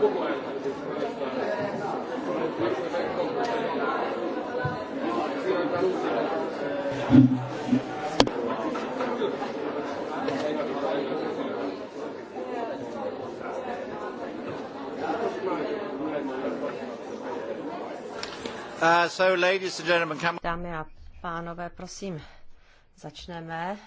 Uh, Dámy a pánové, prosím, začneme.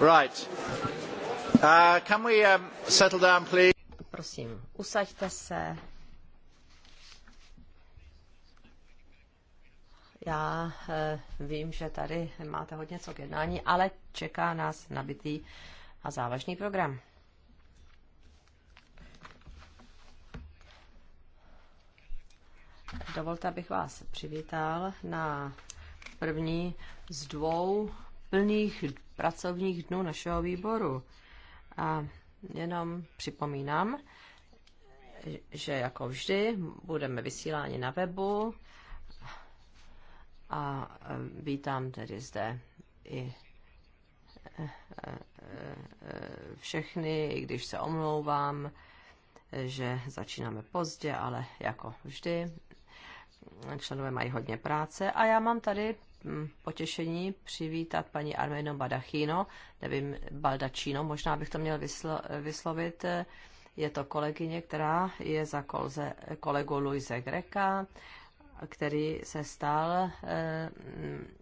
Right. Uh, can we um, settle down, please? Prosím, usaďte se. Já eh, vím, že tady máte hodně co k jednání, ale čeká nás nabitý a závažný program. Dovolte, abych vás přivítal na první z dvou plných pracovních dnů našeho výboru. A jenom připomínám, že jako vždy budeme vysíláni na webu a e, vítám tedy zde i e, e, všechny, i když se omlouvám, že začínáme pozdě, ale jako vždy členové mají hodně práce a já mám tady Hm, potěšení přivítat paní Armeno Badachino, nevím, Baldacino, možná bych to měl vyslo, vyslovit. Je to kolegyně, která je za kolze, kolegu Luise Greka, který se stal eh, hm,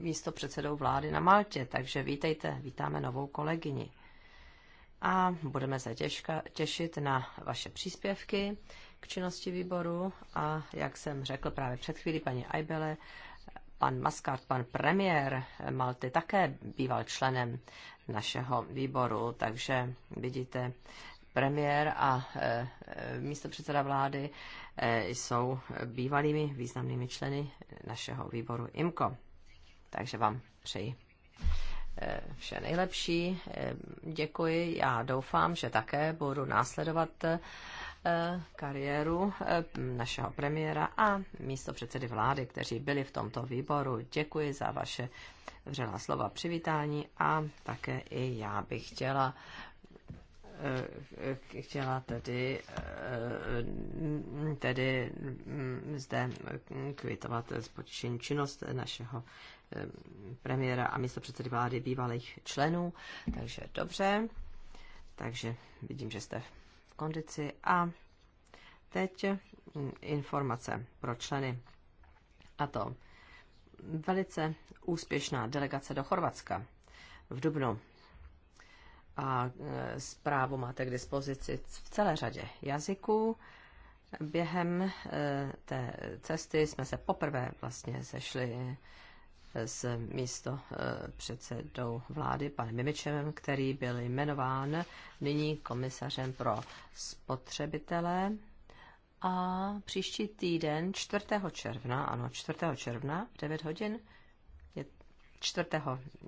místo předsedou vlády na Maltě. Takže vítejte, vítáme novou kolegyni. A budeme se těžka, těšit na vaše příspěvky k činnosti výboru. A jak jsem řekl právě před chvílí paní Aibele. Pan Maskart, pan premiér Malty také býval členem našeho výboru, takže vidíte, premiér a e, e místo předseda vlády e, jsou bývalými významnými členy našeho výboru IMCO. Takže vám přeji e, vše nejlepší. E, děkuji. Já doufám, že také budu následovat Eh, kariéru eh, našeho premiéra a místo předsedy vlády, kteří byli v tomto výboru. Děkuji za vaše vřelá slova přivítání a také i já bych chtěla eh, chtěla tedy, tedy mm, zde kvitovat z činnost našeho premiéra a místo předsedy vlády bývalých členů. Takže dobře. Takže vidím, že jste kondici. A teď informace pro členy. A to velice úspěšná delegace do Chorvatska v Dubnu. A e, zprávu máte k dispozici v celé řadě jazyků. Během e, té cesty jsme se poprvé vlastně sešli s místo eh, předsedou vlády panem Mimičem, který byl jmenován nyní komisařem pro spotřebitele. A příští týden 4. června, ano, 4. června v 9 hodin, je 4.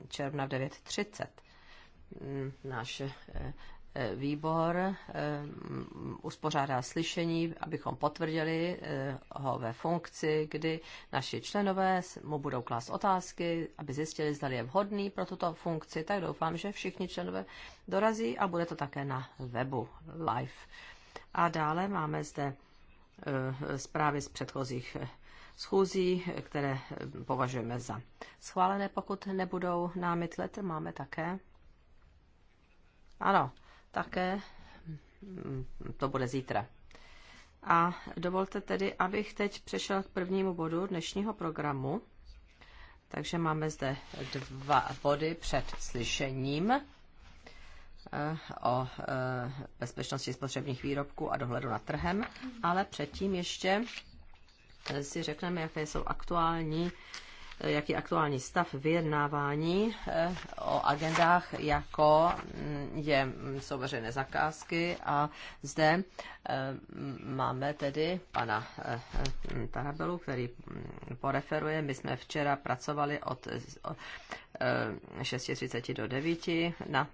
června v 9.30, mm, náš eh, výbor eh, uspořádá slyšení, abychom potvrdili eh, ho ve funkci, kdy naši členové mu budou klást otázky, aby zjistili, zda je vhodný pro tuto funkci. Tak doufám, že všichni členové dorazí a bude to také na webu live. A dále máme zde eh, zprávy z předchozích schůzí, které považujeme za schválené, pokud nebudou námitlet. Máme také. Ano, také mm, to bude zítra. A dovolte tedy, abych teď přešel k prvnímu bodu dnešního programu. Takže máme zde dva body před slyšením eh, o eh, bezpečnosti spotřebních výrobků a dohledu nad trhem, ale předtím ještě si řekneme, jaké jsou aktuální jaký je aktuální stav vyjednávání eh, o agendách, jako mm, je, mm, jsou veřejné zakázky a zde eh, máme tedy pana eh, Tarabelu, který mm, poreferuje. My jsme včera pracovali od 6.30 do 9 na,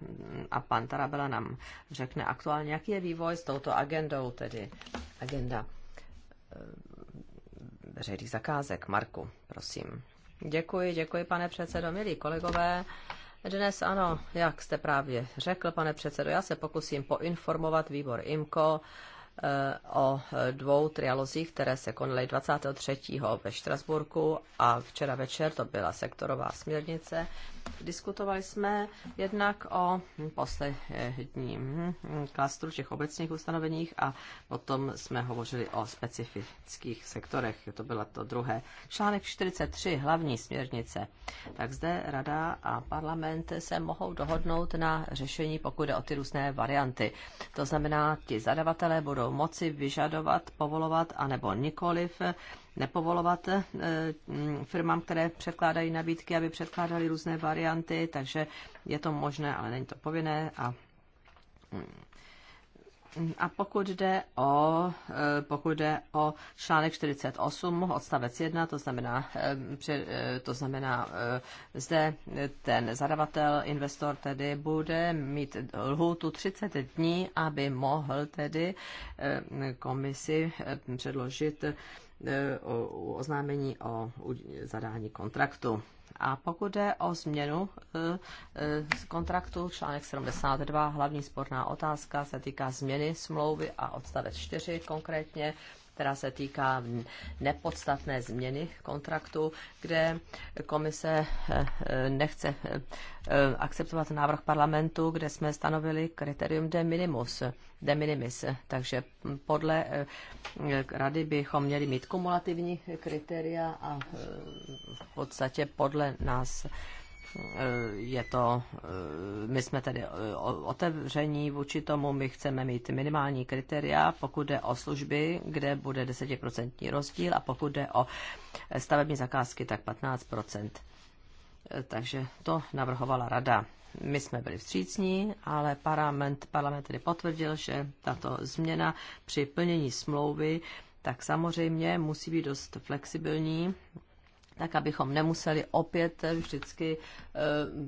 a pan Tarabela nám řekne aktuálně, jaký je vývoj s touto agendou, tedy agenda veřejných zakázek. Marku, prosím. Děkuji, děkuji, pane předsedo, milí kolegové. Dnes ano, jak jste právě řekl, pane předsedo, já se pokusím poinformovat výbor IMCO eh, o dvou trialozích, které se konaly 23. ve Štrasburku a včera večer to byla sektorová směrnice Diskutovali jsme jednak o posledním klastru těch obecných ustanoveních a potom jsme hovořili o specifických sektorech. To bylo to druhé. Článek 43, hlavní směrnice. Tak zde Rada a parlament se mohou dohodnout na řešení, pokud jde o ty různé varianty. To znamená, ti zadavatelé budou moci vyžadovat, povolovat anebo nikoliv nepovolovat eh, mm, firmám, které předkládají nabídky, aby předkládali různé varianty, takže je to možné, ale není to povinné a mm, a pokud jde o, eh, pokud jde o článek 48, odstavec 1, to znamená, eh, to znamená, zde ten zadavatel, investor tedy bude mít lhůtu 30 dní, aby mohl tedy komisi předložit E, oznámení o zadání kontraktu. A pokud jde o změnu z e, e, kontraktu, článek 72, hlavní sporná otázka se týká změny smlouvy a odstavec 4 konkrétně která se týká nepodstatné změny kontraktu, kde komise eh, eh, nechce eh, akceptovat návrh parlamentu, kde jsme stanovili kritérium de minimus, de minimis. Takže podle rady bychom měli mít kumulativní kritéria a v podstatě podle nás Eh, je to, eh, my jsme tedy eh, otevření vůči tomu, my chceme mít minimální kritéria, pokud jde o služby, kde bude 10% rozdíl a pokud jde o stavební zakázky, tak 15%. Takže to navrhovala rada. My jsme byli vstřícní, ale parlament, parlament tedy potvrdil, že tato změna při plnění smlouvy tak samozřejmě musí být dost flexibilní tak abychom nemuseli opět vždycky eh,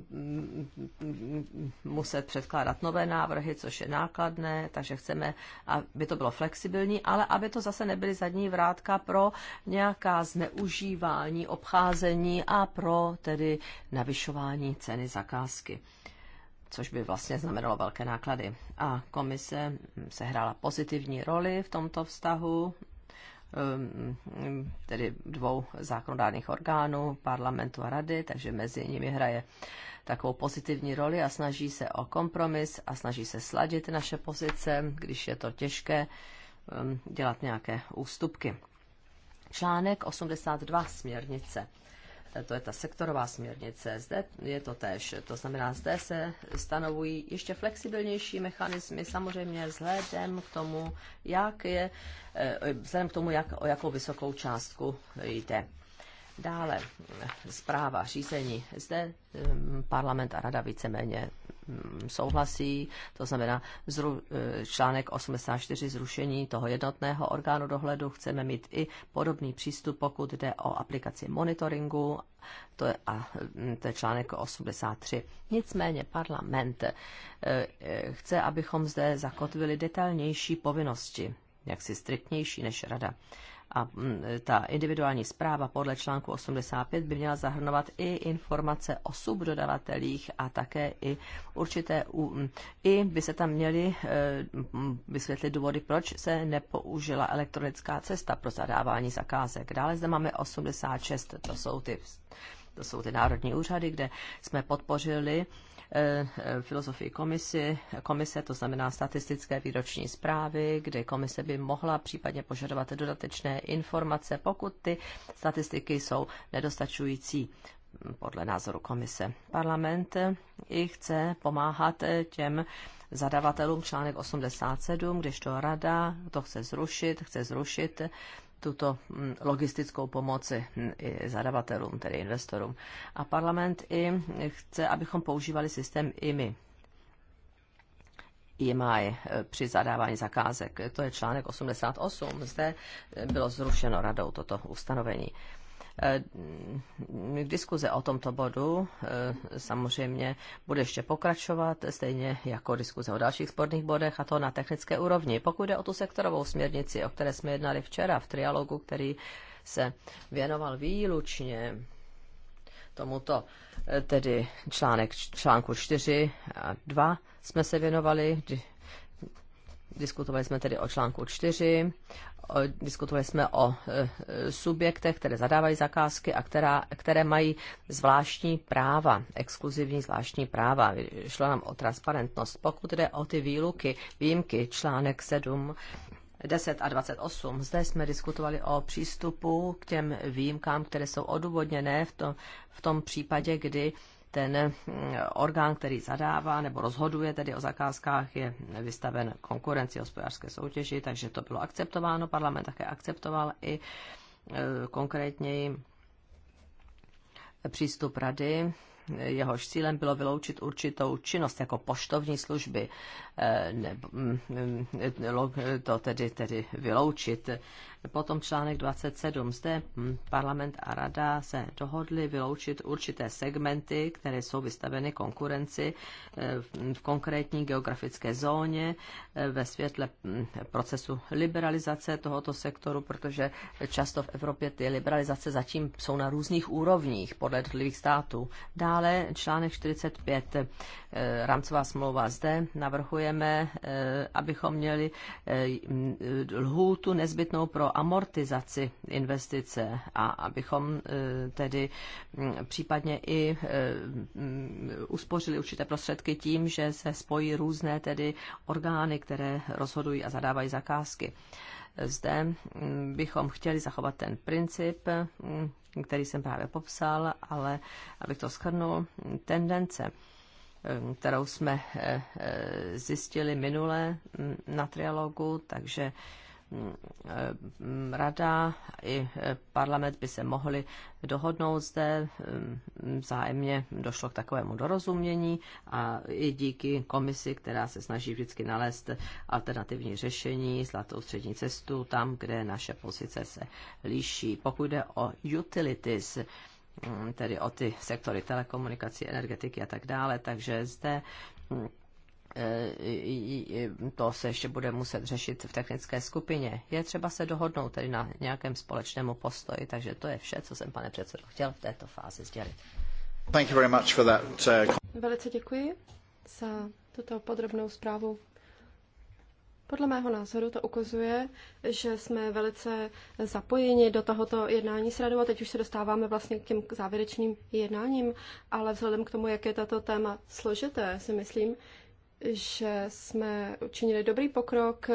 mm, muset předkládat nové návrhy, což je nákladné, takže chceme, aby to bylo flexibilní, ale aby to zase nebyly zadní vrátka pro nějaká zneužívání, obcházení a pro tedy navyšování ceny zakázky což by vlastně znamenalo velké náklady. A komise sehrála pozitivní roli v tomto vztahu, Ehm, tedy dvou zákonodárných orgánů, parlamentu a rady, takže mezi nimi hraje takovou pozitivní roli a snaží se o kompromis a snaží se sladit naše pozice, když je to těžké, ehm, dělat nějaké ústupky. Článek 82 směrnice to je ta sektorová směrnice, zde je to tež. To znamená, zde se stanovují ještě flexibilnější mechanismy, samozřejmě vzhledem k tomu, jak je, eh, vzhledem k tomu, jak, o jakou vysokou částku jde. Dále eh, zpráva, řízení. Zde eh, parlament a rada víceméně Mm, souhlasí, to znamená zru, eh, článek 84 zrušení toho jednotného orgánu dohledu. Chceme mít i podobný přístup, pokud jde o aplikaci monitoringu, to je, a, mm, to je článek 83. Nicméně parlament eh, eh, chce, abychom zde zakotvili detailnější povinnosti, jaksi striktnější než rada. A mm, ta individuální zpráva podle článku 85 by měla zahrnovat i informace o subdodavatelích a také i určité, mm, i by se tam měly eh, mm, vysvětlit důvody, proč se nepoužila elektronická cesta pro zadávání zakázek. Dále zde máme 86, to jsou ty to jsou ty národní úřady, kde jsme podpořili Eh, filozofii komisi, komise, to znamená statistické výroční zprávy, kde komise by mohla případně požadovat dodatečné informace, pokud ty statistiky jsou nedostačující hm, podle názoru komise. Parlament i chce pomáhat těm zadavatelům článek 87, když to rada to chce zrušit, chce zrušit tuto mm, logistickou pomoci zadavatelům, tedy investorům. A parlament i chce, abychom používali systém IMI. IMI eh, při zadávání zakázek. To je článek 88. Zde bylo zrušeno radou toto ustanovení. Eh, mm, diskuze o tomto bodu eh, samozřejmě bude ještě pokračovat, stejně jako diskuze o dalších sporných bodech, a to na technické úrovni. Pokud jde o tu sektorovou směrnici, o které jsme jednali včera v trialogu, který se věnoval výlučně tomuto, eh, tedy článek, článku 4 a 2 jsme se věnovali, Diskutovali jsme tedy o článku 4, o, diskutovali jsme o e, subjektech, které zadávají zakázky a která, které mají zvláštní práva, exkluzivní zvláštní práva. Šlo nám o transparentnost. Pokud jde o ty výluky, výjimky, článek 7, 10 a 28. Zde jsme diskutovali o přístupu k těm výjimkám, které jsou odůvodněné v tom, v tom případě, kdy ten mm, orgán, který zadává nebo rozhoduje tedy o zakázkách, je vystaven konkurenci hospodářské soutěži, takže to bylo akceptováno. Parlament také akceptoval i e, konkrétněji přístup rady, jehož cílem bylo vyloučit určitou činnost jako poštovní služby, e, nebo mm, mm, to tedy, tedy vyloučit Potom článek 27. Zde hm, parlament a rada se dohodli vyloučit určité segmenty, které jsou vystaveny konkurenci eh, v konkrétní geografické zóně eh, ve světle hm, procesu liberalizace tohoto sektoru, protože často v Evropě ty liberalizace zatím jsou na různých úrovních podle jednotlivých států. Dále článek 45. Eh, rámcová smlouva zde navrhujeme, abychom měli hm, lhůtu nezbytnou pro amortizaci investice a abychom eh, tedy mm, případně i eh, mm, uspořili určité prostředky tím, že se spojí různé tedy orgány, které rozhodují a zadávají zakázky. Zde mm, bychom chtěli zachovat ten princip, který jsem právě popsal, ale abych to schrnul, tendence kterou jsme eh, zjistili minule na trialogu, takže Mm, eh, rada i eh, parlament by se mohli dohodnout zde. Mm, vzájemně došlo k takovému dorozumění a i díky komisi, která se snaží vždycky nalézt alternativní řešení, zlatou střední cestu tam, kde naše pozice se liší. Pokud jde o utilities, mm, tedy o ty sektory telekomunikací, energetiky a tak dále, takže zde E, e, to se ještě bude muset řešit v technické skupině. Je třeba se dohodnout tedy na nějakém společnému postoji, takže to je vše, co jsem, pane předsedo, chtěl v této fázi sdělit. Thank you very much for that, uh... Velice děkuji za tuto podrobnou zprávu. Podle mého názoru to ukazuje, že jsme velice zapojeni do tohoto jednání s radou a teď už se dostáváme vlastně k těm závěrečným jednáním, ale vzhledem k tomu, jak je tato téma složité, si myslím, že jsme učinili dobrý pokrok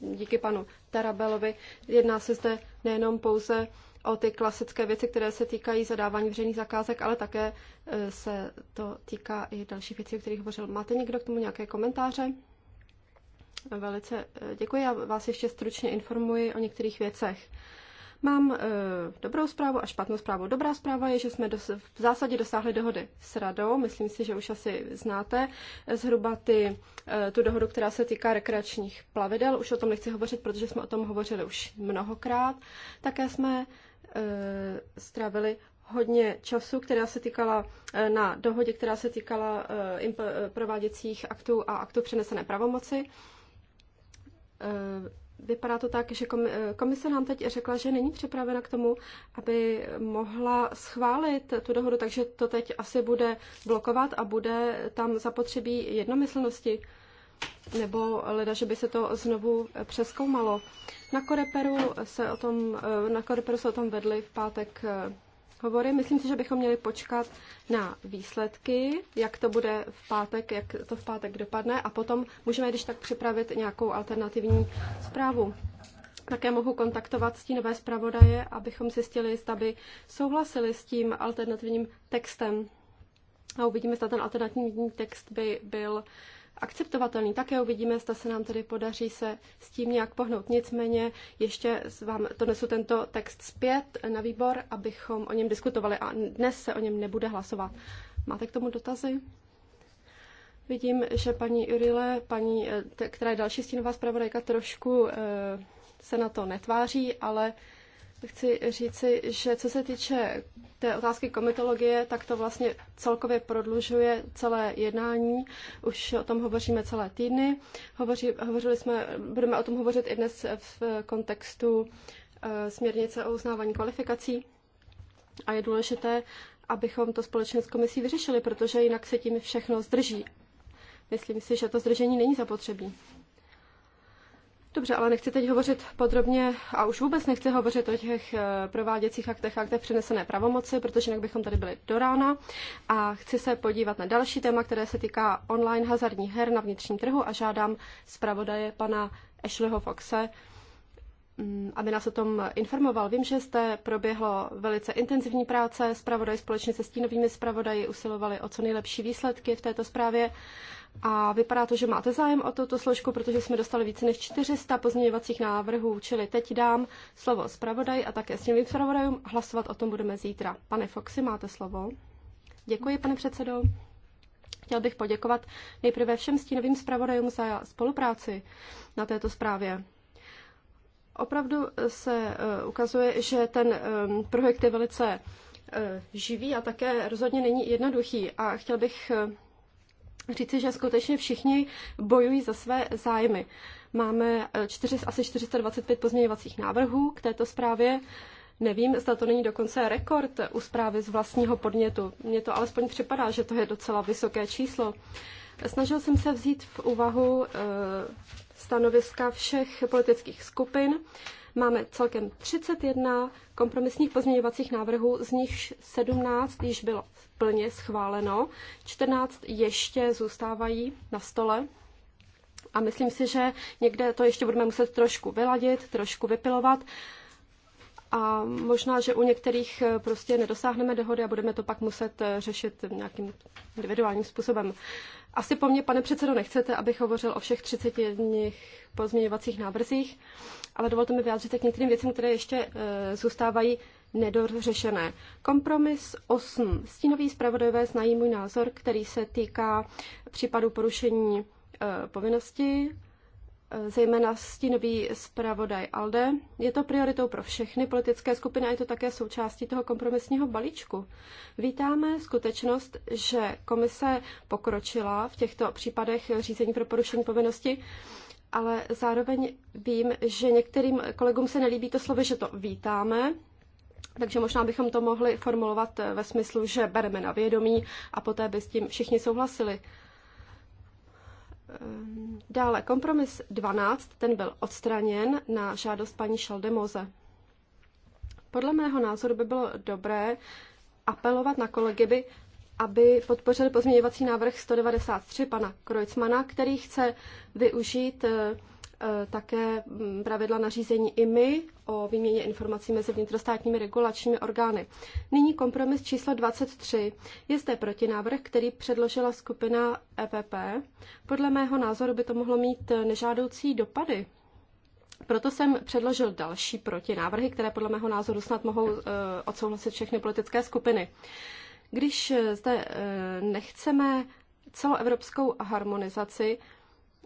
díky panu Tarabelovi. Jedná se zde nejenom pouze o ty klasické věci, které se týkají zadávání veřejných zakázek, ale také e, se to týká i dalších věcí, o kterých hovořil. Máte někdo k tomu nějaké komentáře? Velice e, děkuji a vás ještě stručně informuji o některých věcech. Mám e, dobrou zprávu a špatnou zprávu. Dobrá zpráva je, že jsme dos- v zásadě dosáhli dohody s radou. Myslím si, že už asi znáte eh, zhruba ty, e, tu dohodu, která se týká rekreačních plavidel. Už o tom nechci hovořit, protože jsme o tom hovořili už mnohokrát. Také jsme e, strávili hodně času, která se týkala na dohodě, která se týkala prováděcích aktů a aktů přenesené pravomoci vypadá to tak, že eh, komise nám teď řekla, že není připravena k tomu, aby mohla schválit tu dohodu, takže to teď asi bude blokovat a bude tam zapotřebí jednomyslnosti nebo leda, že by se to znovu přeskoumalo. Na Koreperu se o tom, eh, na Koreperu se o tom vedly v pátek eh, hovory. Myslím si, že bychom měli počkat na výsledky, jak to bude v pátek, jak to v pátek dopadne a potom můžeme když tak připravit nějakou alternativní zprávu. Také mohu kontaktovat stínové zpravodaje, abychom zjistili, zda by souhlasili s tím alternativním textem. A uvidíme, zda ten alternativní text by byl uh, akceptovatelný. Také uvidíme, zda se nám tedy podaří se s tím nějak pohnout. Nicméně ještě vám to nesu tento text zpět na výbor, abychom o něm diskutovali a dnes se o něm nebude hlasovat. Máte k tomu dotazy? Vidím, že paní Urile, paní, eh, která je další stínová zpravodajka, trošku eh, se na to netváří, ale chci říci, že co se týče té otázky komitologie, tak to vlastně celkově prodlužuje celé jednání. Už o tom hovoříme celé týdny. Hovoří, hovořili jsme, budeme o tom hovořit i dnes v kontextu eh, směrnice o uznávání kvalifikací. A je důležité, abychom to společně s komisí vyřešili, protože jinak se tím všechno zdrží. Myslím si, že to zdržení není zapotřebí. Dobře, ale nechci teď hovořit podrobně a už vůbec nechci hovořit o těch eh, prováděcích aktech a aktech přenesené pravomoci, protože jinak bychom tady byli do rána. A chci se podívat na další téma, které se týká online hazardních her na vnitřním trhu a žádám zpravodaje pana Ashleyho Foxe, mm, aby nás o tom informoval. Vím, že jste proběhlo velice intenzivní práce, zpravodaj společně se stínovými zpravodaji usilovali o co nejlepší výsledky v této zprávě a vypadá to, že máte zájem o tuto složku, protože jsme dostali více než 400 pozměňovacích návrhů, čili teď dám slovo zpravodaj a také s ním zpravodajům. Hlasovat o tom budeme zítra. Pane Foxy, máte slovo. Děkuji, pane předsedo. Chtěl bych poděkovat nejprve všem stínovým zpravodajům za spolupráci na této zprávě. Opravdu se e, ukazuje, že ten e, projekt je velice e, živý a také rozhodně není jednoduchý. A chtěl bych říci, že skutečně všichni bojují za své zájmy. Máme eh, čtyři, asi 425 pozměňovacích návrhů k této zprávě. Nevím, zda to není dokonce rekord u zprávy z vlastního podnětu. Mně to alespoň připadá, že to je docela vysoké číslo. Snažil jsem se vzít v úvahu eh, stanoviska všech politických skupin. Máme celkem 31 kompromisních pozměňovacích návrhů, z nichž 17 již bylo plně schváleno, 14 ještě zůstávají na stole. A myslím si, že někde to ještě budeme muset trošku vyladit, trošku vypilovat. A možná, že u některých eh, prostě nedosáhneme dohody a budeme to pak muset eh, řešit nějakým individuálním způsobem. Asi po mně, pane předsedo, nechcete, abych hovořil o všech 31 pozměňovacích návrzích ale dovolte mi vyjádřit se k některým věcem, které ještě eh, zůstávají nedořešené. Kompromis 8. Stínoví zpravodajové znají můj názor, který se týká případu porušení eh, povinnosti, eh, zejména stínový zpravodaj ALDE. Je to prioritou pro všechny politické skupiny a je to také součástí toho kompromisního balíčku. Vítáme skutečnost, že komise pokročila v těchto případech řízení pro porušení povinnosti ale zároveň vím, že některým kolegům se nelíbí to slovo, že to vítáme, takže možná bychom to mohli formulovat eh, ve smyslu, že bereme na vědomí a poté by s tím všichni souhlasili. Ehm, dále kompromis 12, ten byl odstraněn na žádost paní Šaldemoze. Podle mého názoru by bylo dobré apelovat na kolegy, by aby podpořili pozměňovací návrh 193 pana Krojcmana, který chce využít eh, eh, také mm, pravidla nařízení IMI o výměně informací mezi vnitrostátními regulačními orgány. Nyní kompromis číslo 23. Je zde protinávrh, který předložila skupina EPP. Podle mého názoru by to mohlo mít eh, nežádoucí dopady. Proto jsem předložil další protinávrhy, které podle mého názoru snad mohou odsouhlasit všechny politické skupiny. Když eh, zde eh, nechceme celoevropskou harmonizaci,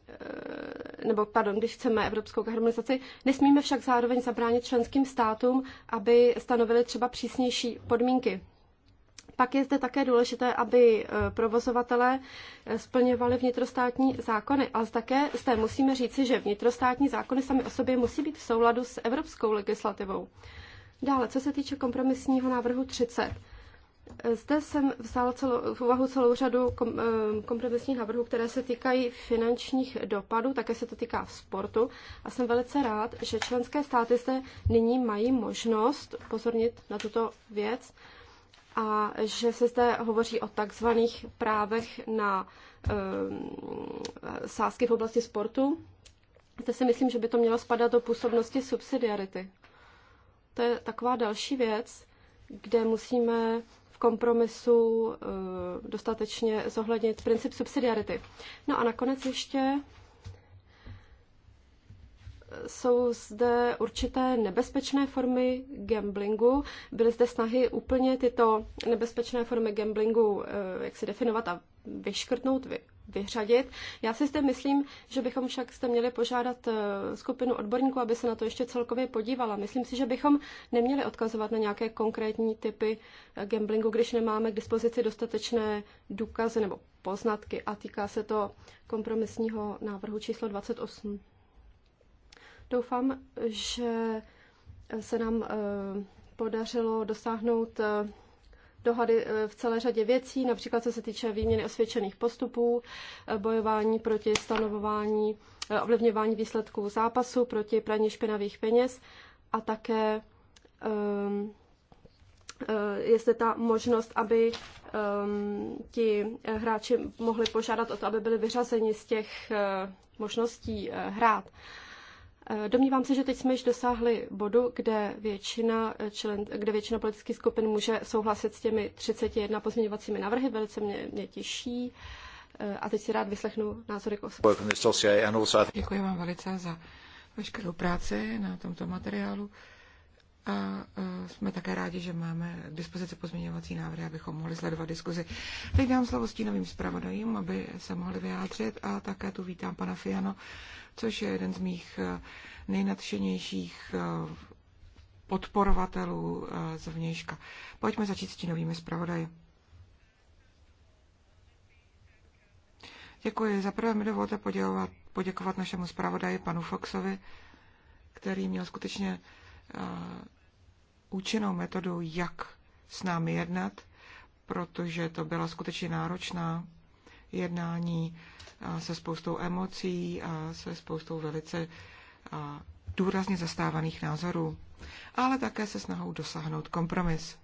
eh, nebo pardon, když chceme evropskou harmonizaci, nesmíme však zároveň zabránit členským státům, aby stanovili třeba přísnější podmínky. Pak je zde také důležité, aby provozovatelé splňovali vnitrostátní zákony, ale také zde musíme říci, že vnitrostátní zákony sami o sobě musí být v souladu s evropskou legislativou. Dále, co se týče kompromisního návrhu 30, zde jsem vzal celou, v úvahu celou řadu kom, eh, kompromisních návrhů, které se týkají finančních dopadů, také se to týká sportu. A jsem velice rád, že členské státy zde nyní mají možnost pozornit na tuto věc a že se zde hovoří o takzvaných právech na um, sázky v oblasti sportu. Zde si myslím, že by to mělo spadat do působnosti subsidiarity. To je taková další věc, kde musíme kompromisu eh, dostatečně zohlednit princip subsidiarity. No a nakonec ještě jsou zde určité nebezpečné formy gamblingu. Byly zde snahy úplně tyto nebezpečné formy gamblingu eh, jak si definovat a vyškrtnout, vyřadit. Já si zde myslím, že bychom však jste měli požádat eh, skupinu odborníků, aby se na to ještě celkově podívala. Myslím si, že bychom neměli odkazovat na nějaké konkrétní typy eh, gamblingu, když nemáme k dispozici dostatečné důkazy nebo poznatky a týká se to kompromisního návrhu číslo 28. Doufám, že se nám eh, podařilo dosáhnout dohady eh, v celé řadě věcí, například co se týče výměny osvědčených postupů, eh, bojování proti stanovování, eh, ovlivňování výsledků zápasu, proti praní špinavých peněz a také um, jestli ta možnost, aby um, ti hráči mohli požádat o to, aby byli vyřazeni z těch uh, možností uh, hrát. Uh, Eh, domnívám se, že teď jsme již dosáhli bodu, kde většina, eh, člen, kde většina politických skupin může souhlasit s těmi 31 pozměňovacími návrhy. Velice mě, mě těší. Eh, a teď si rád vyslechnu názory k Děkuji vám velice za veškerou práci na tomto materiálu. A jsme také rádi, že máme k dispozici pozměňovací návrhy, abychom mohli sledovat diskuzi. Teď dám slovo stínovým zpravodajům, aby se mohli vyjádřit a také tu vítám pana Fiano, což je jeden z mých eh, nejnadšenějších eh, podporovatelů eh, zvnějška. Pojďme začít stínovými zpravodaji. Děkuji. Za prvé mi dovolte poděkovat, poděkovat našemu zpravodaji panu Foxovi, který měl skutečně účinnou metodou, jak s námi jednat, protože to byla skutečně náročná jednání se spoustou emocí a se spoustou velice důrazně zastávaných názorů, ale také se snahou dosáhnout kompromis.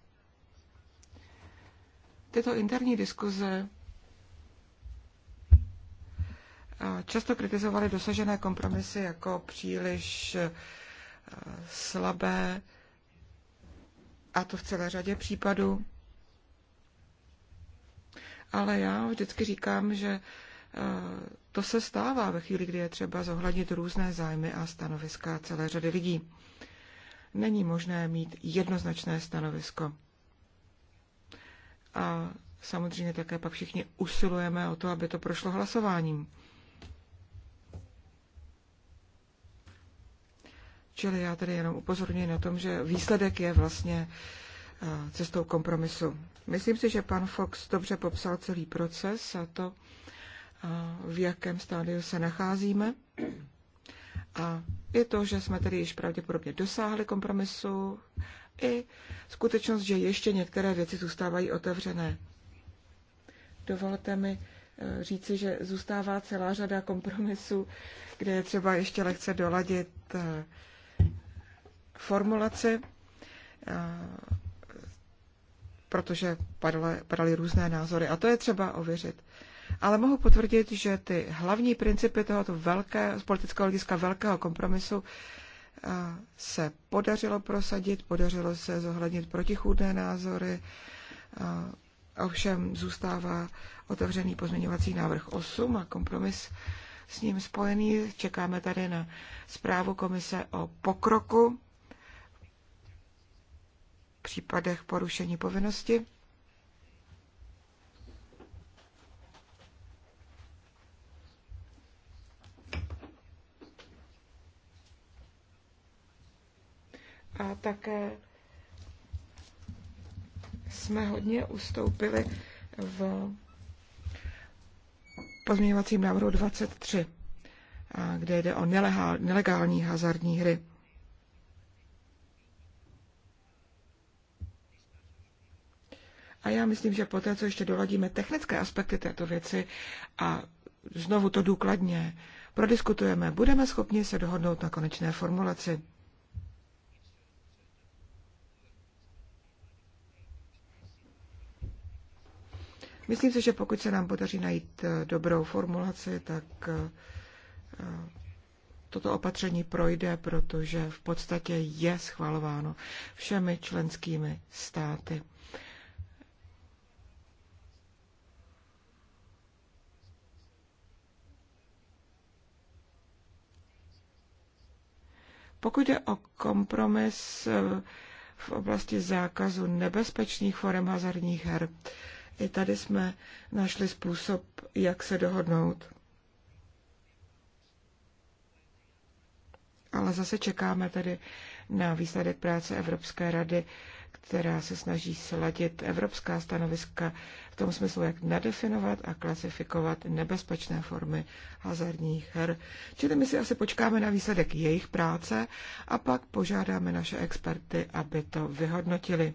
Tyto interní diskuze často kritizovaly dosažené kompromisy jako příliš slabé, a to v celé řadě případů. Ale já vždycky říkám, že eh, to se stává ve chvíli, kdy je třeba zohlednit různé zájmy a stanoviska celé řady lidí. Není možné mít jednoznačné stanovisko. A samozřejmě také pak všichni usilujeme o to, aby to prošlo hlasováním. Čili já tady jenom upozorňuji na tom, že výsledek je vlastně eh, cestou kompromisu. Myslím si, že pan Fox dobře popsal celý proces a to, eh, v jakém stádiu se nacházíme. A je to, že jsme tedy již pravděpodobně dosáhli kompromisu, i skutečnost, že ještě některé věci zůstávají otevřené. Dovolte mi eh, říci, že zůstává celá řada kompromisů, kde je třeba ještě lehce doladit formulaci, eh, protože padaly, padaly různé názory a to je třeba ověřit. Ale mohu potvrdit, že ty hlavní principy tohoto velké, z politického hlediska velkého kompromisu eh, se podařilo prosadit, podařilo se zohlednit protichůdné názory, eh, ovšem zůstává otevřený pozměňovací návrh 8 a kompromis s ním spojený. Čekáme tady na zprávu komise o pokroku případech porušení povinnosti. A také jsme hodně ustoupili v pozměňovacím návrhu 23, kde jde o nelegální hazardní hry. A já myslím, že poté, co ještě doladíme technické aspekty této věci a znovu to důkladně prodiskutujeme, budeme schopni se dohodnout na konečné formulaci. Myslím si, že pokud se nám podaří najít eh, dobrou formulaci, tak eh, eh, toto opatření projde, protože v podstatě je schvalováno všemi členskými státy. Pokud je o kompromis eh, v oblasti zákazu nebezpečných forem hazardních her, i tady jsme našli způsob, jak se dohodnout. Ale zase čekáme tedy na výsledek práce Evropské rady která se snaží sladit evropská stanoviska v tom smyslu, jak nadefinovat a klasifikovat nebezpečné formy hazardních her. Čili my si asi počkáme na výsledek jejich práce a pak požádáme naše experty, aby to vyhodnotili.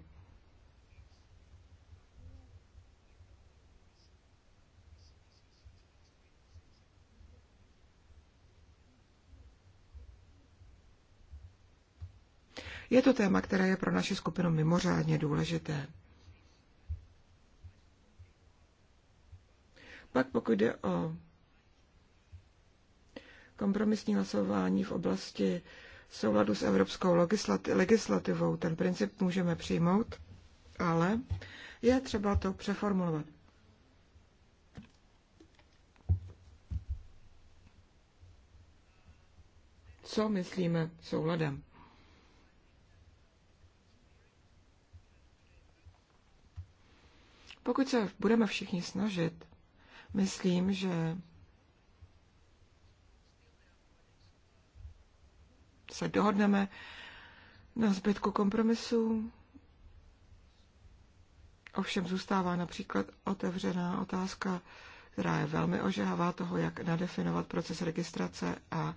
Je to téma, které je pro naši skupinu mimořádně důležité. Pak pokud jde o kompromisní hlasování v oblasti souladu s evropskou legislativou, ten princip můžeme přijmout, ale je třeba to přeformulovat. Co myslíme souladem? Pokud se budeme všichni snažit, myslím, že se dohodneme na zbytku kompromisů. Ovšem zůstává například otevřená otázka, která je velmi ožehavá toho, jak nadefinovat proces registrace a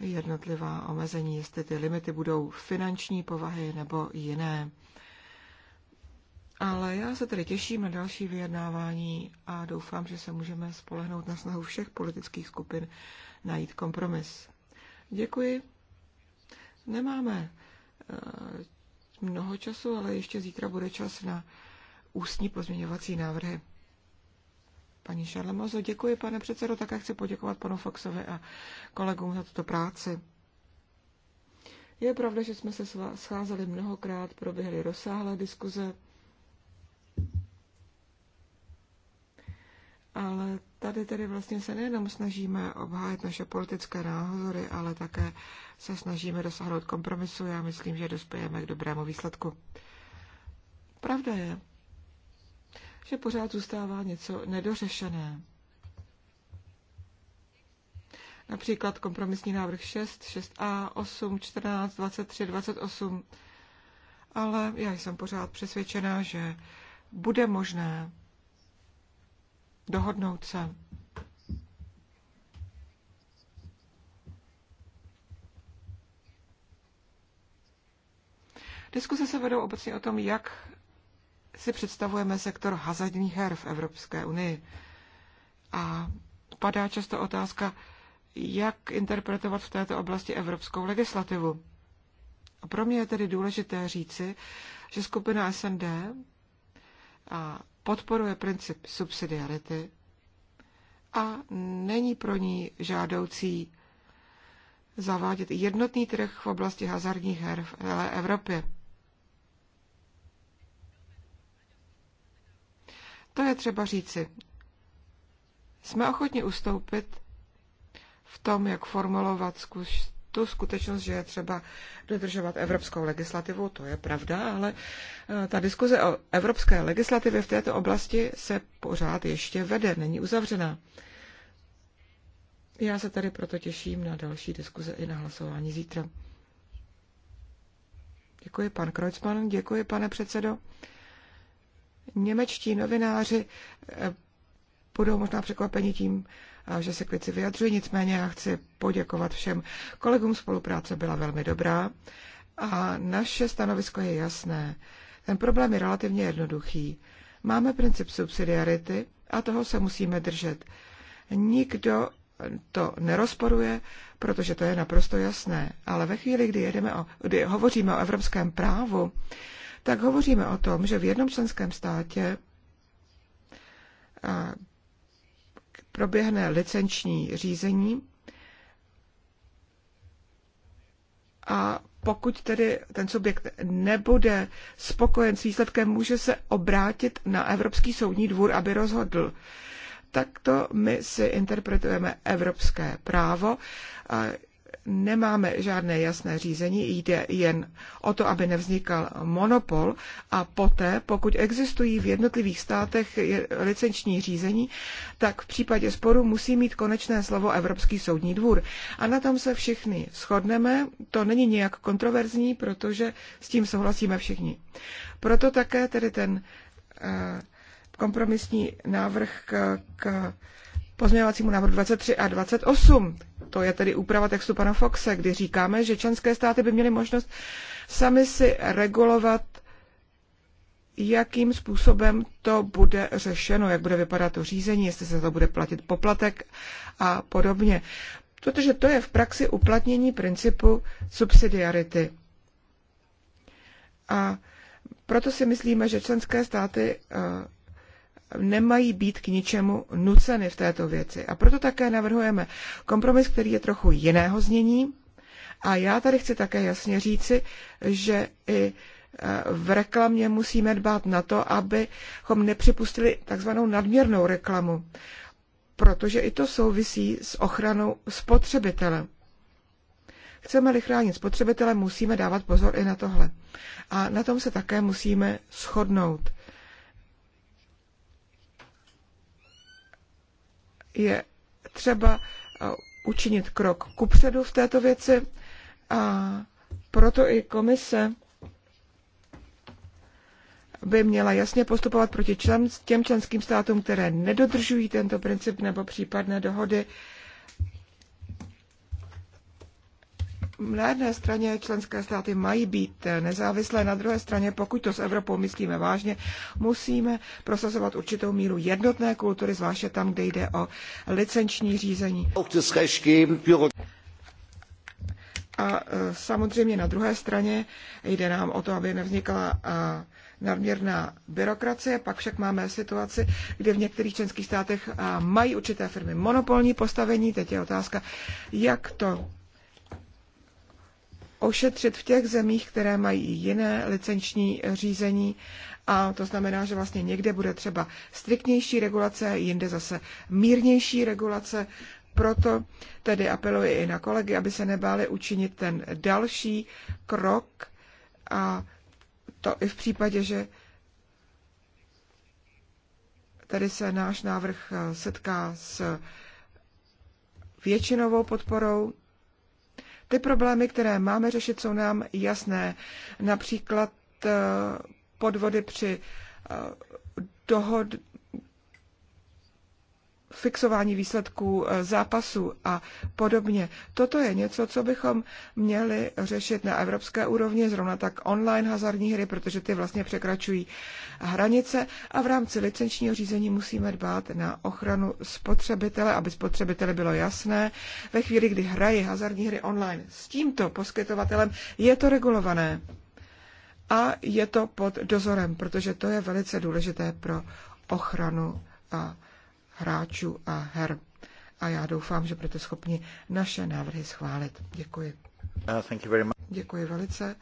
jednotlivá omezení, jestli ty limity budou finanční povahy nebo jiné. Ale já se tedy těším na další vyjednávání a doufám, že se můžeme spolehnout na snahu všech politických skupin najít kompromis. Děkuji. Nemáme eh, mnoho času, ale ještě zítra bude čas na ústní pozměňovací návrhy. Paní Šarlemozo, děkuji, pane předsedo, také chci poděkovat panu Foxovi a kolegům za tuto práci. Je pravda, že jsme se scházeli mnohokrát, proběhly rozsáhlé diskuze, Ale tady tedy vlastně se nejenom snažíme obhájit naše politické názory, ale také se snažíme dosáhnout kompromisu. Já myslím, že dospějeme k dobrému výsledku. Pravda je, že pořád zůstává něco nedořešené. Například kompromisní návrh 6, 6a, 8, 14, 23, 28. Ale já jsem pořád přesvědčená, že bude možné dohodnout se. Diskuse se vedou obecně o tom, jak si představujeme sektor hazardních her v Evropské unii. A padá často otázka, jak interpretovat v této oblasti evropskou legislativu. A pro mě je tedy důležité říci, že skupina SND a podporuje princip subsidiarity a není pro ní žádoucí zavádět jednotný trh v oblasti hazardních her v celé Evropě. To je třeba říci. Jsme ochotni ustoupit v tom, jak formulovat zkuš tu skutečnost, že je třeba dodržovat evropskou legislativu, to je pravda, ale eh, ta diskuze o evropské legislativě v této oblasti se pořád ještě vede, není uzavřená. Já se tady proto těším na další diskuze i na hlasování zítra. Děkuji, pan Kreuzmann, děkuji, pane předsedo. Němečtí novináři eh, budou možná překvapeni tím, že se k věci vyjadřuji. Nicméně já chci poděkovat všem kolegům. Spolupráce byla velmi dobrá a naše stanovisko je jasné. Ten problém je relativně jednoduchý. Máme princip subsidiarity a toho se musíme držet. Nikdo to nerozporuje, protože to je naprosto jasné. Ale ve chvíli, kdy, jedeme o, kdy hovoříme o evropském právu, tak hovoříme o tom, že v jednom členském státě proběhne licenční řízení a pokud tedy ten subjekt nebude spokojen s výsledkem, může se obrátit na Evropský soudní dvůr, aby rozhodl. Takto my si interpretujeme evropské právo nemáme žádné jasné řízení, jde jen o to, aby nevznikal monopol a poté, pokud existují v jednotlivých státech licenční řízení, tak v případě sporu musí mít konečné slovo Evropský soudní dvůr. A na tom se všichni shodneme, to není nějak kontroverzní, protože s tím souhlasíme všichni. Proto také tedy ten eh, kompromisní návrh k, k pozměňovacímu návrhu 23 a 28. To je tedy úprava textu pana Foxe, kdy říkáme, že členské státy by měly možnost sami si regulovat, jakým způsobem to bude řešeno, jak bude vypadat to řízení, jestli se to bude platit poplatek a podobně. Protože to je v praxi uplatnění principu subsidiarity. A proto si myslíme, že členské státy eh, nemají být k ničemu nuceny v této věci. A proto také navrhujeme kompromis, který je trochu jiného znění. A já tady chci také jasně říci, že i e, v reklamě musíme dbát na to, abychom nepřipustili takzvanou nadměrnou reklamu, protože i to souvisí s ochranou spotřebitele. Chceme-li chránit spotřebitele, musíme dávat pozor i na tohle. A na tom se také musíme shodnout. je třeba eh, učinit krok kupředu v této věci a proto i komise by měla jasně postupovat proti těm členským státům, které nedodržují tento princip nebo případné dohody na jedné straně členské státy mají být nezávislé, na druhé straně, pokud to s Evropou myslíme vážně, musíme prosazovat určitou míru jednotné kultury, zvláště tam, kde jde o licenční řízení. A e, samozřejmě na druhé straně jde nám o to, aby nevznikla e, nadměrná byrokracie, pak však máme situaci, kde v některých členských státech e, mají určité firmy monopolní postavení, teď je otázka, jak to ošetřit v těch zemích, které mají jiné licenční řízení a to znamená, že vlastně někde bude třeba striktnější regulace, jinde zase mírnější regulace. Proto tedy apeluji i na kolegy, aby se nebáli učinit ten další krok a to i v případě, že tady se náš návrh eh, setká s většinovou podporou ty problémy, které máme řešit, jsou nám jasné. Například eh, podvody při eh, dohod, fixování výsledků e, zápasů a podobně. Toto je něco, co bychom měli řešit na evropské úrovni, zrovna tak online hazardní hry, protože ty vlastně překračují hranice a v rámci licenčního řízení musíme dbát na ochranu spotřebitele, aby spotřebitele bylo jasné. Ve chvíli, kdy hrají hazardní hry online s tímto poskytovatelem, je to regulované a je to pod dozorem, protože to je velice důležité pro ochranu a hráčů a her. A já doufám, že budete schopni naše návrhy schválit. Děkuji. Uh, thank you very much. Děkuji velice.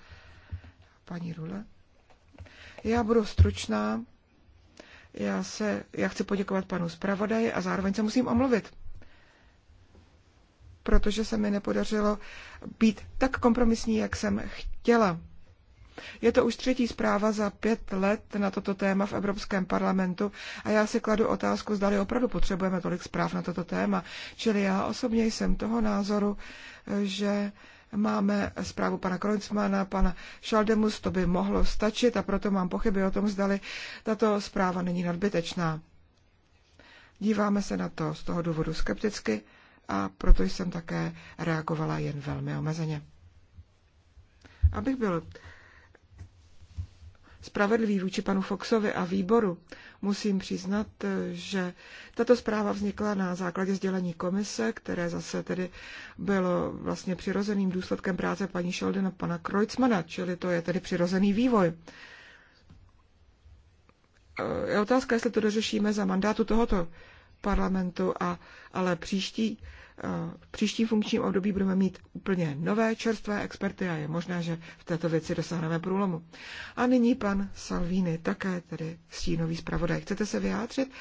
Paní Rule. Já budu stručná. Já, se, já chci poděkovat panu zpravodaji a zároveň se musím omluvit, protože se mi nepodařilo být tak kompromisní, jak jsem chtěla. Je to už třetí zpráva za pět let na toto téma v Evropském parlamentu a já si kladu otázku, zdali opravdu potřebujeme tolik zpráv na toto téma. Čili já osobně jsem toho názoru, že máme zprávu pana Kreuzmana, pana Šaldemus, to by mohlo stačit a proto mám pochyby o tom, zdali tato zpráva není nadbytečná. Díváme se na to z toho důvodu skepticky a proto jsem také reagovala jen velmi omezeně. Abych byl spravedlivý vůči panu Foxovi a výboru. Musím přiznat, eh, že tato zpráva vznikla na základě sdělení komise, které zase tedy bylo vlastně přirozeným důsledkem práce paní Sheldon a pana Kreutzmana, čili to je tedy přirozený vývoj. Eh, je otázka, jestli to dořešíme za mandátu tohoto parlamentu, a, ale příští v eh, příštím funkčním období budeme mít úplně nové čerstvé experty a je možné, že v této věci dosáhneme průlomu. A nyní pan Salvini, také tedy stínový zpravodaj. Chcete se vyjádřit?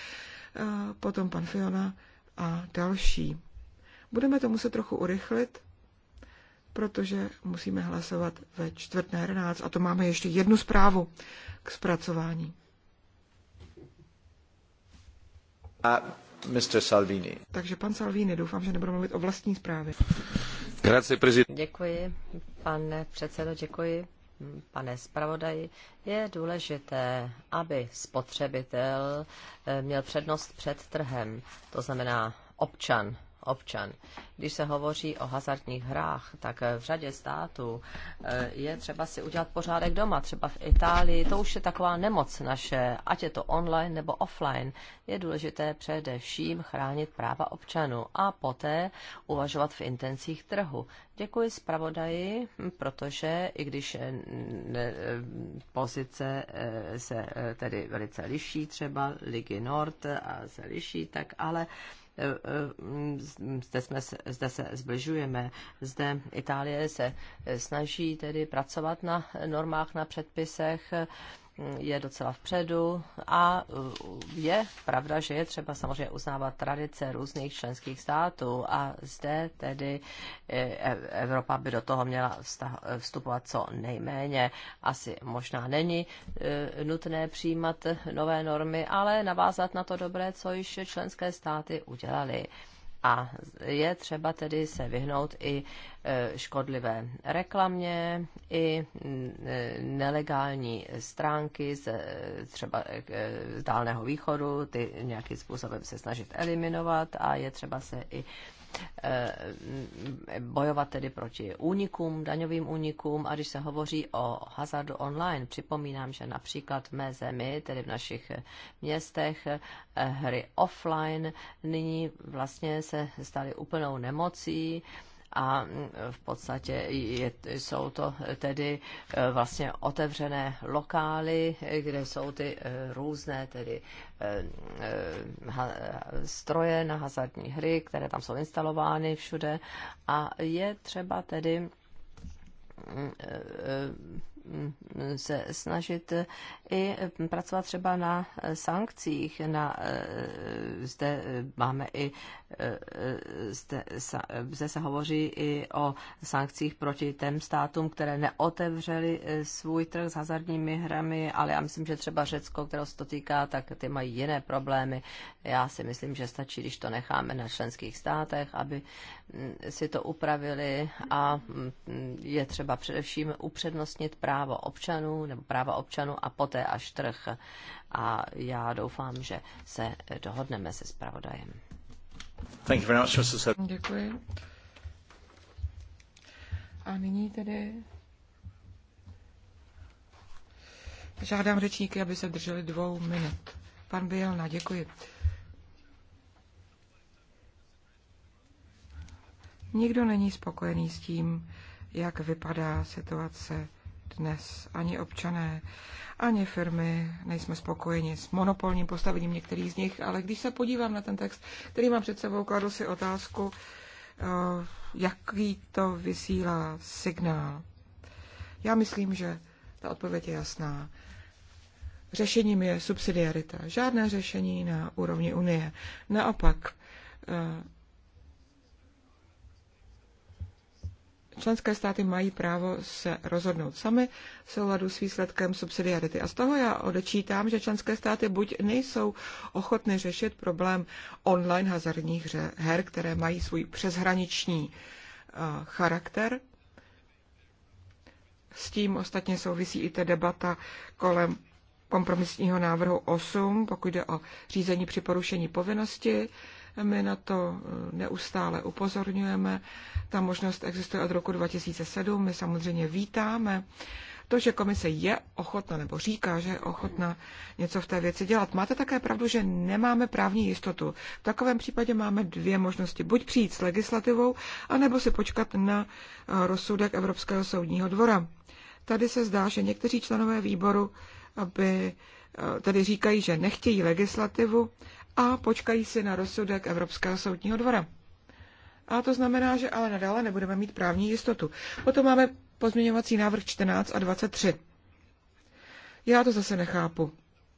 Eh, potom pan Fiona a další. Budeme to muset trochu urychlit, protože musíme hlasovat ve čtvrt na 11 a to máme ještě jednu zprávu k zpracování. Mr. Salvini. Takže pan Salvini, doufám, že nebudu mluvit o vlastní zprávě. Děkuji, pane předsedo, děkuji, pane zpravodaji. Je důležité, aby spotřebitel eh, měl přednost před trhem, to znamená občan občan. Když se hovoří o hazardních hrách, tak v řadě států eh, je třeba si udělat pořádek doma. Třeba v Itálii to už je taková nemoc naše, ať je to online nebo offline. Je důležité především chránit práva občanů a poté uvažovat v intencích trhu. Děkuji zpravodaji, protože i když eh, eh, pozice se tedy velice liší, třeba Ligi Nord a se liší, tak ale zde, jsme, zde se zbližujeme. Zde Itálie se snaží tedy pracovat na normách, na předpisech, je docela vpředu a uh, je pravda, že je třeba samozřejmě uznávat tradice různých členských států a zde tedy eh, Evropa by do toho měla vstupovat co nejméně. Asi možná není eh, nutné přijímat nové normy, ale navázat na to dobré, co již členské státy udělali. A je třeba tedy se vyhnout i e, škodlivé reklamě, i e, nelegální stránky z třeba e, z dálného východu, ty nějakým způsobem se snažit eliminovat a je třeba se i Eh, bojovat tedy proti únikům, daňovým únikům. A když se hovoří o hazardu online, připomínám, že například v mé zemi, tedy v našich městech, eh, hry offline nyní vlastně se staly úplnou nemocí a v podstatě je, jsou to tedy eh, vlastně otevřené lokály, kde jsou ty eh, různé tedy eh, stroje na hazardní hry, které tam jsou instalovány všude a je třeba tedy mm, se snažit i pracovat třeba na sankcích. Na, eh, zde máme i, eh, zde, zde se hovoří i o sankcích proti těm státům, které neotevřely eh, svůj trh s hazardními hrami, ale já myslím, že třeba Řecko, které se to týká, tak ty mají jiné problémy. Já si myslím, že stačí, když to necháme na členských státech, aby mm, si to upravili a mm, je třeba především upřednostnit právě právo občanů nebo práva občanů a poté až trh. A já doufám, že se dohodneme se zpravodajem. Děkuji. A nyní tedy žádám řečníky, aby se drželi dvou minut. Pan Bielna, děkuji. Nikdo není spokojený s tím, jak vypadá situace dnes ani občané, ani firmy nejsme spokojeni s monopolním postavením některých z nich, ale když se podívám na ten text, který mám před sebou, kladu si otázku, eh, jaký to vysílá signál. Já myslím, že ta odpověď je jasná. Řešením je subsidiarita. Žádné řešení na úrovni Unie. Naopak, eh, Členské státy mají právo se rozhodnout sami v souladu s výsledkem subsidiarity. A z toho já odečítám, že členské státy buď nejsou ochotny řešit problém online hazardních her, které mají svůj přeshraniční eh, charakter, s tím ostatně souvisí i ta debata kolem kompromisního návrhu 8, pokud jde o řízení při porušení povinnosti. My na to eh, neustále upozorňujeme. Ta možnost existuje od roku 2007. My samozřejmě vítáme to, že komise je ochotna nebo říká, že je ochotna něco v té věci dělat. Máte také pravdu, že nemáme právní jistotu. V takovém případě máme dvě možnosti. Buď přijít s legislativou, anebo si počkat na eh, rozsudek Evropského soudního dvora. Tady se zdá, že někteří členové výboru aby, eh, tedy říkají, že nechtějí legislativu, a počkají si na rozsudek Evropského soudního dvora. A to znamená, že ale nadále nebudeme mít právní jistotu. Potom máme pozměňovací návrh 14 a 23. Já to zase nechápu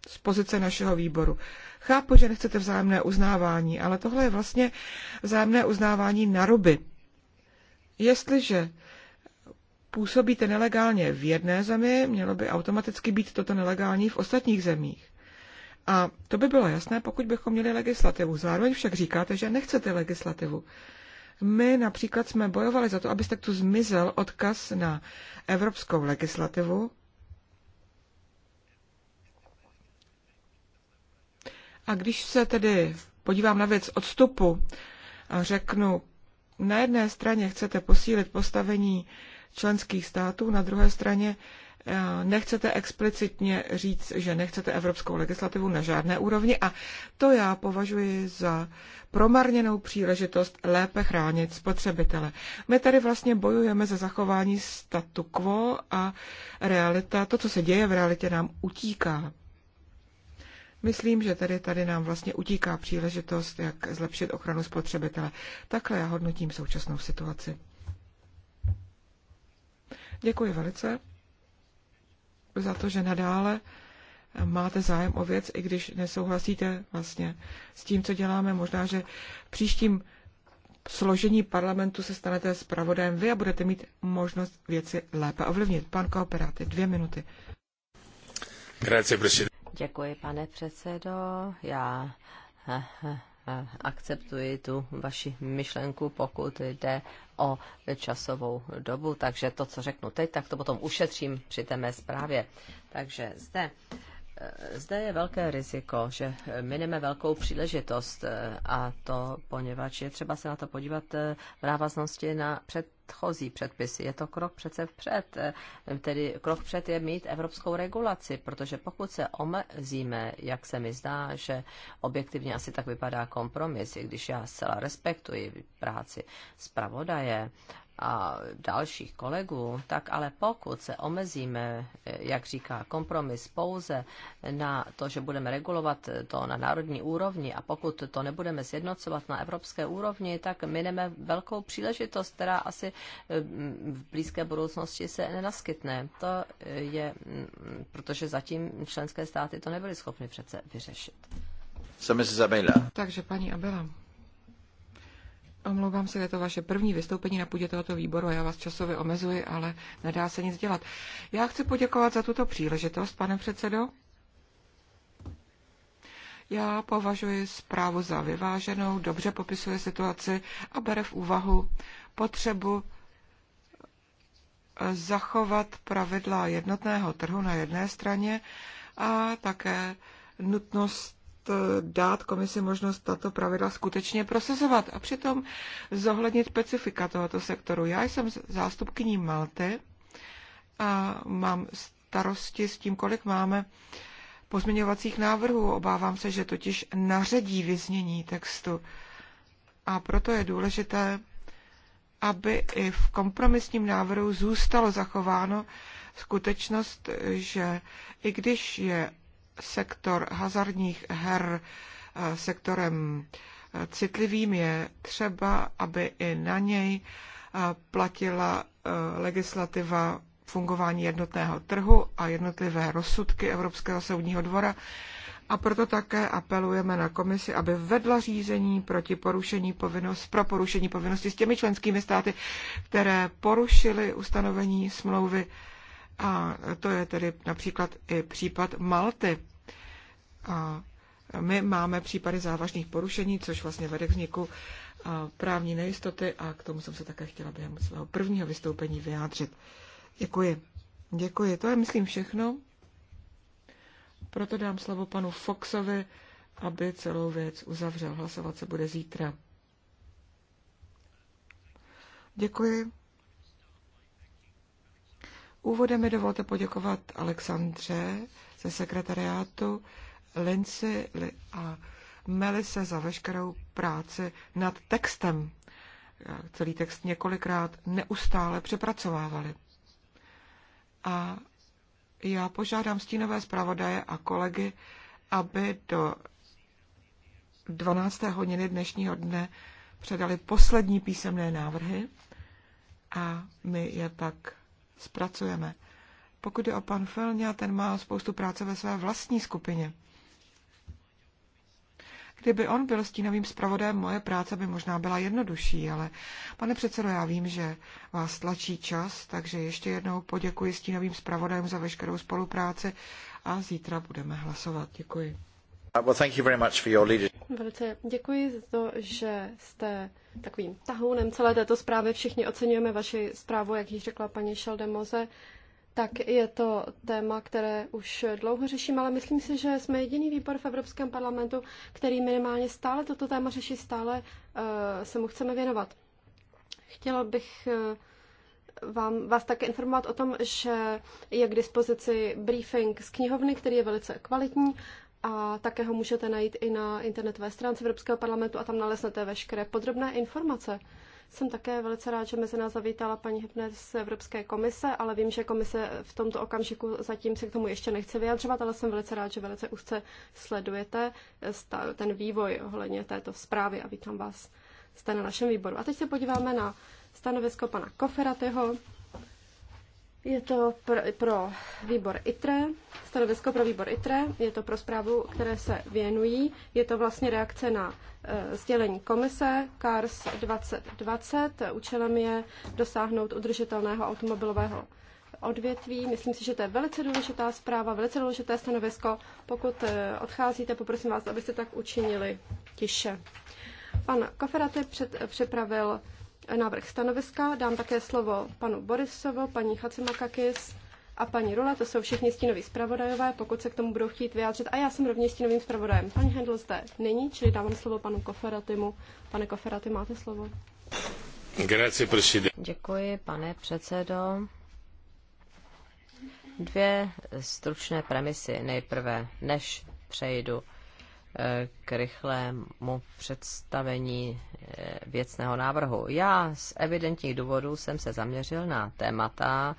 z pozice našeho výboru. Chápu, že nechcete vzájemné uznávání, ale tohle je vlastně vzájemné uznávání na ruby. Jestliže působíte nelegálně v jedné zemi, mělo by automaticky být toto nelegální v ostatních zemích. A to by bylo jasné, pokud bychom měli legislativu. Zároveň však říkáte, že nechcete legislativu. My například jsme bojovali za to, abyste tu zmizel odkaz na evropskou legislativu. A když se tedy podívám na věc odstupu a řeknu, na jedné straně chcete posílit postavení členských států, na druhé straně nechcete explicitně říct, že nechcete evropskou legislativu na žádné úrovni a to já považuji za promarněnou příležitost lépe chránit spotřebitele. My tady vlastně bojujeme za zachování statu quo a realita, to, co se děje v realitě, nám utíká. Myslím, že tady, tady nám vlastně utíká příležitost, jak zlepšit ochranu spotřebitele. Takhle já hodnotím současnou situaci. Děkuji velice za to, že nadále máte zájem o věc, i když nesouhlasíte vlastně s tím, co děláme. Možná, že v příštím složení parlamentu se stanete zpravodajem vy a budete mít možnost věci lépe ovlivnit. Pan Kooperáty, dvě minuty. Děkuji, pane předsedo. Já eh, eh, akceptuji tu vaši myšlenku, pokud jde o časovou dobu. Takže to, co řeknu teď, tak to potom ušetřím při té mé zprávě. Takže zde. Eh, zde je velké riziko, že mineme velkou příležitost eh, a to poněvadž je třeba se na to podívat eh, v návaznosti na před předchozí předpisy. Je to krok přece vpřed. Eh, Tedy krok před je mít evropskou regulaci, protože pokud se omezíme, jak se mi zdá, že objektivně asi tak vypadá kompromis, i když já zcela respektuji práci zpravodaje a dalších kolegů, tak ale pokud se omezíme, jak říká kompromis, pouze na to, že budeme regulovat to na národní úrovni a pokud to nebudeme sjednocovat na evropské úrovni, tak mineme velkou příležitost, která asi mm, v blízké budoucnosti se nenaskytne. To je, mm, protože zatím členské státy to nebyly schopny přece vyřešit. Takže paní Abela. Omlouvám se, je to vaše první vystoupení na půdě tohoto výboru, já vás časově omezuji, ale nedá se nic dělat. Já chci poděkovat za tuto příležitost, pane předsedo. Já považuji zprávu za vyváženou, dobře popisuje situaci a bere v úvahu potřebu eh, zachovat pravidla jednotného trhu na jedné straně a také nutnost Eh, dát komisi možnost tato pravidla skutečně procesovat a přitom zohlednit specifika tohoto sektoru. Já jsem zástupkyní Malty a mám starosti s tím, kolik máme pozměňovacích návrhů. Obávám se, že totiž naředí vyznění textu. A proto je důležité, aby i v kompromisním návrhu zůstalo zachováno skutečnost, že i když je sektor hazardních her eh, sektorem eh, citlivým, je třeba, aby i na něj eh, platila legislativa fungování jednotného trhu a jednotlivé rozsudky Evropského soudního dvora. A proto také apelujeme na komisi, aby vedla řízení proti porušení povinnost, pro porušení povinnosti s těmi členskými státy, které porušily ustanovení smlouvy a to je tedy například i případ Malty. A my máme případy závažných porušení, což vlastně vede k vzniku právní nejistoty a k tomu jsem se také chtěla během svého prvního vystoupení vyjádřit. Děkuji. Děkuji. To je, myslím, všechno. Proto dám slovo panu Foxovi, aby celou věc uzavřel. Hlasovat se bude zítra. Děkuji. Úvodem mi dovolte poděkovat Alexandře ze sekretariátu, Linci a Melise za veškerou práci nad textem. Celý text několikrát neustále přepracovávali. A já požádám stínové zpravodaje a kolegy, aby do 12. hodiny dnešního dne předali poslední písemné návrhy a my je pak zpracujeme. Pokud je o pan Felňa, ten má spoustu práce ve své vlastní skupině. Kdyby on byl stínovým zpravodajem, moje práce by možná byla jednodušší, ale pane předsedo, já vím, že vás tlačí čas, takže ještě jednou poděkuji stínovým zpravodajem za veškerou spolupráci a zítra budeme hlasovat. Děkuji. Uh, velice děkuji za to, že jste takovým tahounem celé této zprávy. Všichni oceňujeme vaši zprávu, jak již řekla paní Šaldemoze. Tak je to téma, které už dlouho řeším, ale myslím si, že jsme jediný výbor v Evropském parlamentu, který minimálně stále toto téma řeší, stále eh, se mu chceme věnovat. Chtěla bych eh, vám, vás také informovat o tom, že je k dispozici briefing z knihovny, který je velice kvalitní a také ho můžete najít i na internetové stránce Evropského parlamentu a tam naleznete veškeré podrobné informace. Jsem také velice rád, že mezi nás zavítala paní Hübner z Evropské komise, ale vím, že komise v tomto okamžiku zatím se k tomu ještě nechce vyjadřovat, ale jsem velice rád, že velice úzce sledujete eh, ten vývoj ohledně této zprávy a vítám vás jste na našem výboru. A teď se podíváme na stanovisko pana Koferatyho je to pro, pro výbor ITRE, stanovisko pro výbor ITRE, je to pro zprávu, které se věnují. Je to vlastně reakce na e, sdělení komise CARS 2020. Účelem je dosáhnout udržitelného automobilového odvětví. Myslím si, že to je velice důležitá zpráva, velice důležité stanovisko. Pokud eh, odcházíte, poprosím vás, abyste tak učinili tiše. Pan Koferaty před, eh, připravil návrh stanoviska. Dám také slovo panu Borisovo, paní Chacimakakis a paní Rula. To jsou všichni stínoví zpravodajové, pokud se k tomu budou chtít vyjádřit. A já jsem rovněž stínovým zpravodajem. Paní Hendl zde není, čili dávám slovo panu Koferatimu. Pane Koferaty, máte slovo. Děkuji, pane předsedo. Dvě stručné premisy nejprve, než přejdu k rychlému představení eh, věcného návrhu. Já z evidentních důvodů jsem se zaměřil na témata,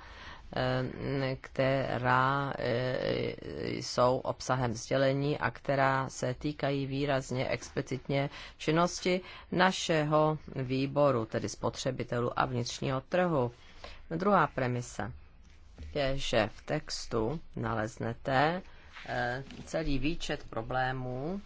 eh, která eh, jsou obsahem sdělení a která se týkají výrazně explicitně činnosti našeho výboru, tedy spotřebitelů a vnitřního trhu. Druhá premisa je, že v textu naleznete Eh, celý výčet problémů,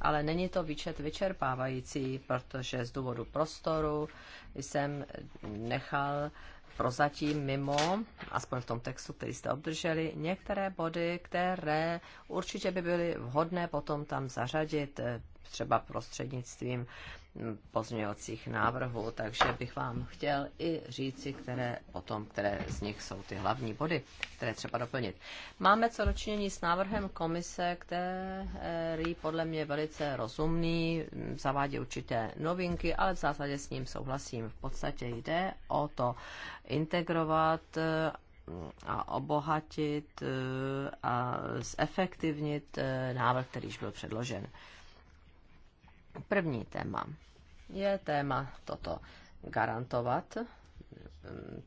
ale není to výčet vyčerpávající, protože z důvodu prostoru jsem nechal prozatím mimo, aspoň v tom textu, který jste obdrželi, některé body, které určitě by byly vhodné potom tam zařadit, eh, třeba prostřednictvím pozměňovacích návrhů, takže bych vám chtěl i říci, které o tom, které z nich jsou ty hlavní body, které třeba doplnit. Máme co dočinění s návrhem komise, který podle mě je velice rozumný, zavádí určité novinky, ale v zásadě s ním souhlasím. V podstatě jde o to integrovat eh, a obohatit eh, a zefektivnit eh, návrh, který již byl předložen. První téma je téma toto garantovat,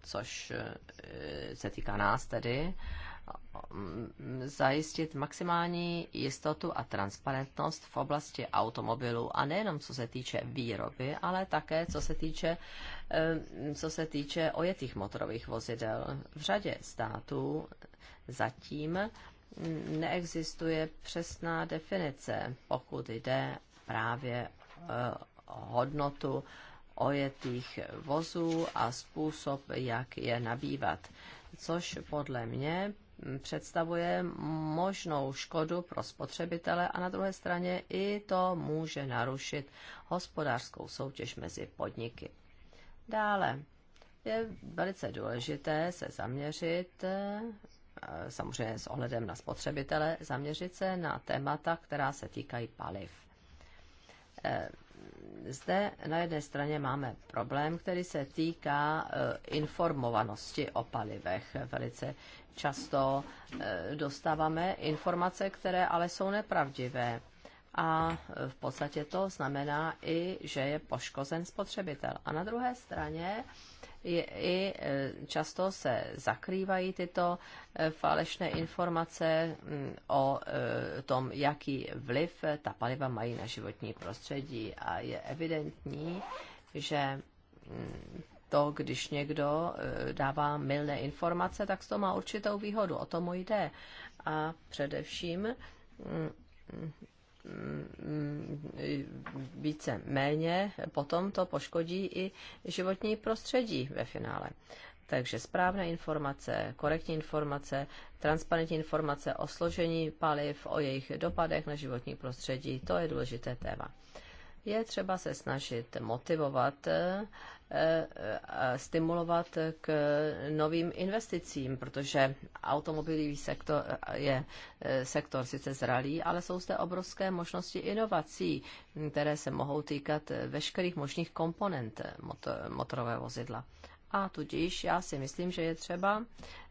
což e, se týká nás tedy, zajistit maximální jistotu a transparentnost v oblasti automobilů a nejenom co se týče výroby, ale také co se týče, e, co se týče ojetých motorových vozidel. V řadě států zatím neexistuje přesná definice, pokud jde právě eh, hodnotu ojetých vozů a způsob, jak je nabývat, což podle mě představuje možnou škodu pro spotřebitele a na druhé straně i to může narušit hospodářskou soutěž mezi podniky. Dále je velice důležité se zaměřit, eh, samozřejmě s ohledem na spotřebitele, zaměřit se na témata, která se týkají paliv Eh, zde na jedné straně máme problém, který se týká eh, informovanosti o palivech. Velice často eh, dostáváme informace, které ale jsou nepravdivé. A v podstatě to znamená i, že je poškozen spotřebitel. A na druhé straně i e, často se zakrývají tyto e, falešné informace mm, o e, tom, jaký vliv ta paliva mají na životní prostředí. A je evidentní, že mm, to, když někdo dává mylné informace, tak to má určitou výhodu. O tom jde. A především mm, více méně, potom to poškodí i životní prostředí ve finále. Takže správné informace, korektní informace, transparentní informace o složení paliv, o jejich dopadech na životní prostředí, to je důležité téma. Je třeba se snažit motivovat Eh, eh, stimulovat k novým investicím, protože automobilový sektor je eh, sektor sice zralý, ale jsou zde obrovské možnosti inovací, které se mohou týkat veškerých možných komponent motorové vozidla. A tudíž já si myslím, že je třeba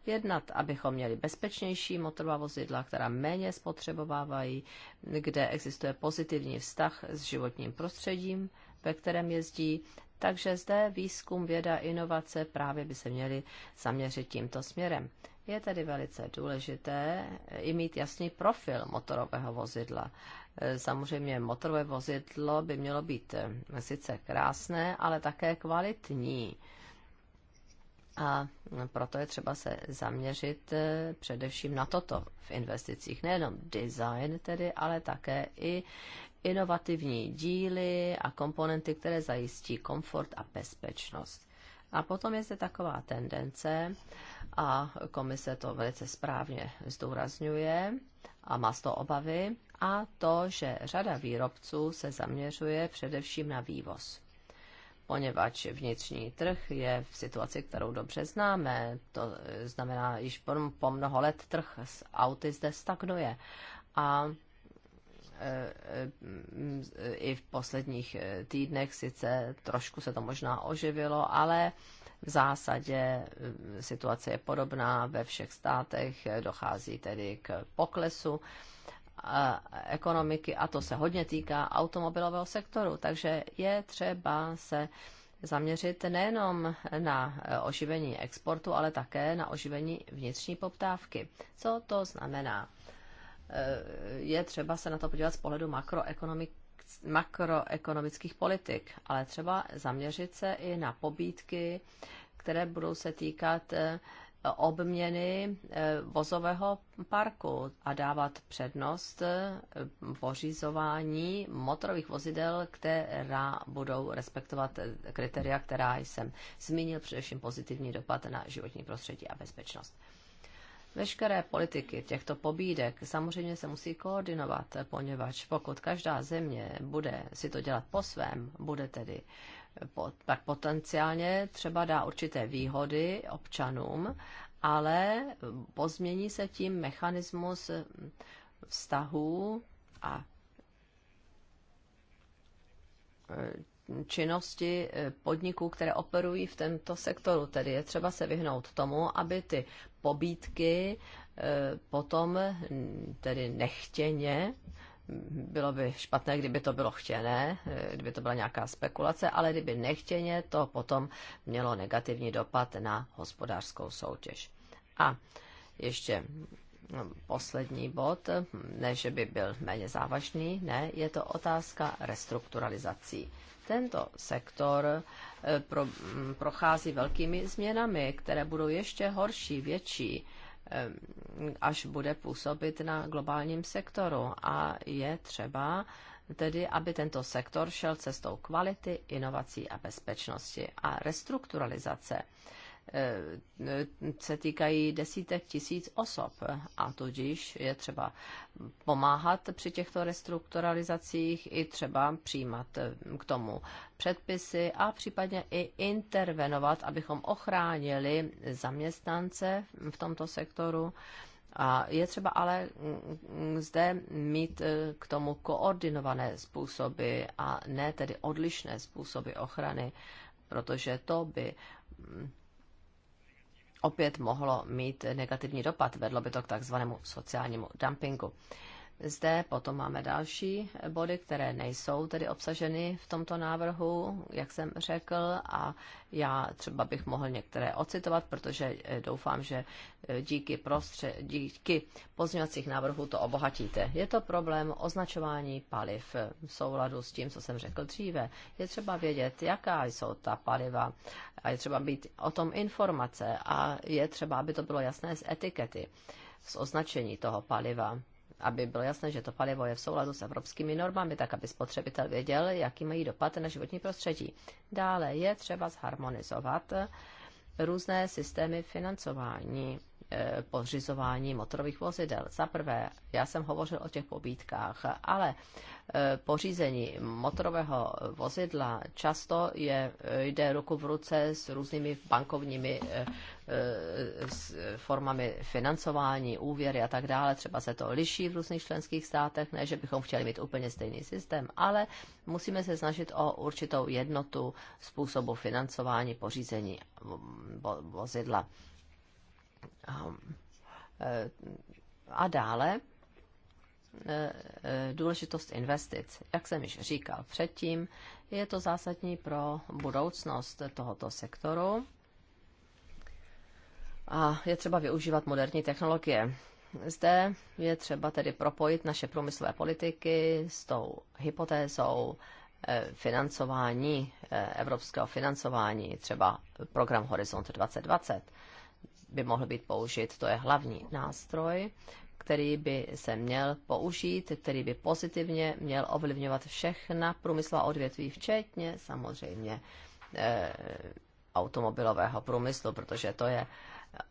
jednat, abychom měli bezpečnější motorová vozidla, která méně spotřebovávají, kde existuje pozitivní vztah s životním prostředím, ve kterém jezdí takže zde výzkum, věda, inovace právě by se měly zaměřit tímto směrem. Je tedy velice důležité i mít jasný profil motorového vozidla. Samozřejmě motorové vozidlo by mělo být eh, sice krásné, ale také kvalitní. A proto je třeba se zaměřit eh, především na toto v investicích. Nejenom design tedy, ale také i inovativní díly a komponenty, které zajistí komfort a bezpečnost. A potom je zde taková tendence, a komise to velice správně zdůrazňuje a má z toho obavy, a to, že řada výrobců se zaměřuje především na vývoz. Poněvadž vnitřní trh je v situaci, kterou dobře známe, to znamená, již po, po mnoho let trh s auty zde stagnuje. A i v posledních eh, týdnech sice trošku se to možná oživilo, ale v zásadě eh, situace je podobná ve všech státech, dochází tedy k poklesu eh, ekonomiky a to se hodně týká automobilového sektoru, takže je třeba se zaměřit nejenom na oživení exportu, ale také na oživení vnitřní poptávky. Co to znamená? Eh, je třeba se na to podívat z pohledu makroekonomik, makroekonomických politik, ale třeba zaměřit se i na pobídky, které budou se týkat eh, obměny eh, vozového parku a dávat přednost pořizování motorových vozidel, která budou respektovat kritéria, která jsem zmínil, především pozitivní dopad na životní prostředí a bezpečnost. Veškeré politiky těchto pobídek samozřejmě se musí koordinovat, poněvadž pokud každá země bude si to dělat po svém, bude tedy tak potenciálně třeba dá určité výhody občanům, ale pozmění se tím mechanismus vztahů a e, činnosti e, podniků, které operují v tomto sektoru. Tedy je třeba se vyhnout tomu, aby ty pobídky eh, potom hm, tedy nechtěně, bylo by špatné, kdyby to bylo chtěné, eh, kdyby to byla nějaká spekulace, ale kdyby nechtěně, to potom mělo negativní dopad na hospodářskou soutěž. A ještě no, poslední bod, hm, ne, že by byl méně závažný, ne, je to otázka restrukturalizací tento sektor eh, pro, mm, prochází velkými změnami, které budou ještě horší, větší, eh, až bude působit na globálním sektoru. A je třeba tedy, aby tento sektor šel cestou kvality, inovací a bezpečnosti a restrukturalizace se týkají desítek tisíc osob a tudíž je třeba pomáhat při těchto restrukturalizacích i třeba přijímat eh, k tomu předpisy a případně i intervenovat, abychom ochránili zaměstnance v tomto sektoru. A je třeba ale mm, zde mít eh, k tomu koordinované způsoby a ne tedy odlišné způsoby ochrany, protože to by mm, opět mohlo mít negativní dopad. Vedlo by to k takzvanému sociálnímu dumpingu. Zde potom máme další body, které nejsou tedy obsaženy v tomto návrhu, jak jsem řekl, a já třeba bych mohl některé ocitovat, protože eh, doufám, že eh, díky, prostře- díky pozměňovacích návrhů to obohatíte. Je to problém označování paliv v souladu s tím, co jsem řekl dříve. Je třeba vědět, jaká jsou ta paliva a je třeba být o tom informace a je třeba, aby to bylo jasné z etikety, z označení toho paliva aby bylo jasné, že to palivo je v souladu s evropskými normami, tak aby spotřebitel věděl, jaký mají dopad na životní prostředí. Dále je třeba zharmonizovat různé systémy financování Eh, pořizování motorových vozidel. Za prvé, já jsem hovořil o těch pobídkách, ale eh, pořízení motorového vozidla často je, eh, jde ruku v ruce s různými bankovními s formami financování, úvěry a tak dále. Třeba se to liší v různých členských státech, ne, že bychom chtěli mít úplně stejný systém, ale musíme se snažit o určitou jednotu způsobu financování, pořízení vozidla. Eh, a, dále eh, eh, důležitost investic. Jak jsem již říkal předtím, je to zásadní pro budoucnost tohoto sektoru a je třeba využívat moderní technologie. Zde je třeba tedy propojit naše průmyslové politiky s tou hypotézou financování, evropského financování, třeba program Horizont 2020 by mohl být použit. To je hlavní nástroj, který by se měl použít, který by pozitivně měl ovlivňovat všechna průmyslová odvětví, včetně samozřejmě e, automobilového průmyslu, protože to je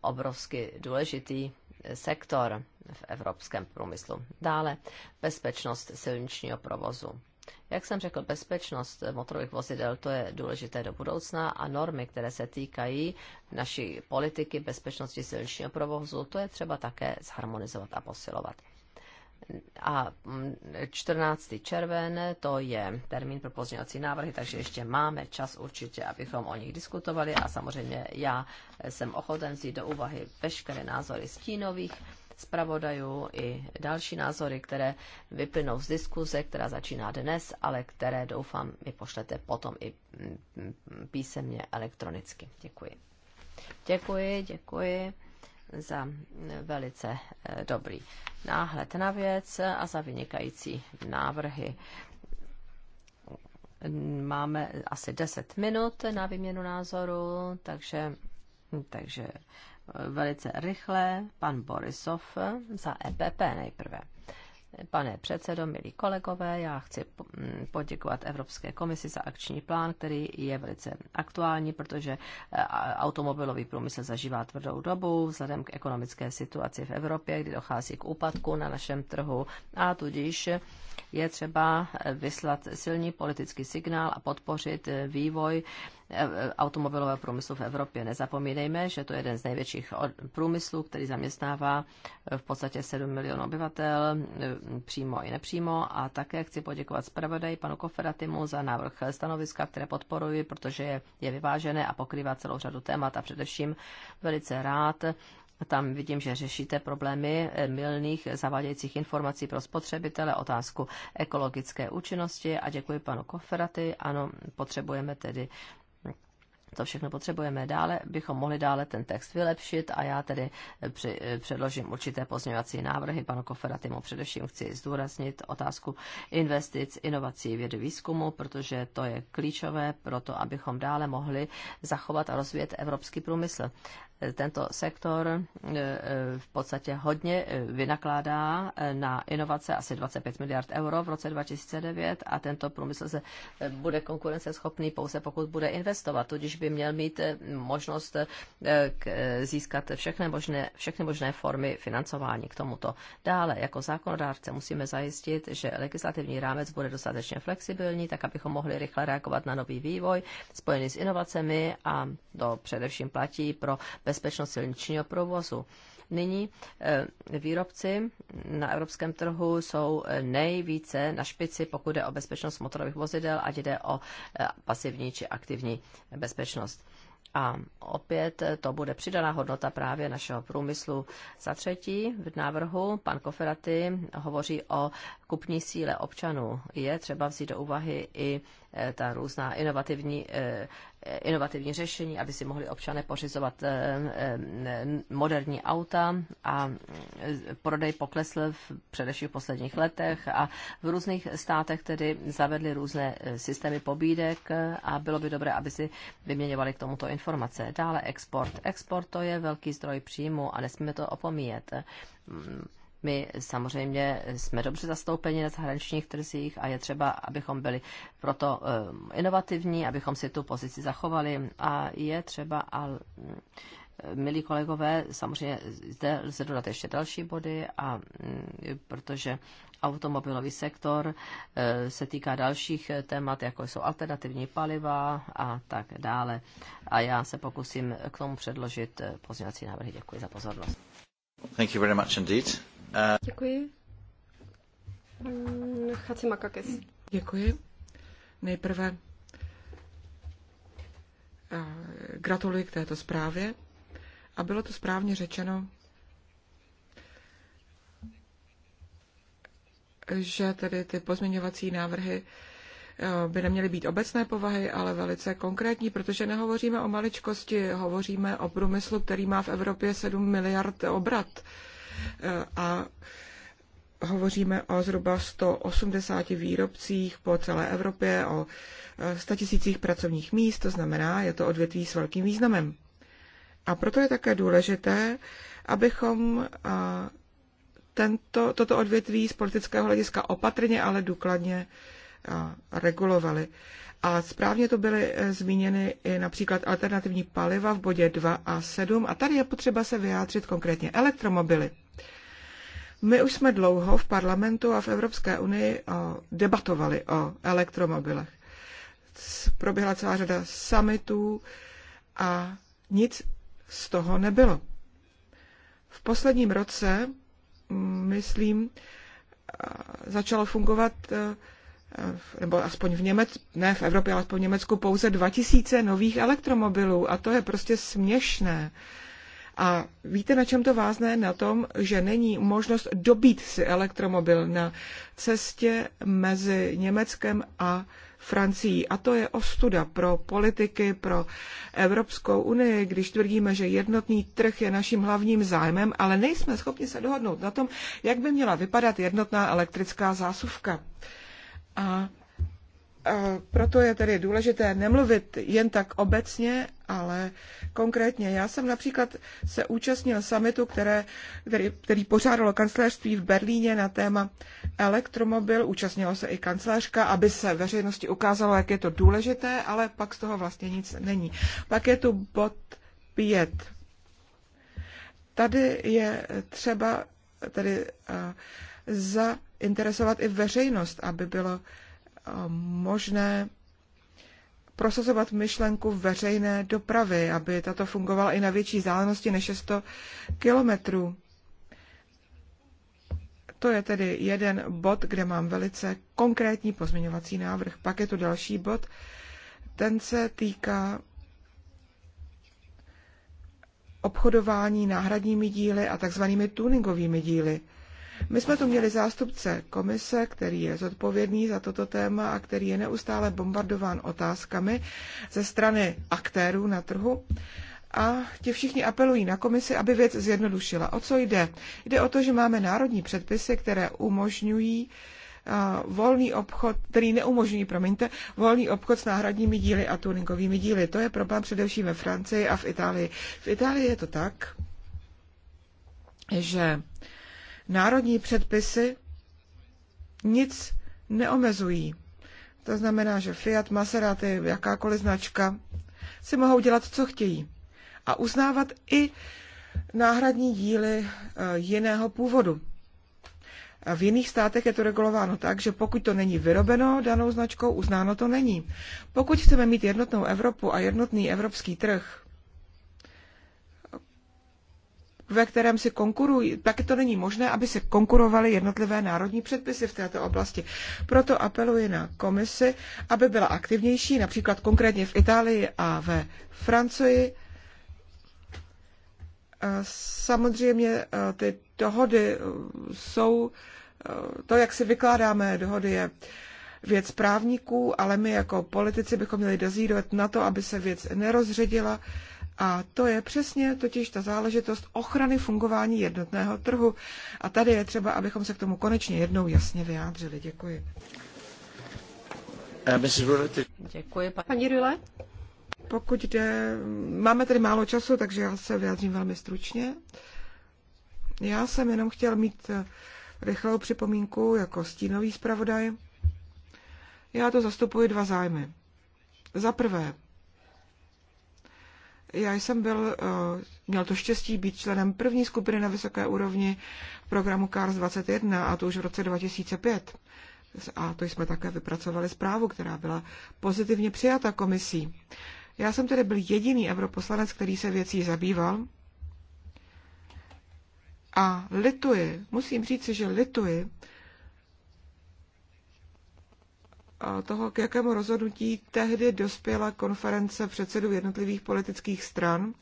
obrovsky důležitý sektor v evropském průmyslu. Dále bezpečnost silničního provozu. Jak jsem řekl, bezpečnost motorových vozidel, to je důležité do budoucna a normy, které se týkají naší politiky bezpečnosti silničního provozu, to je třeba také zharmonizovat a posilovat. A 14. Mm, červen to je termín pro pozměňovací návrhy, takže ještě máme čas určitě, abychom o nich diskutovali a samozřejmě já jsem ochoten vzít do úvahy veškeré názory stínových zpravodajů i další názory, které vyplynou z diskuze, která začíná dnes, ale které doufám mi pošlete potom i mm, mm, písemně elektronicky. Děkuji. Děkuji, děkuji za mm, velice eh, dobrý náhled na věc a za vynikající návrhy. Máme asi 10 minut na výměnu názoru, takže, takže velice rychle pan Borisov za EPP nejprve. Pane předsedo, milí kolegové, já chci mm, poděkovat Evropské komisi za akční plán, který je velice aktuální, protože e, automobilový průmysl zažívá tvrdou dobu vzhledem k ekonomické situaci v Evropě, kdy dochází k úpadku na našem trhu a tudíž je třeba e, vyslat silný politický signál a podpořit e, vývoj Eh, automobilového průmyslu v Evropě. Nezapomínejme, že to je jeden z největších průmyslů, který zaměstnává eh, v podstatě 7 milionů obyvatel, eh, přímo i nepřímo. A také chci poděkovat zpravodaji panu Koferatimu za návrh stanoviska, které podporuji, protože je, je vyvážené a pokrývá celou řadu témat a především velice rád tam vidím, že řešíte problémy milných zavádějících informací pro spotřebitele, otázku ekologické účinnosti a děkuji panu Koferaty. Ano, potřebujeme tedy to všechno potřebujeme. Dále bychom mohli dále ten text vylepšit a já tedy eh, při, eh, předložím určité pozměňovací návrhy. Panu Koferatimu především chci zdůraznit otázku investic, inovací, vědy, výzkumu, protože to je klíčové pro to, abychom dále mohli zachovat a rozvíjet evropský průmysl tento sektor e, e, v podstatě hodně e, vynakládá na inovace asi 25 miliard euro v roce 2009 a tento průmysl se bude konkurenceschopný pouze pokud bude investovat, tudíž by měl mít možnost získat všechny možné, všechny možné formy financování k tomuto. Dále, jako zákonodárce musíme zajistit, že legislativní rámec bude dostatečně flexibilní, tak abychom mohli rychle reagovat na nový vývoj spojený s inovacemi a to především platí pro bez bezpečnost silničního provozu. Nyní eh, výrobci na evropském trhu jsou eh, nejvíce na špici, pokud jde o bezpečnost motorových vozidel, ať jde o eh, pasivní či aktivní bezpečnost. A opět to bude přidaná hodnota právě našeho průmyslu. Za třetí v návrhu pan Koferaty hovoří o kupní síle občanů. Je třeba vzít do úvahy i Eh, ta různá inovativní, eh, eh, inovativní řešení, aby si mohli občané pořizovat moderní auta a prodej poklesl v především v posledních letech a v různých státech tedy zavedli různé systémy pobídek a bylo by dobré, aby si vyměňovali k tomuto informace. Dále export. Export to je velký zdroj příjmu a nesmíme to opomíjet my samozřejmě jsme dobře zastoupeni na zahraničních trzích a je třeba, abychom byli proto eh, inovativní, abychom si tu pozici zachovali a je třeba, ale eh, Milí kolegové, samozřejmě zde lze dodat ještě další body, a mm, protože automobilový sektor eh, se týká dalších témat, jako jsou alternativní paliva a tak dále. A já se pokusím k tomu předložit pozměňovací návrhy. Děkuji za pozornost. Uh, mm, Děkuji. Nejprve eh, gratuluji k této zprávě. A bylo to správně řečeno, že tedy ty pozměňovací návrhy Eh, by neměly být obecné povahy, ale velice konkrétní, protože nehovoříme o maličkosti, hovoříme o průmyslu, který má v Evropě 7 miliard obrat. Eh, a hovoříme o zhruba 180 výrobcích po celé Evropě, o 100 eh, tisících pracovních míst, to znamená, je to odvětví s velkým významem. A proto je také důležité, abychom tento, toto odvětví z politického hlediska opatrně, ale důkladně regulovaly. A správně to byly eh, zmíněny i například alternativní paliva v bodě 2 a 7 a tady je potřeba se vyjádřit konkrétně elektromobily. My už jsme dlouho v parlamentu a v Evropské unii eh, debatovali o elektromobilech. Proběhla celá řada summitů a nic z toho nebylo. V posledním roce, mm, myslím, eh, začalo fungovat nebo aspoň v Německu, ne v Evropě, ale aspoň v Německu pouze 2000 nových elektromobilů a to je prostě směšné. A víte, na čem to vázne? Na tom, že není možnost dobít si elektromobil na cestě mezi Německem a Francií. A to je ostuda pro politiky, pro Evropskou unii, když tvrdíme, že jednotný trh je naším hlavním zájmem, ale nejsme schopni se dohodnout na tom, jak by měla vypadat jednotná elektrická zásuvka. Uh, a proto je tedy důležité nemluvit jen tak obecně, ale konkrétně. Já jsem například se účastnil summitu, které, který, který pořádalo kancelářství v Berlíně na téma elektromobil. Účastnila se i kancelářka, aby se veřejnosti ukázalo, jak je to důležité, ale pak z toho vlastně nic není. Pak je tu bod 5. Tady je třeba tady uh, za interesovat i veřejnost, aby bylo eh, možné prosazovat myšlenku veřejné dopravy, aby tato fungovala i na větší vzdálenosti než 600 kilometrů. To je tedy jeden bod, kde mám velice konkrétní pozměňovací návrh. Pak je tu další bod, ten se týká obchodování náhradními díly a takzvanými tuningovými díly. My jsme tu měli zástupce komise, který je zodpovědný za toto téma a který je neustále bombardován otázkami ze strany aktérů na trhu a ti všichni apelují na komisi, aby věc zjednodušila. O co jde? Jde o to, že máme národní předpisy, které umožňují volný obchod, který neumožňují, promiňte, volný obchod s náhradními díly a tuningovými díly. To je problém především ve Francii a v Itálii. V Itálii je to tak, že národní předpisy nic neomezují. To znamená, že Fiat, Maserati, jakákoliv značka si mohou dělat, co chtějí. A uznávat i náhradní díly eh, jiného původu. V jiných státech je to regulováno tak, že pokud to není vyrobeno danou značkou, uznáno to není. Pokud chceme mít jednotnou Evropu a jednotný evropský trh, ve kterém si konkurují, taky to není možné, aby si konkurovaly jednotlivé národní předpisy v této oblasti. Proto apeluji na komisi, aby byla aktivnější, například konkrétně v Itálii a ve Francii. Samozřejmě e, ty dohody e, jsou, e, to, jak si vykládáme dohody, je věc právníků, ale my jako politici bychom měli dozírovat na to, aby se věc nerozředila a to je přesně totiž ta záležitost ochrany fungování jednotného trhu. A tady je třeba, abychom se k tomu konečně jednou jasně vyjádřili. Děkuji. Eh, Děkuji, paní Rule. Pokud jde, máme tedy málo času, takže já se vyjádřím velmi stručně. Já jsem jenom chtěl mít eh, rychlou připomínku jako stínový zpravodaj. Já to zastupuji dva zájmy. Za prvé, já jsem byl, eh, měl to štěstí být členem první skupiny na vysoké úrovni programu CARS 21 a to už v roce 2005. A to jsme také vypracovali zprávu, která byla pozitivně přijata komisí. Já jsem tedy byl jediný europoslanec, který se věcí zabýval. A lituji, musím říci, že lituji, toho, k jakému rozhodnutí tehdy dospěla konference předsedů jednotlivých politických stran,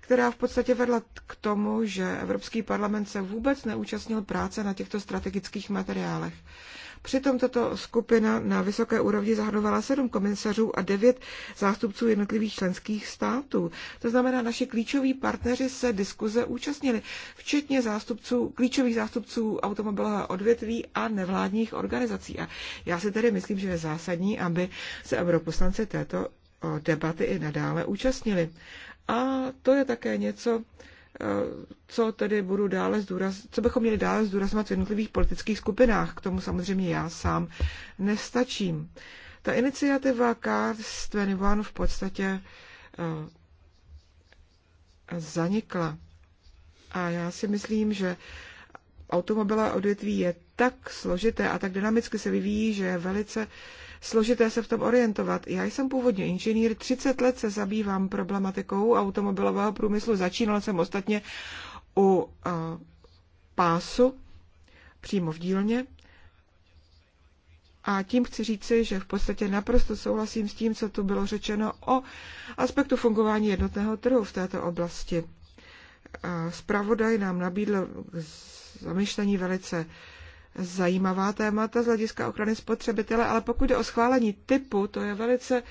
která v podstatě vedla k tomu, že Evropský parlament se vůbec neúčastnil práce na těchto strategických materiálech. Přitom tato skupina na vysoké úrovni zahrnovala sedm komisařů a devět zástupců jednotlivých členských států. To znamená, naši klíčoví partneři se diskuze účastnili, včetně zástupců, klíčových zástupců automobilové odvětví a nevládních organizací. A já si tedy myslím, že je zásadní, aby se europoslanci této debaty i nadále účastnili. A to je také něco, Eh, co tedy budu dále zdůraz, co bychom měli dále zdůrazňovat v jednotlivých politických skupinách. K tomu samozřejmě já sám nestačím. Ta iniciativa Cars 21 v podstatě eh, zanikla. A já si myslím, že automobilové odvětví je tak složité a tak dynamicky se vyvíjí, že je velice uh, složité se v tom orientovat. Já jsem původně inženýr, 30 let se zabývám problematikou automobilového průmyslu. Začínal jsem ostatně u eh, pásu přímo v dílně. A tím chci říci, že v podstatě naprosto souhlasím s tím, co tu bylo řečeno o aspektu fungování jednotného trhu v této oblasti. Spravodaj eh, nám nabídl zamišlení velice zajímavá témata z hlediska ochrany spotřebitele, ale pokud jde o schválení typu, to je velice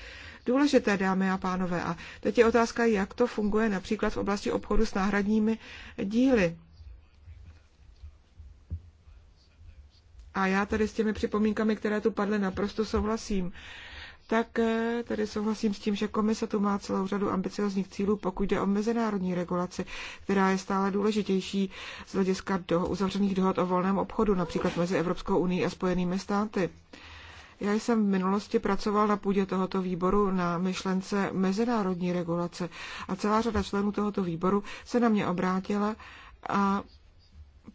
důležité, dámy a pánové. A teď je otázka, jak to funguje například v oblasti obchodu s náhradními díly. A já tady s těmi připomínkami, které tu padly, naprosto souhlasím. Tak eh, tady souhlasím s tím, že komise tu má celou řadu ambiciozních cílů, pokud jde o mezinárodní regulaci, která je stále důležitější z hlediska do uzavřených dohod o volném obchodu, například mezi Evropskou unii a Spojenými státy. Já jsem v minulosti pracoval na půdě tohoto výboru na myšlence mezinárodní regulace a celá řada členů tohoto výboru se na mě obrátila a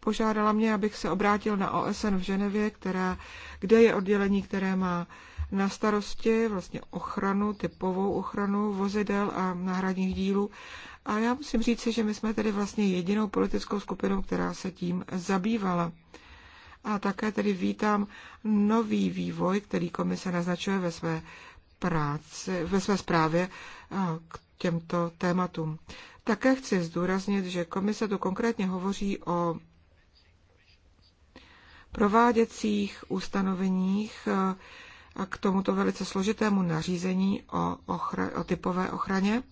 požádala mě, abych se obrátil na OSN v Ženevě, která, kde je oddělení, které má uh, na starosti vlastně ochranu, typovou ochranu vozidel a náhradních dílů. A já musím říct, že my jsme tedy vlastně jedinou politickou skupinou, která se tím zabývala. A také tedy vítám nový vývoj, který komise naznačuje ve své práci, ve své zprávě k těmto tématům. Také chci zdůraznit, že komise tu konkrétně hovoří o prováděcích ustanoveních, a k tomuto velice složitému nařízení o, ochra, o typové ochraně.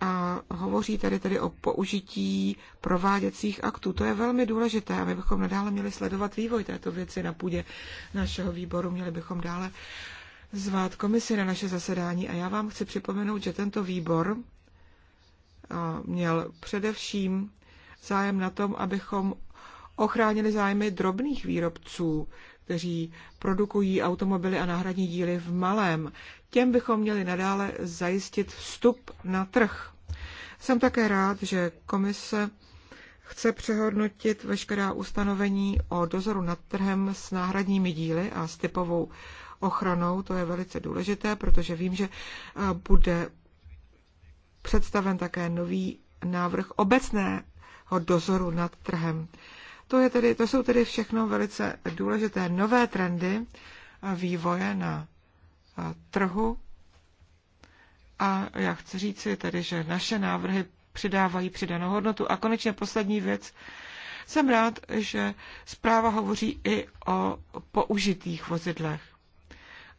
A hovoří tady tedy o použití prováděcích aktů. To je velmi důležité aby bychom nadále měli sledovat vývoj této věci na půdě našeho výboru. Měli bychom dále zvát komisi na naše zasedání a já vám chci připomenout, že tento výbor měl především zájem na tom, abychom ochránili zájmy drobných výrobců, kteří produkují automobily a náhradní díly v malém. Těm bychom měli nadále zajistit vstup na trh. Jsem také rád, že komise chce přehodnotit veškerá ustanovení o dozoru nad trhem s náhradními díly a s typovou ochranou. To je velice důležité, protože vím, že eh, bude představen také nový návrh obecného dozoru nad trhem. To, je tedy, to jsou tedy všechno velice důležité nové trendy a vývoje na trhu. A já chci říci tedy, že naše návrhy přidávají přidanou hodnotu. A konečně poslední věc. Jsem rád, že zpráva hovoří i o použitých vozidlech.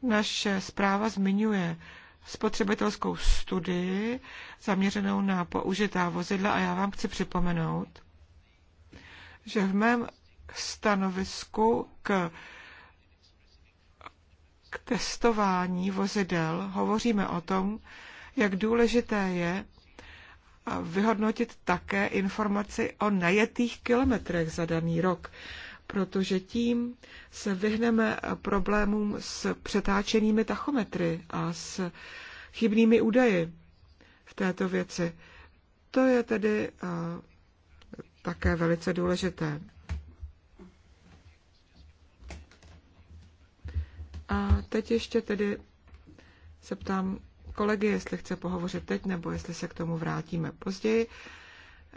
Naše zpráva zmiňuje spotřebitelskou studii zaměřenou na použitá vozidla a já vám chci připomenout, že v mém stanovisku k, k testování vozidel hovoříme o tom, jak důležité je vyhodnotit také informaci o najetých kilometrech za daný rok, protože tím se vyhneme problémům s přetáčenými tachometry a s chybnými údaji v této věci. To je tedy eh, také velice důležité. A teď ještě tedy se ptám kolegy, jestli chce pohovořit teď, nebo jestli se k tomu vrátíme později.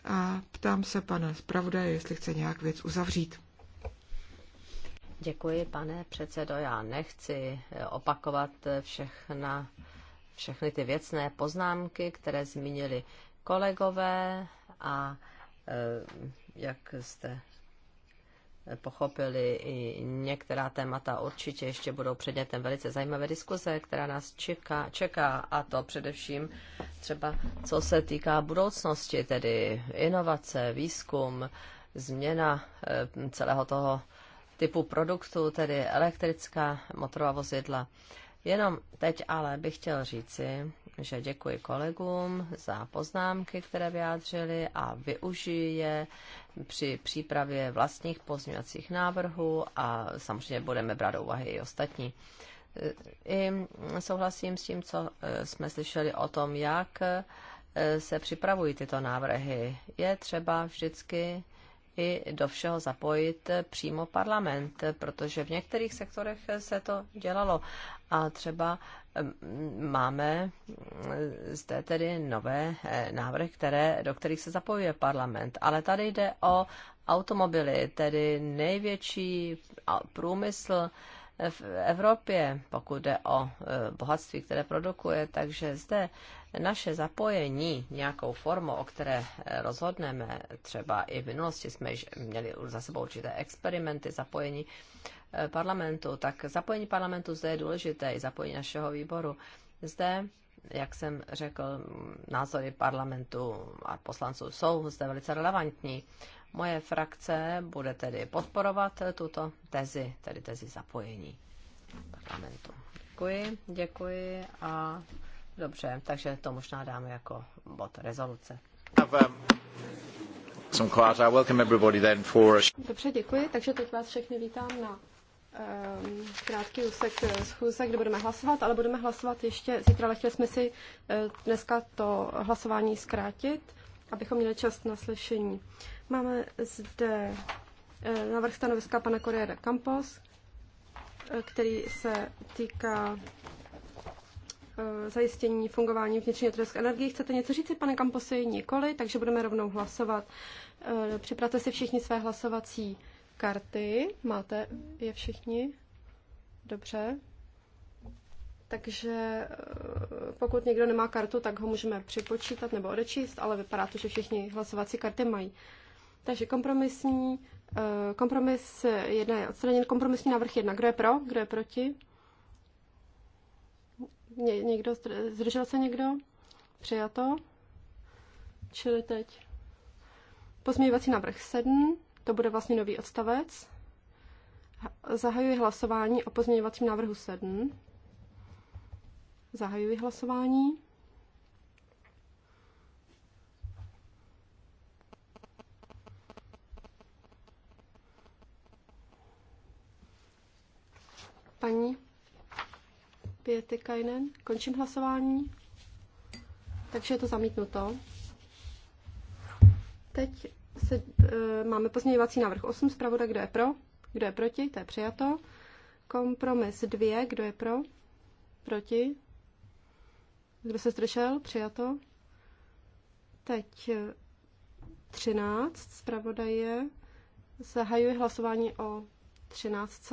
A ptám se pana zpravodaje, jestli chce nějak věc uzavřít. Děkuji, pane předsedo. Já nechci opakovat všechna, všechny ty věcné poznámky, které zmínili kolegové a Eh, jak jste pochopili, i některá témata určitě ještě budou předmětem velice zajímavé diskuze, která nás čeká, čeká a to především třeba co se týká budoucnosti, tedy inovace, výzkum, změna eh, celého toho typu produktu, tedy elektrická motorová vozidla. Jenom teď ale bych chtěl říci, že děkuji kolegům za poznámky, které vyjádřili a využiji je při přípravě vlastních pozměňovacích návrhů a samozřejmě budeme brát do úvahy i ostatní. I souhlasím s tím, co e, jsme slyšeli o tom, jak e, se připravují tyto návrhy. Je třeba vždycky i do všeho zapojit přímo parlament, protože v některých sektorech se to dělalo. A třeba Ehm, máme ehm, zde tedy nové eh, návrhy, které, do kterých se zapojuje parlament. Ale tady jde o automobily, tedy největší průmysl eh, v Evropě, pokud jde o eh, bohatství, které produkuje. Takže zde naše zapojení nějakou formou, o které rozhodneme, třeba i v minulosti jsme již měli za sebou určité experimenty zapojení parlamentu, tak zapojení parlamentu zde je důležité, i zapojení našeho výboru. Zde, jak jsem řekl, názory parlamentu a poslanců jsou zde velice relevantní. Moje frakce bude tedy podporovat tuto tezi, tedy tezi zapojení parlamentu. Děkuji, děkuji a dobře, takže to možná dáme jako bod rezoluce. Um, dobře, děkuji, takže teď vás všechny vítám na Ehm, krátký úsek eh, schůze, kde budeme hlasovat, ale budeme hlasovat ještě zítra, ale chtěli jsme si eh, dneska to hlasování zkrátit, abychom měli čas na slyšení. Máme zde eh, návrh stanoviska pana Corriere Campos, který se týká zajištění fungování vnitřního trhu energie. energií. Chcete něco říct, pane Kamposi? Nikoli, takže budeme rovnou hlasovat. Připravte si všichni své hlasovací karty. Máte je všichni? Dobře. Takže eh, pokud někdo nemá kartu, tak ho můžeme připočítat nebo odečíst, ale vypadá to, že všichni hlasovací karty mají. Takže kompromisní, eh, kompromis jedna je odstraněn, kompromisní návrh jedna. Kdo je pro, kdo je proti? Ně, někdo, zdržel se někdo? Přijato. Čili teď pozměňovací návrh 7. To bude vlastně nový odstavec. Zahajuji hlasování o pozměňovacím návrhu 7. Zahajuji hlasování. Paní Pěty Kajnen, končím hlasování. Takže je to zamítnuto. Teď se, e, máme pozměňovací návrh 8 zpravoda, kdo je pro, kdo je proti, to je přijato. Kompromis 2, kdo je pro, proti, kdo se zdržel, přijato. Teď 13 eh, zpravodaje. Zahajuji hlasování o 13.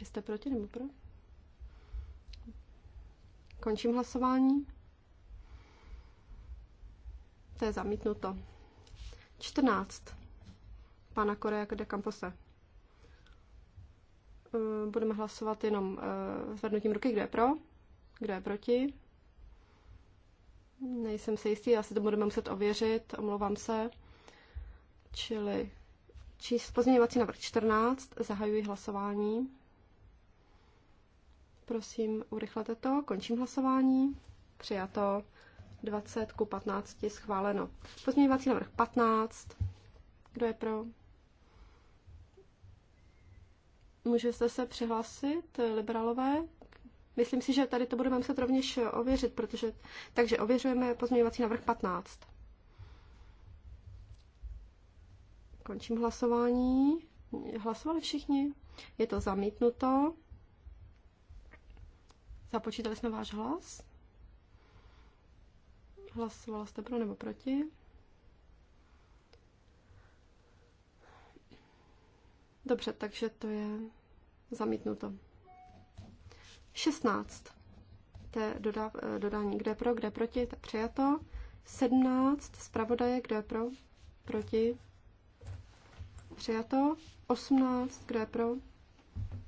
Vy jste proti nebo pro? Končím hlasování. To je zamítnuto. 14. Pana Korea de Campose. Eh, budeme hlasovat jenom eh, zvednutím ruky, kdo je pro, kdo je proti. Nejsem si jistý, asi to budeme muset ověřit, omlouvám se. Čili číst pozměňovací návrh 14, zahajuji hlasování. Prosím, urychlete to, končím hlasování. Přijato. 20 ku 15 schváleno. Pozměňovací návrh 15. Kdo je pro? Můžete se přihlásit, eh, liberálové? Myslím si, že tady to budeme muset rovněž eh, ověřit, protože... Takže ověřujeme pozměňovací návrh 15. Končím hlasování. Hlasovali všichni? Je to zamítnuto. Započítali jsme váš hlas? Hlasovala jste pro nebo proti? Dobře, takže to je zamítnuto. 16. To je doda, dodání, kde pro, kde proti, tak přijato. 17. Zpravodaje, kde pro, proti, přijato. 18. Kde pro,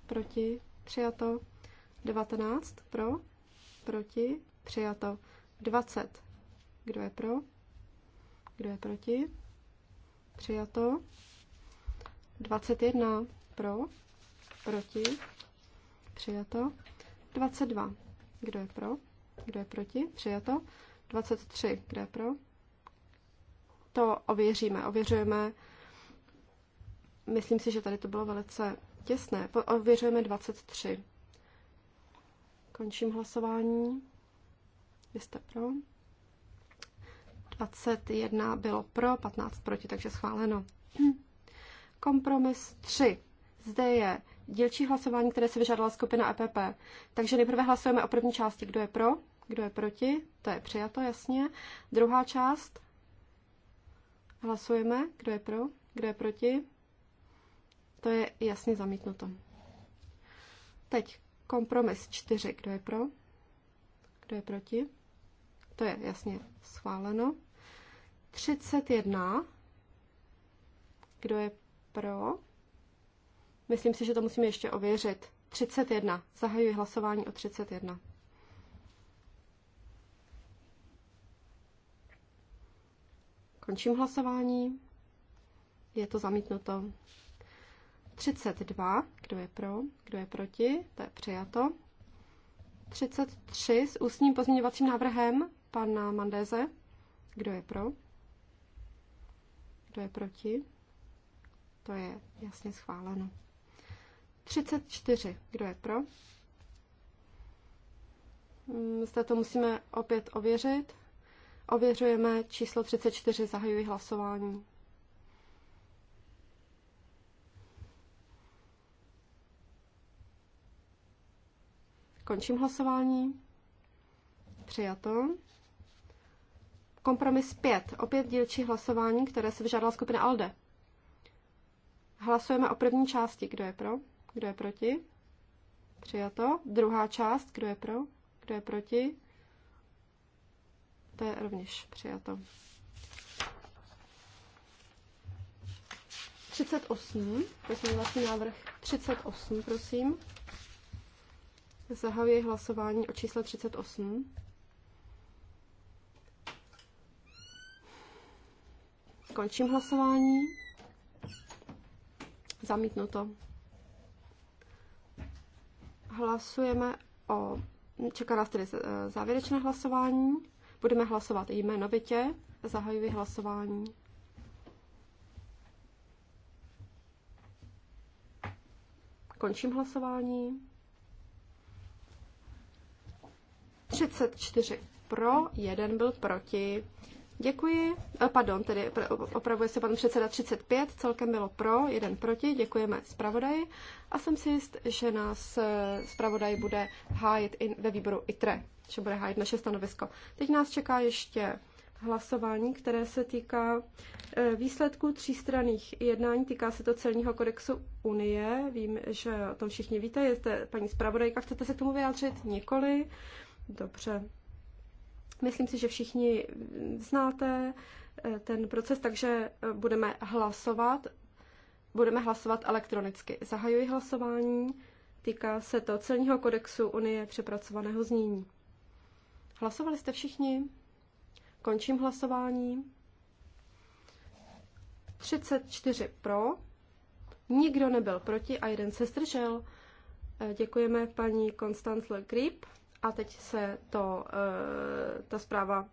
proti, přijato. 19. Pro, proti, přijato. 20. Kdo je pro? Kdo je proti? Přijato. 21 pro, proti, přijato. 22. Kdo je pro? Kdo je proti? Přijato. 23. Kdo je pro? To ověříme. Ověřujeme. Myslím si, že tady to bylo velice těsné. Ověřujeme 23. Končím hlasování. Vy jste pro. 21 bylo pro, 15 proti, takže schváleno. Kompromis 3. Zde je dílčí hlasování, které si vyžádala skupina EPP. Takže nejprve hlasujeme o první části, kdo je pro, kdo je proti, to je přijato, jasně. Druhá část, hlasujeme, kdo je pro, kdo je proti, to je jasně zamítnuto. Teď kompromis 4, kdo je pro, kdo je proti, to je jasně schváleno. 31. Kdo je pro? Myslím si, že to musíme ještě ověřit. 31. Zahajuji hlasování o 31. Končím hlasování. Je to zamítnuto. 32. Kdo je pro? Kdo je proti? To je přijato. 33 s ústním pozměňovacím návrhem pana Mandéze. Kdo je pro? Kdo je proti? To je jasně schváleno. 34. Kdo je pro? Hmm, Zde to musíme opět ověřit. Ověřujeme číslo 34, zahajuji hlasování. Končím hlasování. Přijato. Kompromis 5. Opět dílčí hlasování, které se vyžádala skupina ALDE. Hlasujeme o první části. Kdo je pro? Kdo je proti? Přijato. Druhá část. Kdo je pro? Kdo je proti? To je rovněž přijato. 38. vlastně návrh 38, prosím. Zahajuji hlasování o čísle 38. Končím hlasování. Zamítnuto. Hlasujeme o... Čeká nás tedy eh, závěrečné hlasování. Budeme hlasovat jmenovitě. Zahajuji hlasování. Končím hlasování. 34 pro, jeden byl proti. Děkuji. Pardon, tedy opravuje se pan předseda 35, celkem bylo pro, jeden proti. Děkujeme zpravodaji a jsem si jist, že nás eh, zpravodaj bude hájit i ve výboru ITRE, že bude hájit naše stanovisko. Teď nás čeká ještě hlasování, které se týká eh, výsledků třístranných jednání. Týká se to celního kodexu Unie. Vím, že o tom všichni víte. Jste paní zpravodajka. Chcete se k tomu vyjádřit? Nikoli. Dobře. Myslím si, že všichni znáte eh, ten proces, takže eh, budeme hlasovat. Budeme hlasovat elektronicky. Zahajuji hlasování. Týká se to celního kodexu Unie přepracovaného znění. Hlasovali jste všichni? Končím hlasování. 34 pro, nikdo nebyl proti a jeden se zdržel. Eh, děkujeme paní Konstantle Grip a teď se to, eh, ta zpráva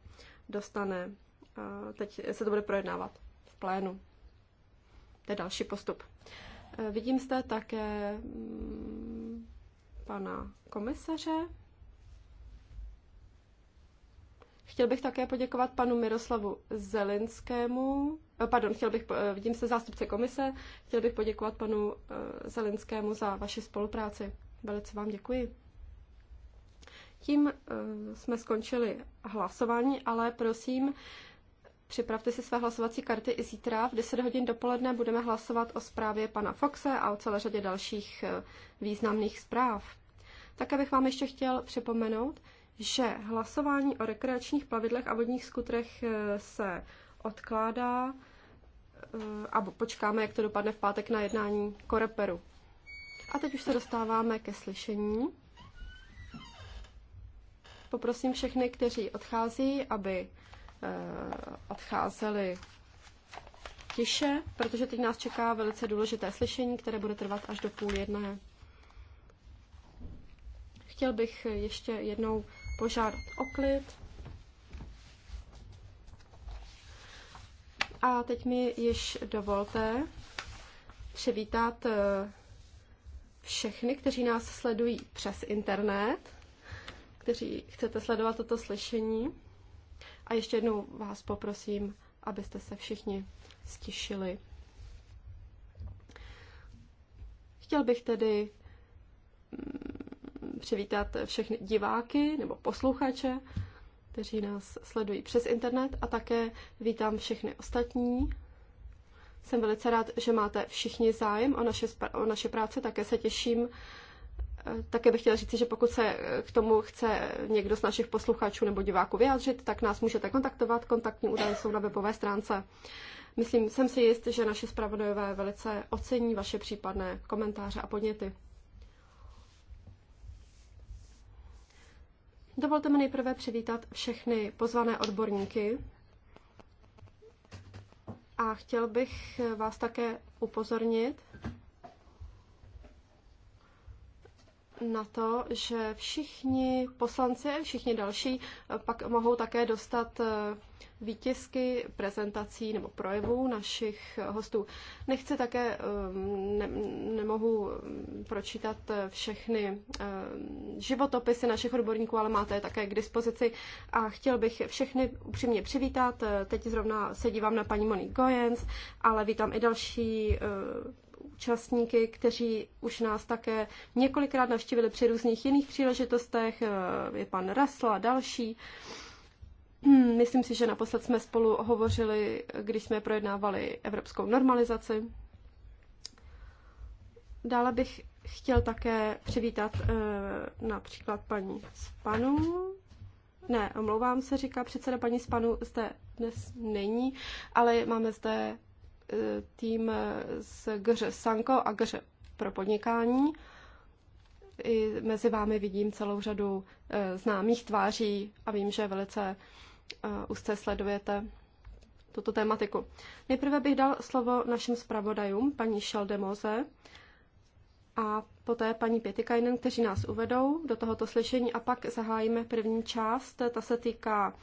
dostane, eh, teď se to bude projednávat v plénu. To je další postup. Eh, vidím zde také mm, pana komisaře. Chtěl bych také poděkovat panu Miroslavu Zelinskému, pardon, chtěl bych, vidím se zástupce komise, chtěl bych poděkovat panu Zelinskému za vaši spolupráci. Velice vám děkuji. Tím eh, jsme skončili hlasování, ale prosím, připravte si své hlasovací karty i zítra. V 10 hodin dopoledne budeme hlasovat o zprávě pana Foxe a o celé řadě dalších eh, významných zpráv. Také bych vám ještě chtěl připomenout, že hlasování o rekreačních plavidlech a vodních skutrech eh, se odkládá a počkáme, jak to dopadne v pátek na jednání Koreperu. A teď už se dostáváme ke slyšení poprosím všechny, kteří odchází, aby eh, odcházeli tiše, protože teď nás čeká velice důležité slyšení, které bude trvat až do půl jedné. Chtěl bych ještě jednou požádat o klid. A teď mi již dovolte přivítat eh, všechny, kteří nás sledují přes internet kteří chcete sledovat toto slyšení. A ještě jednou vás poprosím, abyste se všichni stišili. Chtěl bych tedy mm, přivítat všechny diváky nebo posluchače, kteří nás sledují přes internet a také vítám všechny ostatní. Jsem velice rád, že máte všichni zájem o naše, o naše práce, také se těším také bych chtěla říct, že pokud se eh, k tomu chce někdo z našich posluchačů nebo diváků vyjádřit, tak nás můžete kontaktovat. Kontaktní údaje jsou na webové stránce. Myslím, jsem si jist, že naše zpravodajové velice ocení vaše případné komentáře a podněty. Dovolte mi nejprve přivítat všechny pozvané odborníky a chtěl bych vás také upozornit, na to, že všichni poslanci a všichni další eh, pak mohou také dostat eh, výtisky prezentací nebo projevů našich eh, hostů. Nechci také, ehm, ne, nemohu ehm, pročítat všechny ehm, životopisy našich odborníků, ale máte je také k dispozici a chtěl bych všechny upřímně přivítat. Teď zrovna se dívám na paní Moni Goyens, ale vítám i další účastníky, kteří už nás také několikrát navštívili při různých jiných příležitostech. Eh, Je pan Rasla a další. Hmm, myslím si, že naposled jsme spolu hovořili, když jsme projednávali evropskou normalizaci. Dále bych chtěl také přivítat eh, například paní Spanu. Ne, omlouvám se, říká předseda paní Spanu, zde dnes není, ale máme zde tým z GŘ Sanko a GŘ pro podnikání. I mezi vámi vidím celou řadu eh, známých tváří a vím, že velice eh, úzce sledujete tuto tématiku. Nejprve bych dal slovo našim zpravodajům, paní Šeldemoze a poté paní Pětikajnen, kteří nás uvedou do tohoto slyšení a pak zahájíme první část. Ta se týká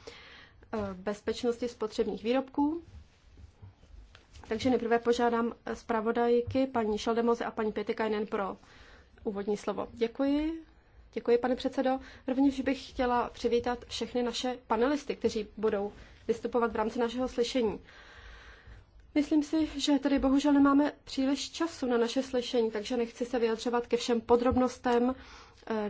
eh, bezpečnosti spotřebních výrobků, takže nejprve požádám zpravodajky paní Šaldemoze a paní Pětikajnen pro úvodní slovo. Děkuji. Děkuji, pane předsedo. Rovněž bych chtěla přivítat všechny naše panelisty, kteří budou vystupovat v rámci našeho slyšení. Myslím si, že tady bohužel nemáme příliš času na naše slyšení, takže nechci se vyjadřovat ke všem podrobnostem eh,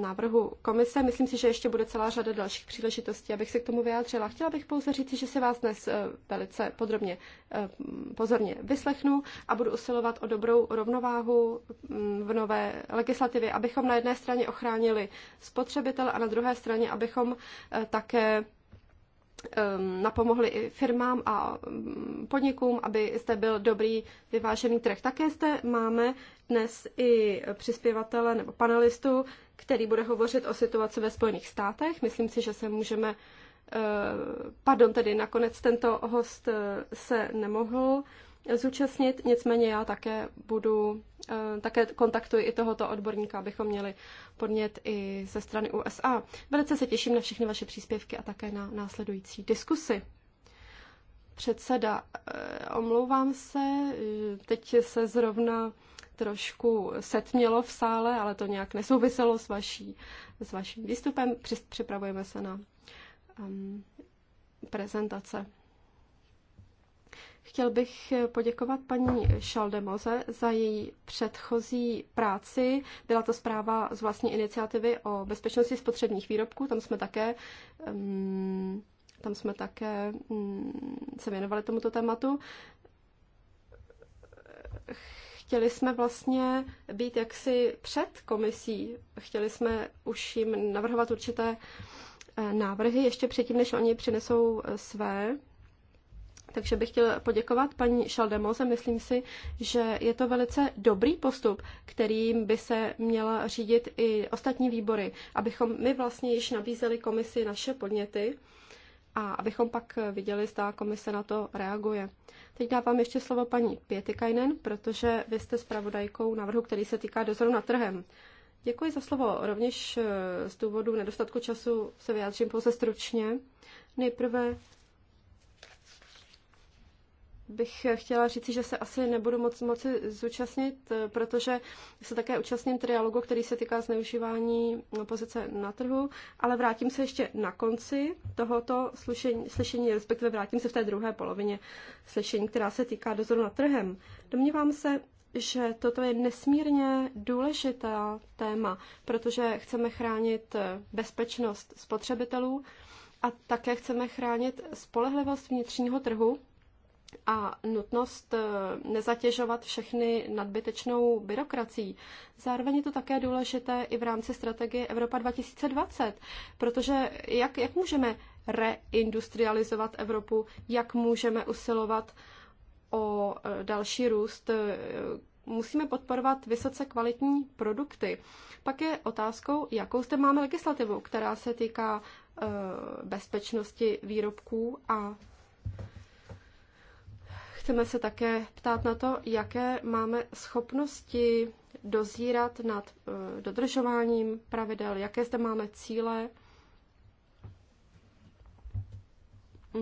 návrhu komise. Myslím si, že ještě bude celá řada dalších příležitostí, abych se k tomu vyjádřila. Chtěla bych pouze říct, že si vás dnes eh, velice podrobně, eh, pozorně vyslechnu a budu usilovat o dobrou rovnováhu mm, v nové legislativě, abychom na jedné straně ochránili spotřebitel a na druhé straně, abychom také Ehm, napomohli i firmám a mm, podnikům, aby jste byl dobrý vyvážený trh. Také jste máme dnes i přispěvatele nebo panelistu, který bude hovořit o situaci ve Spojených státech. Myslím si, že se můžeme, eh, pardon, tedy nakonec tento host eh, se nemohl zúčastnit, nicméně já také budu Eh, také kontaktuji i tohoto odborníka, abychom měli podnět i ze strany USA. Velice se těším na všechny vaše příspěvky a také na následující diskusy. Předseda, eh, omlouvám se, eh, teď se zrovna trošku setmělo v sále, ale to nějak nesouviselo s, vaší, s vaším výstupem. Připravujeme se na um, prezentace. Chtěl bych poděkovat paní Šaldemoze za její předchozí práci. Byla to zpráva z vlastní iniciativy o bezpečnosti spotřebních výrobků. Tam jsme také tam jsme také se věnovali tomuto tématu. Chtěli jsme vlastně být jaksi před komisí. Chtěli jsme už jim navrhovat určité eh, návrhy ještě předtím, než oni přinesou eh, své takže bych chtěla poděkovat paní Šaldemoze. Myslím si, že je to velice dobrý postup, kterým by se měla řídit i ostatní výbory, abychom my vlastně již nabízeli komisi naše podněty a abychom pak viděli, zda komise na to reaguje. Teď dávám ještě slovo paní Pietikainen, protože vy jste zpravodajkou návrhu, který se týká dozoru nad trhem. Děkuji za slovo. Rovněž eh, z důvodu nedostatku času se vyjádřím pouze stručně. Nejprve bych chtěla říci, že se asi nebudu moc moci zúčastnit, eh, protože se také účastním trialogu, který se týká zneužívání no, pozice na trhu, ale vrátím se ještě na konci tohoto slyšení, slyšení respektive vrátím se v té druhé polovině slyšení, která se týká dozoru nad trhem. Domnívám se, že toto je nesmírně důležitá téma, protože chceme chránit eh, bezpečnost spotřebitelů a také chceme chránit spolehlivost vnitřního trhu a nutnost eh, nezatěžovat všechny nadbytečnou byrokracií. Zároveň je to také důležité i v rámci strategie Evropa 2020, protože jak, jak můžeme reindustrializovat Evropu, jak můžeme usilovat o eh, další růst, eh, musíme podporovat vysoce kvalitní produkty. Pak je otázkou, jakou zde máme legislativu, která se týká bezpečnosti výrobků a Chceme se také ptát na to, jaké máme schopnosti dozírat nad eh, dodržováním pravidel, jaké zde máme cíle.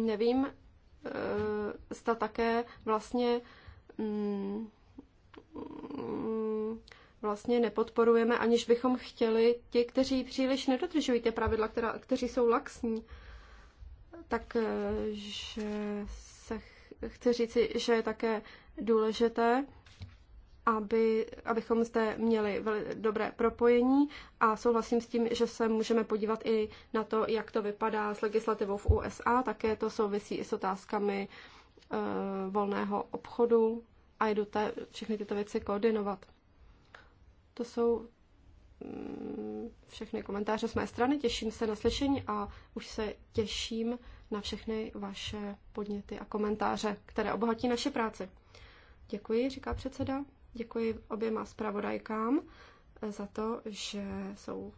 Nevím, eh, zda také vlastně mm, mm, vlastně nepodporujeme, aniž bychom chtěli ti, kteří příliš nedodržují ty pravidla, která, kteří jsou laxní, takže eh, chci říci, že je také důležité, aby, abychom zde měli dobré propojení a souhlasím s tím, že se můžeme podívat i na to, jak to vypadá s legislativou v USA. Také to souvisí i s otázkami e, volného obchodu a jdu te, všechny tyto věci koordinovat. To jsou Mm, všechny komentáře z mé strany, těším se na slyšení a už se těším na všechny vaše podněty a komentáře, které obohatí naše práci. Děkuji, říká předseda. Děkuji oběma zpravodajkám eh, za to, že jsou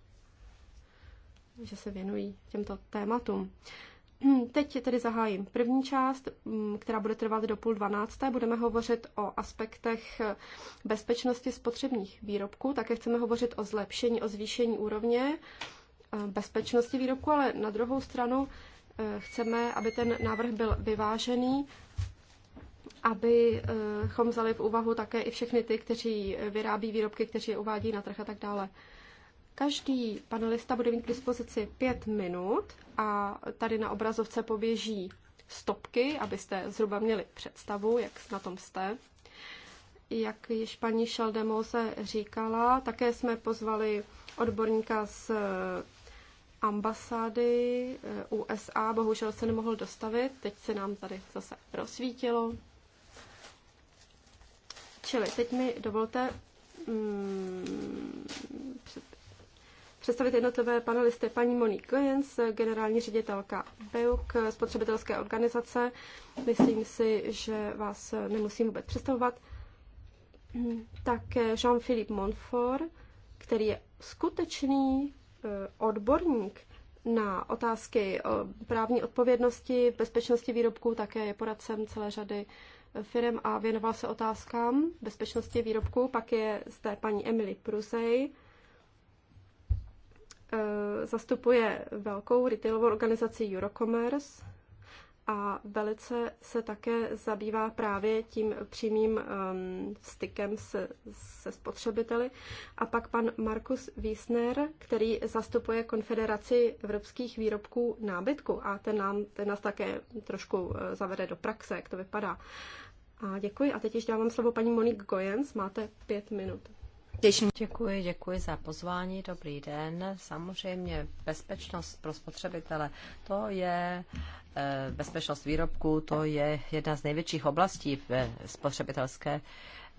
že se věnují těmto tématům. Hm, teď tedy zahájím první část, hm, která bude trvat do půl dvanácté. Budeme hovořit o aspektech eh, bezpečnosti spotřebních výrobků. Také chceme hovořit o zlepšení, o zvýšení úrovně eh, bezpečnosti výrobku, ale na druhou stranu eh, chceme, aby ten návrh byl vyvážený, abychom vzali v úvahu také i všechny ty, kteří vyrábí výrobky, kteří je uvádí na trh a tak dále. Každý panelista bude mít k dispozici pět minut a tady na obrazovce poběží stopky, abyste zhruba měli představu, jak na tom jste. Jak již paní Šaldemose říkala, také jsme pozvali odborníka z eh, ambasády eh, USA, bohužel se nemohl dostavit, teď se nám tady zase rozsvítilo. Čili teď mi dovolte mm, představit jednotlivé panelisty. Paní Monique Lyons, generální ředitelka BEUK, spotřebitelské organizace. Myslím si, že vás nemusím vůbec představovat. Také Jean-Philippe Monfort, který je skutečný eh, odborník na otázky eh, právní odpovědnosti, bezpečnosti výrobků, také je poradcem celé řady eh, firm a věnoval se otázkám bezpečnosti výrobků. Pak je zde paní Emily Prusey. Eh, zastupuje velkou retailovou organizaci Eurocommerce a velice se také zabývá právě tím přímým um, stykem se, se spotřebiteli. A pak pan Markus Wiesner, který zastupuje Konfederaci evropských výrobků nábytku a ten, nám, ten nás také trošku eh, zavede do praxe, jak to vypadá. A děkuji. A teď již dávám slovo paní Monique Gojens. Máte pět minut. Děkuji, děkuji za pozvání. Dobrý den. Samozřejmě bezpečnost pro spotřebitele, to je eh, bezpečnost výrobků, to je jedna z největších oblastí v eh, spotřebitelské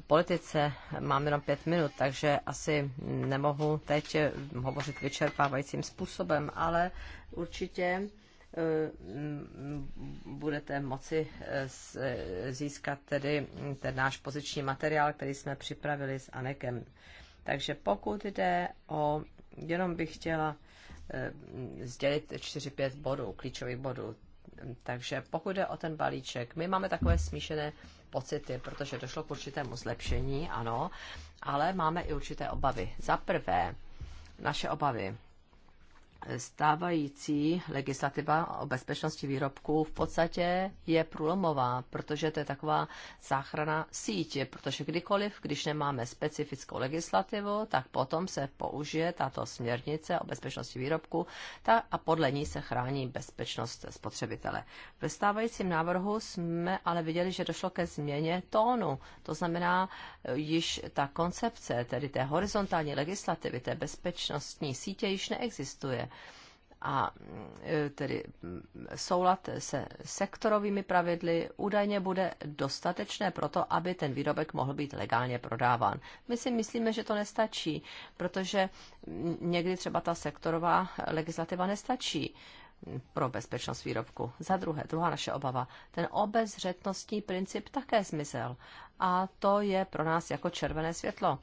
politice. Mám jenom pět minut, takže asi nemohu teď hovořit vyčerpávajícím způsobem, ale určitě Eh, budete moci eh, získat tedy ten náš poziční materiál, který jsme připravili s Anekem. Takže pokud jde o, jenom bych chtěla eh, sdělit 4-5 bodů, klíčových bodů. Takže pokud jde o ten balíček, my máme takové smíšené pocity, protože došlo k určitému zlepšení, ano, ale máme i určité obavy. Za prvé, naše obavy stávající legislativa o bezpečnosti výrobků v podstatě je průlomová, protože to je taková záchrana sítě, protože kdykoliv, když nemáme specifickou legislativu, tak potom se použije tato směrnice o bezpečnosti výrobků ta, a podle ní se chrání bezpečnost spotřebitele. Ve stávajícím návrhu jsme ale viděli, že došlo ke změně tónu, to znamená eh, již ta koncepce, tedy té horizontální legislativy, té bezpečnostní sítě již neexistuje a e, tedy soulad se sektorovými pravidly údajně bude dostatečné proto, aby ten výrobek mohl být legálně prodáván. My si myslíme, že to nestačí, protože někdy třeba ta sektorová legislativa nestačí pro bezpečnost výrobku. Za druhé, druhá naše obava, ten obezřetnostní princip také zmizel. A to je pro nás jako červené světlo.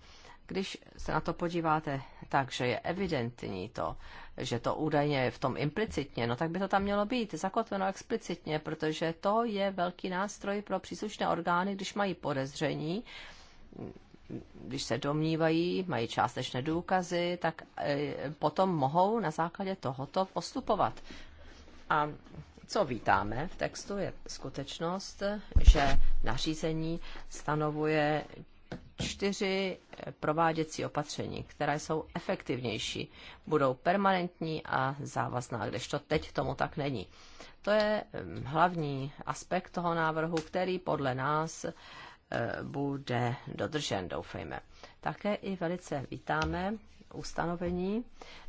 Když se na to podíváte tak, že je evidentní to, že to údajně je v tom implicitně, no tak by to tam mělo být zakotveno explicitně, protože to je velký nástroj pro příslušné orgány, když mají podezření, když se domnívají, mají částečné důkazy, tak e, potom mohou na základě tohoto postupovat. A co vítáme v textu, je skutečnost, že nařízení stanovuje čtyři eh, prováděcí opatření, která jsou efektivnější, budou permanentní a závazná, kdežto teď tomu tak není. To je hlavní aspekt toho návrhu, který podle nás eh, bude dodržen, doufejme. Také i velice vítáme ustanovení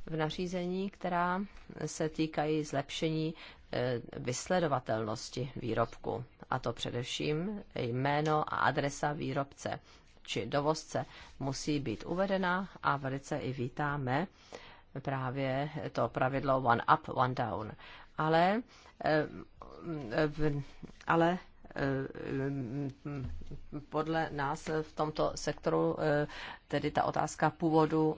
v nařízení, která se týkají zlepšení eh, vysledovatelnosti výrobku, a to především jméno a adresa výrobce či dovozce musí být uvedena a velice i vítáme právě to pravidlo one up, one down. Ale, eh, ale eh, podle nás v tomto sektoru eh, tedy ta otázka původu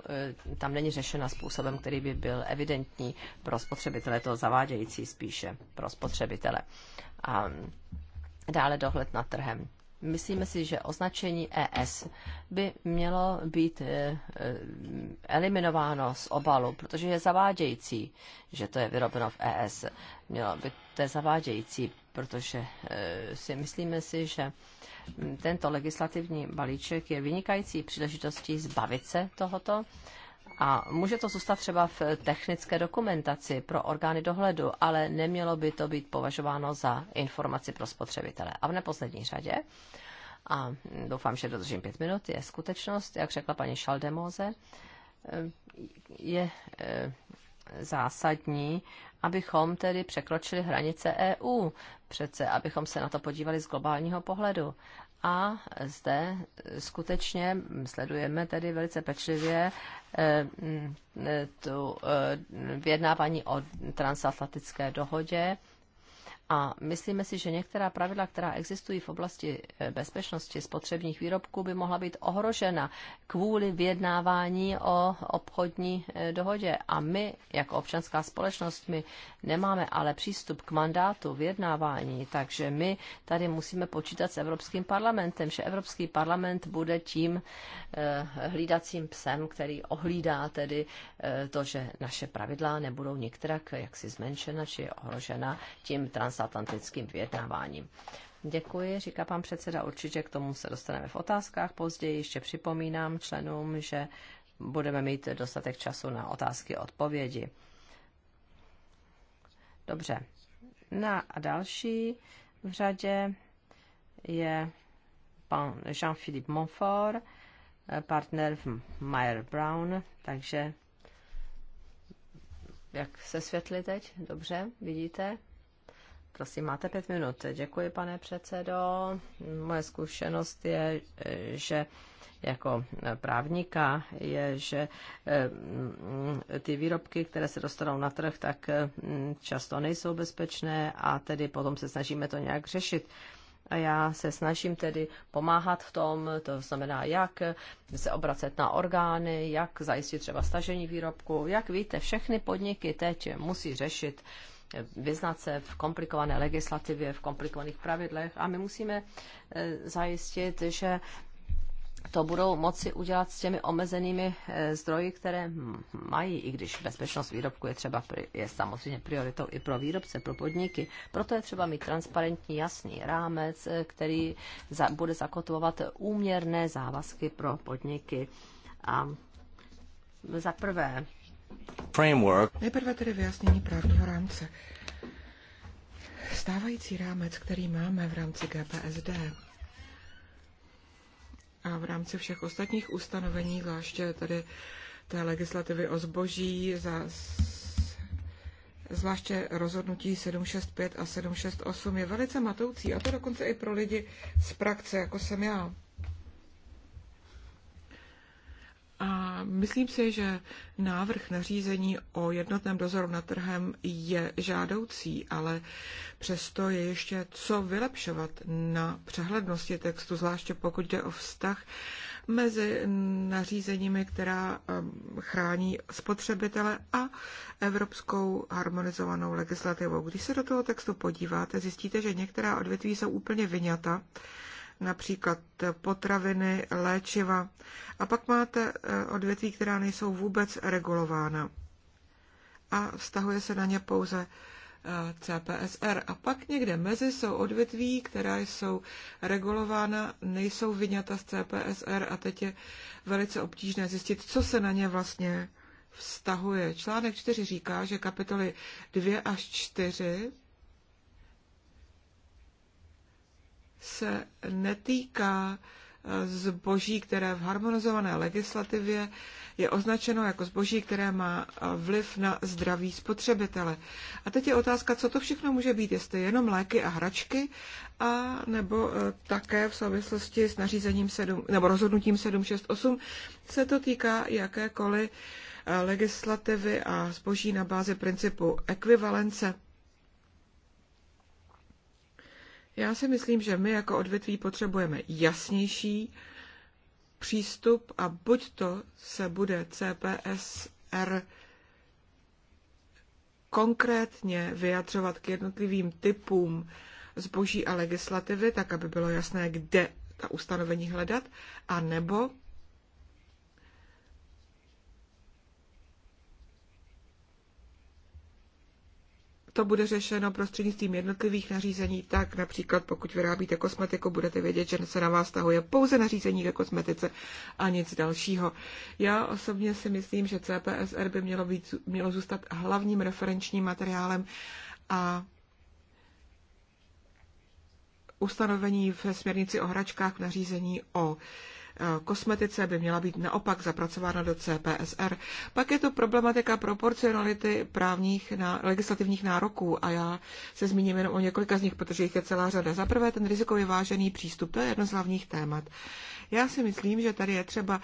tam není řešena způsobem, který by byl evidentní pro spotřebitele, to zavádějící spíše pro spotřebitele. A dále dohled nad trhem. Myslíme si, že označení ES by mělo být eh, eh, eliminováno z obalu, protože je zavádějící, že to je vyrobeno v ES. Mělo by to je zavádějící, protože eh, si myslíme si, že mm, tento legislativní balíček je vynikající příležitostí zbavit se tohoto a může to zůstat třeba v technické dokumentaci pro orgány dohledu, ale nemělo by to být považováno za informaci pro spotřebitele. A v neposlední řadě, a doufám, že dodržím pět minut, je skutečnost, jak řekla paní Šaldemoze, je eh, zásadní, abychom tedy překročili hranice EU, přece abychom se na to podívali z globálního pohledu. A zde skutečně sledujeme tedy velice pečlivě eh, mm, eh, tu eh, vyjednávání o transatlantické dohodě a myslíme si, že některá pravidla, která existují v oblasti eh, bezpečnosti spotřebních výrobků, by mohla být ohrožena kvůli vyjednávání o obchodní eh, dohodě. A my, jako občanská společnost, my nemáme ale přístup k mandátu vyjednávání, takže my tady musíme počítat s Evropským parlamentem, že Evropský parlament bude tím eh, hlídacím psem, který ohlídá tedy to, že naše pravidla nebudou některak jaksi zmenšena či ohrožena tím trans transatlantickým vyjednáváním. Děkuji, říká pan předseda, určitě k tomu se dostaneme v otázkách později. Ještě připomínám členům, že budeme mít dostatek času na otázky a odpovědi. Dobře. Na a další v řadě je pan Jean-Philippe Monfort, partner v Meyer Brown, takže jak se světli teď? Dobře, vidíte? Prosím, máte pět minut. Děkuji, pane předsedo. Moje zkušenost je, že jako právníka je, že eh, ty výrobky, které se dostanou na trh, tak eh, často nejsou bezpečné a tedy potom se snažíme to nějak řešit. A já se snažím tedy pomáhat v tom, to znamená, jak se obracet na orgány, jak zajistit třeba stažení výrobku. Jak víte, všechny podniky teď musí řešit uh, vyznat se v komplikované legislativě, v komplikovaných pravidlech a my musíme e, zajistit, že to budou moci udělat s těmi omezenými e, zdroji, které mají, i když bezpečnost výrobku je třeba je samozřejmě prioritou i pro výrobce, pro podniky. Proto je třeba mít transparentní, jasný rámec, e, který za, bude zakotvovat úměrné závazky pro podniky. A za prvé, framework. Nejprve tedy vyjasnění právního rámce. Stávající rámec, který máme v rámci GPSD a v rámci všech ostatních ustanovení, zvláště tedy té legislativy o zboží, za, zvláště rozhodnutí 765 a 768 je velice matoucí, a to dokonce i pro lidi z praxe, jako jsem já. A myslím si, že návrh nařízení o jednotném dozoru nad trhem je žádoucí, ale přesto je ještě co vylepšovat na přehlednosti textu, zvláště pokud jde o vztah mezi nařízeními, která um, chrání spotřebitele a evropskou harmonizovanou legislativou. Když se do toho textu podíváte, zjistíte, že některá odvětví jsou úplně vyňata například potraviny, léčiva. A pak máte eh, odvětví, která nejsou vůbec regulována. A vztahuje se na ně pouze eh, CPSR. A pak někde mezi jsou odvětví, která jsou regulována, nejsou vyňata z CPSR a teď je velice obtížné zjistit, co se na ně vlastně vztahuje. Článek 4 říká, že kapitoly 2 až 4 se netýká eh, zboží, které v harmonizované legislativě je označeno jako zboží, které má eh, vliv na zdraví spotřebitele. A teď je otázka, co to všechno může být, jestli jenom léky a hračky, a nebo eh, také v souvislosti s nařízením 7, nebo rozhodnutím 768 se to týká jakékoliv legislativy a zboží na bázi principu ekvivalence. Já si myslím, že my jako odvětví potřebujeme jasnější přístup a buď to se bude CPSR konkrétně vyjadřovat k jednotlivým typům zboží a legislativy, tak aby bylo jasné, kde ta ustanovení hledat, a nebo to bude řešeno prostřednictvím jednotlivých nařízení, tak například pokud vyrábíte kosmetiku, budete vědět, že se na vás stahuje pouze nařízení ke kosmetice a nic dalšího. Já osobně si myslím, že CPSR by mělo, být, mělo zůstat hlavním referenčním materiálem a ustanovení ve směrnici o hračkách v nařízení o Eh, kosmetice by měla být naopak zapracována do CPSR. Pak je to problematika proporcionality právních na legislativních nároků a já se zmíním jenom o několika z nich, protože jich je celá řada. Za prvé ten rizikově vážený přístup, to je jedno z hlavních témat. Já si myslím, že tady je třeba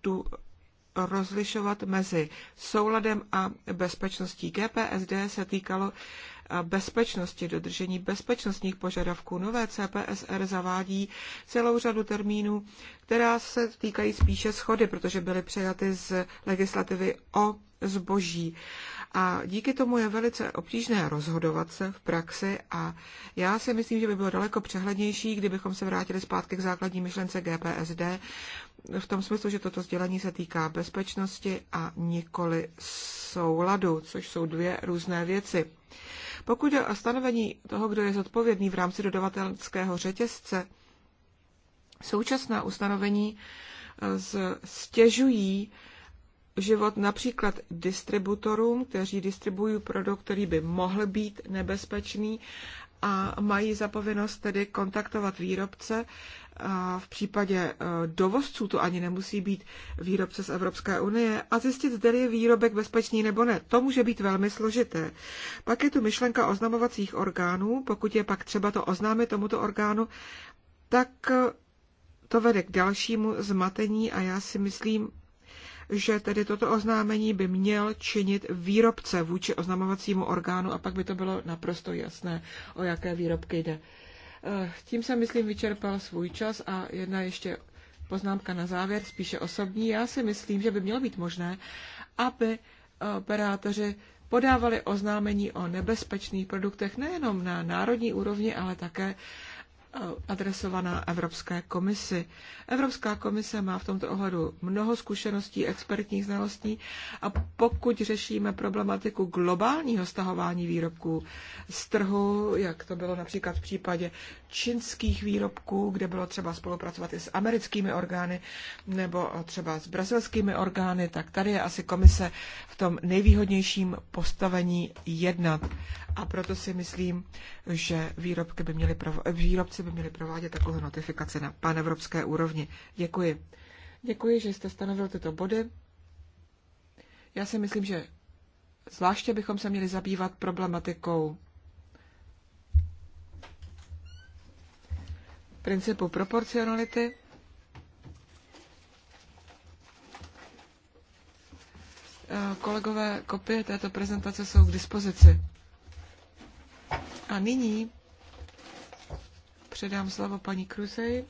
tu rozlišovat mezi souladem a bezpečností. GPSD se týkalo a bezpečnosti, dodržení bezpečnostních požadavků. Nové CPSR zavádí celou řadu termínů, která se týkají spíše schody, protože byly přijaty z legislativy o zboží. A díky tomu je velice obtížné rozhodovat se v praxi a já si myslím, že by bylo daleko přehlednější, kdybychom se vrátili zpátky k základní myšlence GPSD, v tom smyslu, že toto sdělení se týká bezpečnosti a nikoli souladu, což jsou dvě různé věci. Pokud je o stanovení toho, kdo je zodpovědný v rámci dodavatelského řetězce, současná ustanovení eh, stěžují život například distributorům, kteří distribuují produkt, který by mohl být nebezpečný a mají zapovinnost tedy kontaktovat výrobce. A v případě e, dovozců to ani nemusí být výrobce z Evropské unie a zjistit, zda je výrobek bezpečný nebo ne. To může být velmi složité. Pak je tu myšlenka oznamovacích orgánů. Pokud je pak třeba to oznámit tomuto orgánu, tak to vede k dalšímu zmatení a já si myslím, že tedy toto oznámení by měl činit výrobce vůči oznamovacímu orgánu a pak by to bylo naprosto jasné, o jaké výrobky jde. Eh, tím jsem, myslím, vyčerpal svůj čas a jedna ještě poznámka na závěr, spíše osobní. Já si myslím, že by mělo být možné, aby operátoři podávali oznámení o nebezpečných produktech nejenom na národní úrovni, ale také adresovaná Evropské komisi. Evropská komise má v tomto ohledu mnoho zkušeností, expertních znalostí a pokud řešíme problematiku globálního stahování výrobků z trhu, jak to bylo například v případě čínských výrobků, kde bylo třeba spolupracovat i s americkými orgány nebo třeba s brazilskými orgány, tak tady je asi komise v tom nejvýhodnějším postavení jednat. A proto si myslím, že výrobky by měly provo- výrobci by měly provádět takové notifikace na panevropské úrovni. Děkuji. Děkuji, že jste stanovil tyto body. Já si myslím, že zvláště bychom se měli zabývat problematikou principu proporcionality, kolegové, kopie této prezentace jsou k dispozici. A nyní předám slovo paní Kruzej,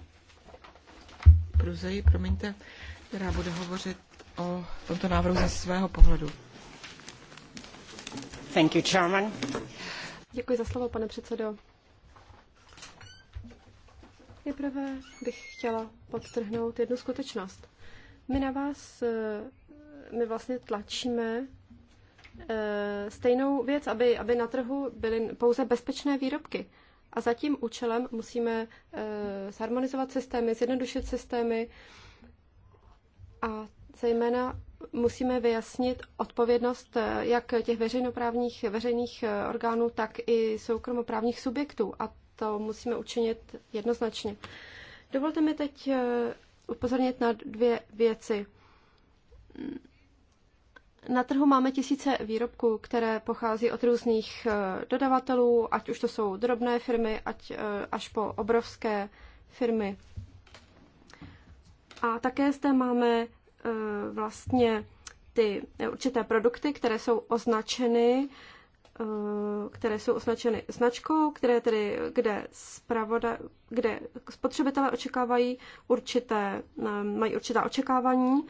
Kruzej, promiňte, která bude hovořit o tomto návrhu ze svého pohledu. Thank you, Chairman. Děkuji za slovo, pane předsedo. Nejprve bych chtěla podtrhnout jednu skutečnost. My na vás, eh, my vlastně tlačíme eh, stejnou věc, aby, aby na trhu byly pouze bezpečné výrobky. A za tím účelem musíme eh, zharmonizovat systémy, zjednodušit systémy a zejména musíme vyjasnit odpovědnost eh, jak těch veřejnoprávních, veřejných eh, orgánů, tak i soukromoprávních subjektů. A to musíme učinit jednoznačně. Dovolte mi teď upozornit na dvě věci. Na trhu máme tisíce výrobků, které pochází od různých eh, dodavatelů, ať už to jsou drobné firmy, ať eh, až po obrovské firmy. A také zde máme eh, vlastně ty určité produkty, které jsou označeny které jsou označeny značkou, které tedy, kde, zpravoda, kde spotřebitelé očekávají určité, mají určitá očekávání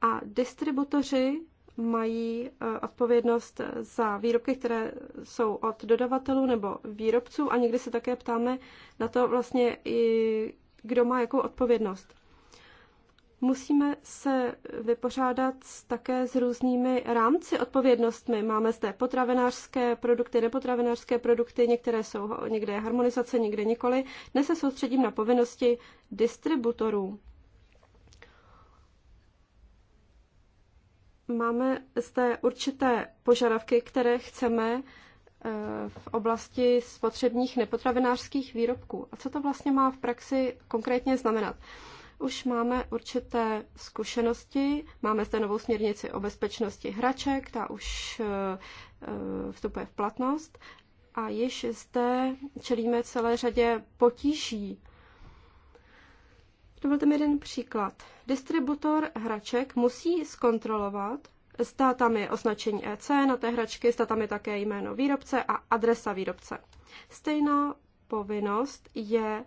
a distributoři mají eh, odpovědnost za výrobky, které jsou od dodavatelů nebo výrobců a někdy se také ptáme na to vlastně i kdo má jakou odpovědnost. Musíme se vypořádat také s různými rámci odpovědnostmi. Máme zde potravinářské produkty, nepotravinářské produkty, některé jsou, někde harmonizace, někde nikoli. Dnes se soustředím na povinnosti distributorů. máme zde určité požadavky, které chceme eh, v oblasti spotřebních nepotravinářských výrobků. A co to vlastně má v praxi konkrétně znamenat? Už máme určité zkušenosti, máme zde novou směrnici o bezpečnosti hraček, ta už eh, eh, vstupuje v platnost a již zde čelíme celé řadě potíží Dovolte mi jeden příklad. Distributor hraček musí zkontrolovat, zda tam je označení EC na té hračky, zda tam je také jméno výrobce a adresa výrobce. Stejná povinnost je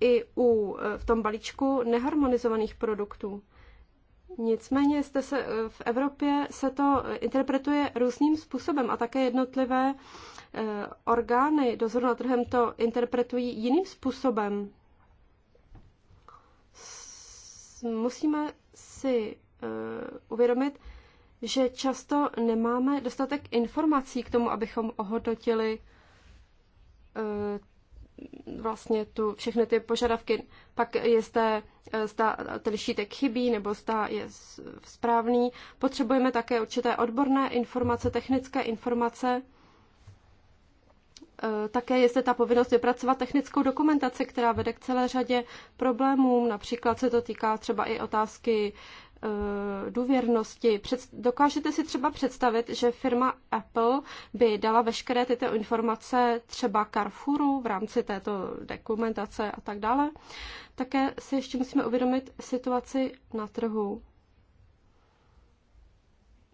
i u, e, v tom balíčku neharmonizovaných produktů. Nicméně jste se, e, v Evropě se to e, interpretuje různým způsobem a také jednotlivé orgány dozoru nad trhem to interpretují jiným způsobem musíme si eh, uvědomit, že často nemáme dostatek informací k tomu, abychom ohodnotili eh, vlastně tu, všechny ty požadavky. Pak je zde, eh, zda ten šítek chybí nebo zda je správný. Potřebujeme také určité odborné informace, technické informace, Eh, také je zde ta povinnost vypracovat technickou dokumentaci, která vede k celé řadě problémů. Například se to týká třeba i otázky eh, důvěrnosti. Dokážete si třeba představit, že firma Apple by dala veškeré tyto informace třeba Carrefouru v rámci této dokumentace a tak dále? Také si ještě musíme uvědomit situaci na trhu.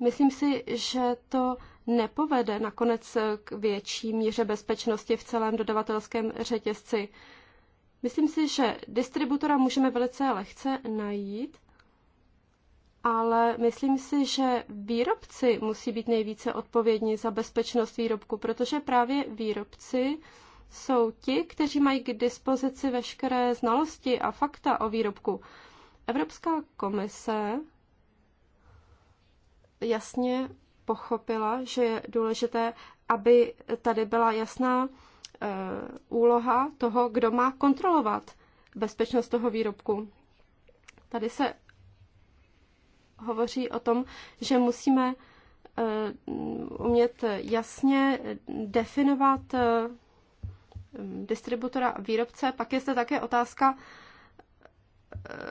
Myslím si, že to nepovede nakonec k větší míře bezpečnosti v celém dodavatelském řetězci. Myslím si, že distributora můžeme velice lehce najít, ale myslím si, že výrobci musí být nejvíce odpovědní za bezpečnost výrobku, protože právě výrobci jsou ti, kteří mají k dispozici veškeré znalosti a fakta o výrobku. Evropská komise jasně pochopila, že je důležité, aby tady byla jasná eh, úloha toho, kdo má kontrolovat bezpečnost toho výrobku. Tady se hovoří o tom, že musíme eh, umět jasně definovat eh, distributora a výrobce. Pak je zde také otázka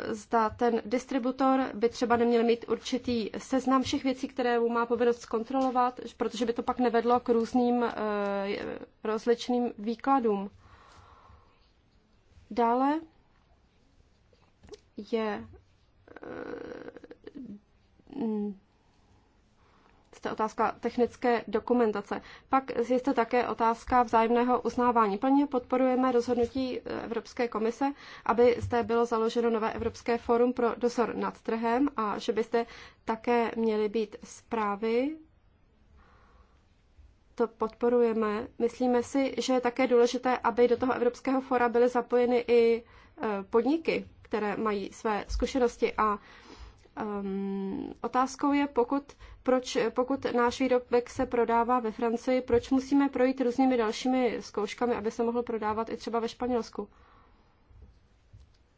zda ten distributor by třeba neměl mít určitý seznam všech věcí, které mu má povinnost zkontrolovat, protože by to pak nevedlo k různým eh, rozličným výkladům. Dále je eh, zde otázka technické dokumentace. Pak jste také otázka vzájemného uznávání. Plně podporujeme rozhodnutí eh, Evropské komise, aby zde bylo založeno nové Evropské fórum pro dozor nad trhem a že byste také měly být zprávy to podporujeme. Myslíme si, že je také důležité, aby do toho Evropského fora byly zapojeny i eh, podniky, které mají své zkušenosti a Um, otázkou je, pokud, proč, pokud náš výrobek se prodává ve Francii, proč musíme projít různými dalšími zkouškami, aby se mohl prodávat i třeba ve Španělsku.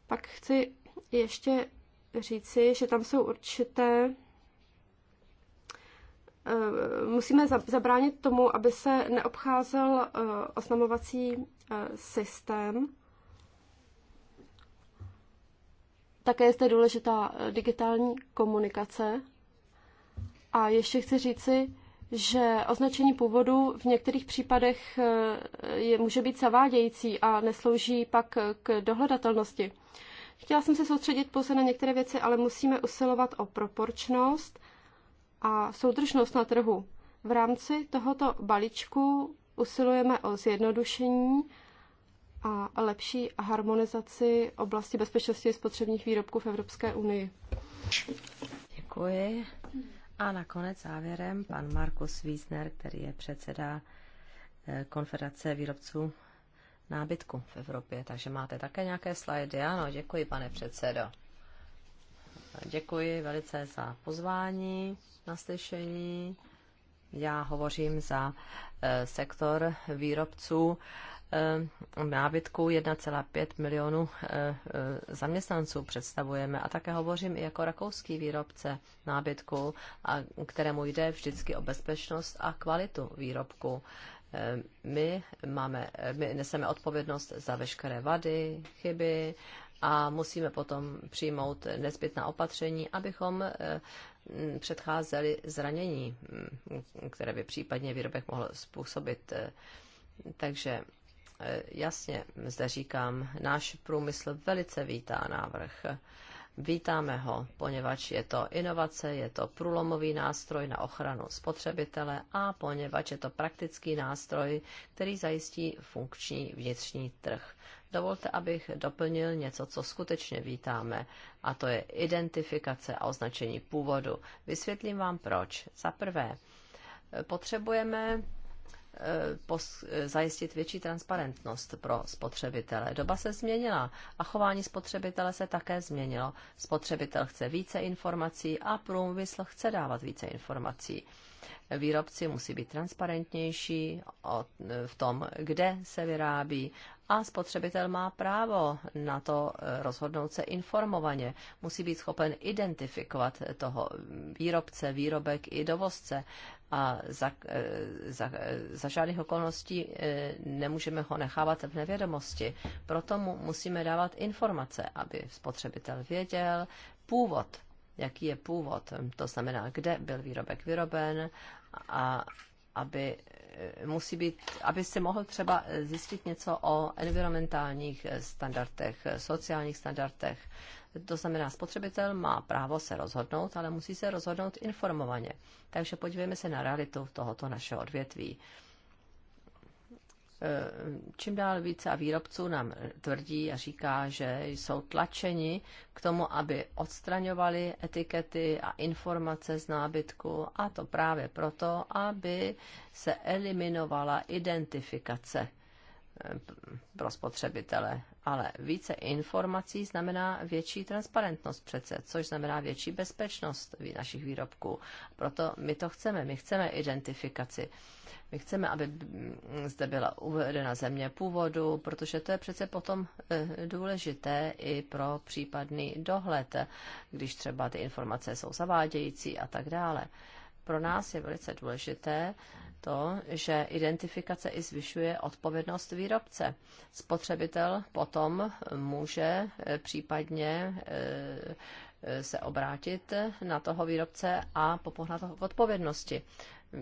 Pak chci ještě říci, že tam jsou určité ehm, musíme zabránit tomu, aby se neobcházel eh, oznamovací eh, systém. Také je zde důležitá eh, digitální komunikace. A ještě chci říci, že označení původu v některých případech eh, je, může být zavádějící a neslouží pak eh, k dohledatelnosti. Chtěla jsem se soustředit pouze na některé věci, ale musíme usilovat o proporčnost a soudržnost na trhu. V rámci tohoto balíčku usilujeme o zjednodušení a lepší harmonizaci oblasti bezpečnosti spotřebních výrobků v Evropské unii. Děkuji. A nakonec závěrem pan Markus Wiesner, který je předseda eh, konfederace výrobců nábytku v Evropě. Takže máte také nějaké slajdy? Ano, děkuji, pane předsedo. Děkuji velice za pozvání na slyšení. Já hovořím za eh, sektor výrobců Eh, nábytku 1,5 milionu eh, eh, zaměstnanců představujeme a také hovořím i jako rakouský výrobce nábytku, a kterému jde vždycky o bezpečnost a kvalitu výrobku. My, máme, my neseme odpovědnost za veškeré vady, chyby a musíme potom přijmout nezbytná opatření, abychom předcházeli zranění, mm, které by případně výrobek mohl způsobit. Takže Eh, jasně zde říkám, náš průmysl velice vítá návrh. Vítáme ho, poněvadž je to inovace, je to průlomový nástroj na ochranu spotřebitele a poněvadž je to praktický nástroj, který zajistí funkční vnitřní trh. Dovolte, abych doplnil něco, co skutečně vítáme, a to je identifikace a označení původu. Vysvětlím vám proč. Za prvé, potřebujeme Eh, eh, zajistit větší transparentnost pro spotřebitele. Doba se změnila a chování spotřebitele se také změnilo. Spotřebitel chce více informací a průmysl chce dávat více informací. Výrobci musí být transparentnější eh, v tom, kde se vyrábí a spotřebitel má právo na to rozhodnout se informovaně. Musí být schopen identifikovat toho výrobce, výrobek i dovozce a za, e, za, e, za žádných okolností e, nemůžeme ho nechávat v nevědomosti. Proto mu musíme dávat informace, aby spotřebitel věděl původ, jaký je původ, to znamená, kde byl výrobek vyroben a aby musí být, aby si mohl třeba zjistit něco o environmentálních standardech, sociálních standardech to znamená, spotřebitel má právo se rozhodnout, ale musí se rozhodnout informovaně. Takže podívejme se na realitu tohoto našeho odvětví. E, čím dál více a výrobců nám tvrdí a říká, že jsou tlačeni k tomu, aby odstraňovali etikety a informace z nábytku, a to právě proto, aby se eliminovala identifikace Eh, pro spotřebitele. Ale více informací znamená větší transparentnost přece, což znamená větší bezpečnost našich výrobků. Proto my to chceme. My chceme identifikaci. My chceme, aby zde byla uvedena země původu, protože to je přece potom eh, důležité i pro případný dohled, když třeba ty informace jsou zavádějící a tak dále. Pro nás je velice důležité, to, že identifikace i zvyšuje odpovědnost výrobce. Spotřebitel potom může eh, případně eh, eh, se obrátit na toho výrobce a popohnat ho k odpovědnosti.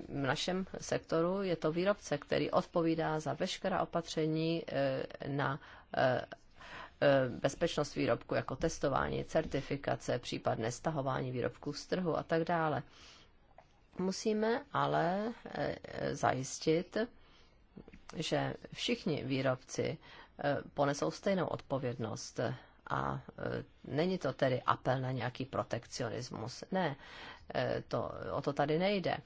V našem sektoru je to výrobce, který odpovídá za veškerá opatření na bezpečnost výrobku, jako testování, certifikace, případné stahování výrobků z trhu a tak dále. Musíme ale eh, zajistit, že všichni výrobci eh, ponesou stejnou odpovědnost a eh, není to tedy apel na nějaký protekcionismus. Ne, to, o to tady nejde.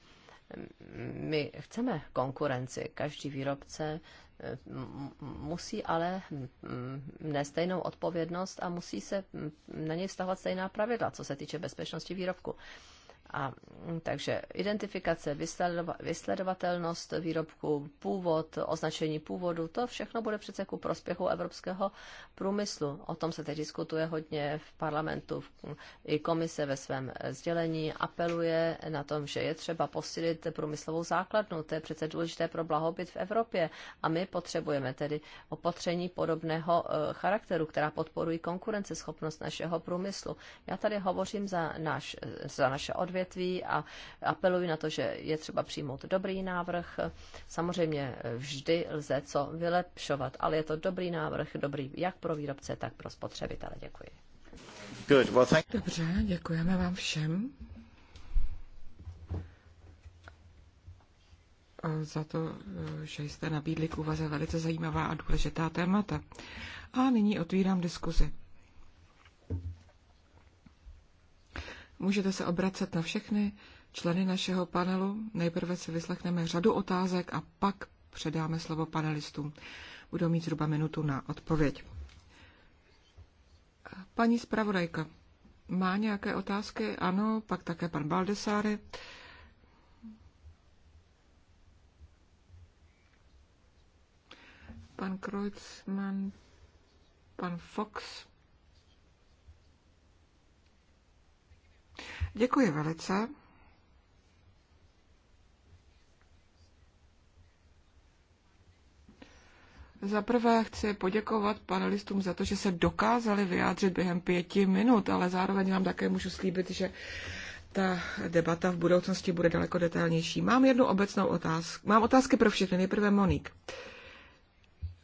My chceme konkurenci. Každý výrobce musí ale mm, nést stejnou odpovědnost a musí se mm, na něj vztahovat stejná pravidla, co se týče bezpečnosti výrobku. A, mm, takže identifikace, vysledovatelnost výrobku, původ, označení původu, to všechno bude přece ku prospěchu evropského průmyslu. O tom se teď diskutuje hodně v parlamentu. I komise ve svém sdělení apeluje na tom, že je třeba posílit průmyslovou základnu. To je přece důležité pro blahobyt v Evropě. A my potřebujeme tedy opatření podobného e, charakteru, která podporují konkurenceschopnost našeho průmyslu. Já tady hovořím za, naš, e, za naše odvětví odvětví a apeluji na to, že je třeba přijmout dobrý návrh. Samozřejmě vždy lze co vylepšovat, ale je to dobrý návrh, dobrý jak pro výrobce, tak pro spotřebitele. Děkuji. Good, well, thank... Dobře, děkujeme vám všem. za to, že jste nabídli k úvaze velice zajímavá a důležitá témata. A nyní otvírám diskuzi. Můžete se obracet na všechny členy našeho panelu. Nejprve si vyslechneme řadu otázek a pak předáme slovo panelistům. Budou mít zhruba minutu na odpověď. Paní zpravodajka, má nějaké otázky? Ano, pak také pan Baldesáry. Pan Kreuzmann, pan Fox. Děkuji velice. Za prvé chci poděkovat panelistům za to, že se dokázali vyjádřit během pěti minut, ale zároveň vám také můžu slíbit, že ta debata v budoucnosti bude daleko detailnější. Mám jednu obecnou otázku. Mám otázky pro všechny. Nejprve Monik.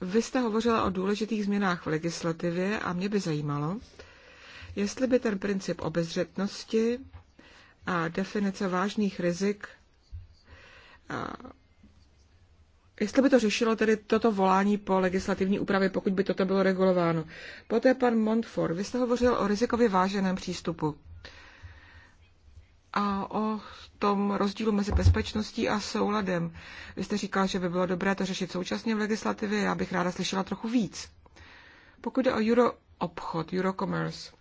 Vy jste hovořila o důležitých změnách v legislativě a mě by zajímalo, jestli by ten princip obezřetnosti a definice vážných rizik, jestli by to řešilo tedy toto volání po legislativní úpravě, pokud by toto bylo regulováno. Poté pan Montfort, vy jste hovořil o rizikově váženém přístupu a o tom rozdílu mezi bezpečností a souladem. Vy jste říkal, že by bylo dobré to řešit současně v legislativě, já bych ráda slyšela trochu víc. Pokud jde o euro obchod, eurocommerce,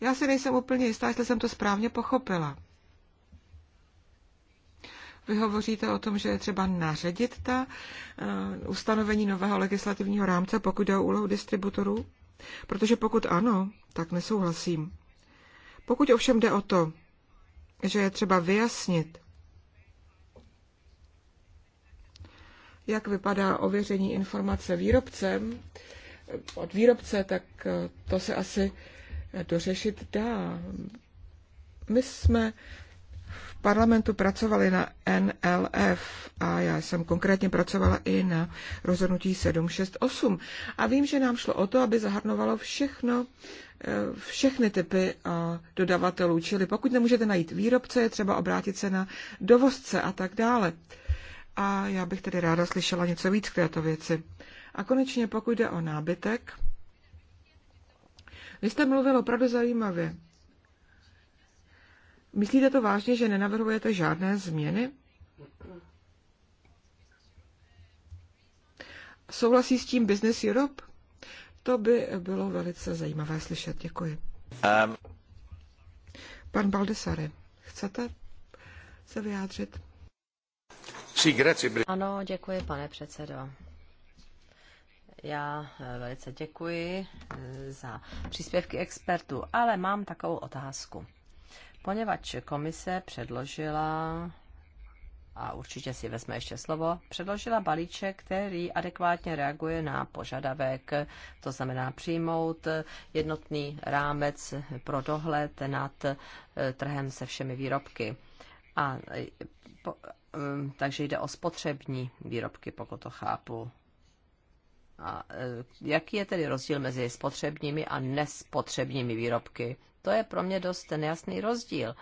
já si nejsem úplně jistá, jestli jsem to správně pochopila. Vy hovoříte o tom, že je třeba naředit ta uh, ustanovení nového legislativního rámce, pokud jde o úlohu distributorů? Protože pokud ano, tak nesouhlasím. Pokud ovšem jde o to, že je třeba vyjasnit, jak vypadá ověření informace výrobcem, od výrobce, tak eh, to se asi dořešit dá. My jsme v parlamentu pracovali na NLF a já jsem konkrétně pracovala i na rozhodnutí 768. A vím, že nám šlo o to, aby zahrnovalo všechno, eh, všechny typy eh, dodavatelů. Čili pokud nemůžete najít výrobce, je třeba obrátit se na dovozce a tak dále. A já bych tedy ráda slyšela něco víc k této věci. A konečně, pokud jde o nábytek, vy jste mluvil opravdu zajímavě. Myslíte to vážně, že nenavrhujete žádné změny? Souhlasí s tím Business Europe? To by bylo velice zajímavé slyšet. Děkuji. Um. Pan Baldessare, chcete se vyjádřit? Ano, děkuji, pane předsedo. Já eh, velice děkuji eh, za příspěvky expertů, ale mám takovou otázku. Poněvadž komise předložila a určitě si vezme ještě slovo, předložila balíček, který adekvátně reaguje na požadavek, to znamená přijmout jednotný rámec pro dohled nad eh, trhem se všemi výrobky. A, po, takže jde o spotřební výrobky, pokud to chápu. A e, jaký je tedy rozdíl mezi spotřebními a nespotřebními výrobky? To je pro mě dost nejasný rozdíl.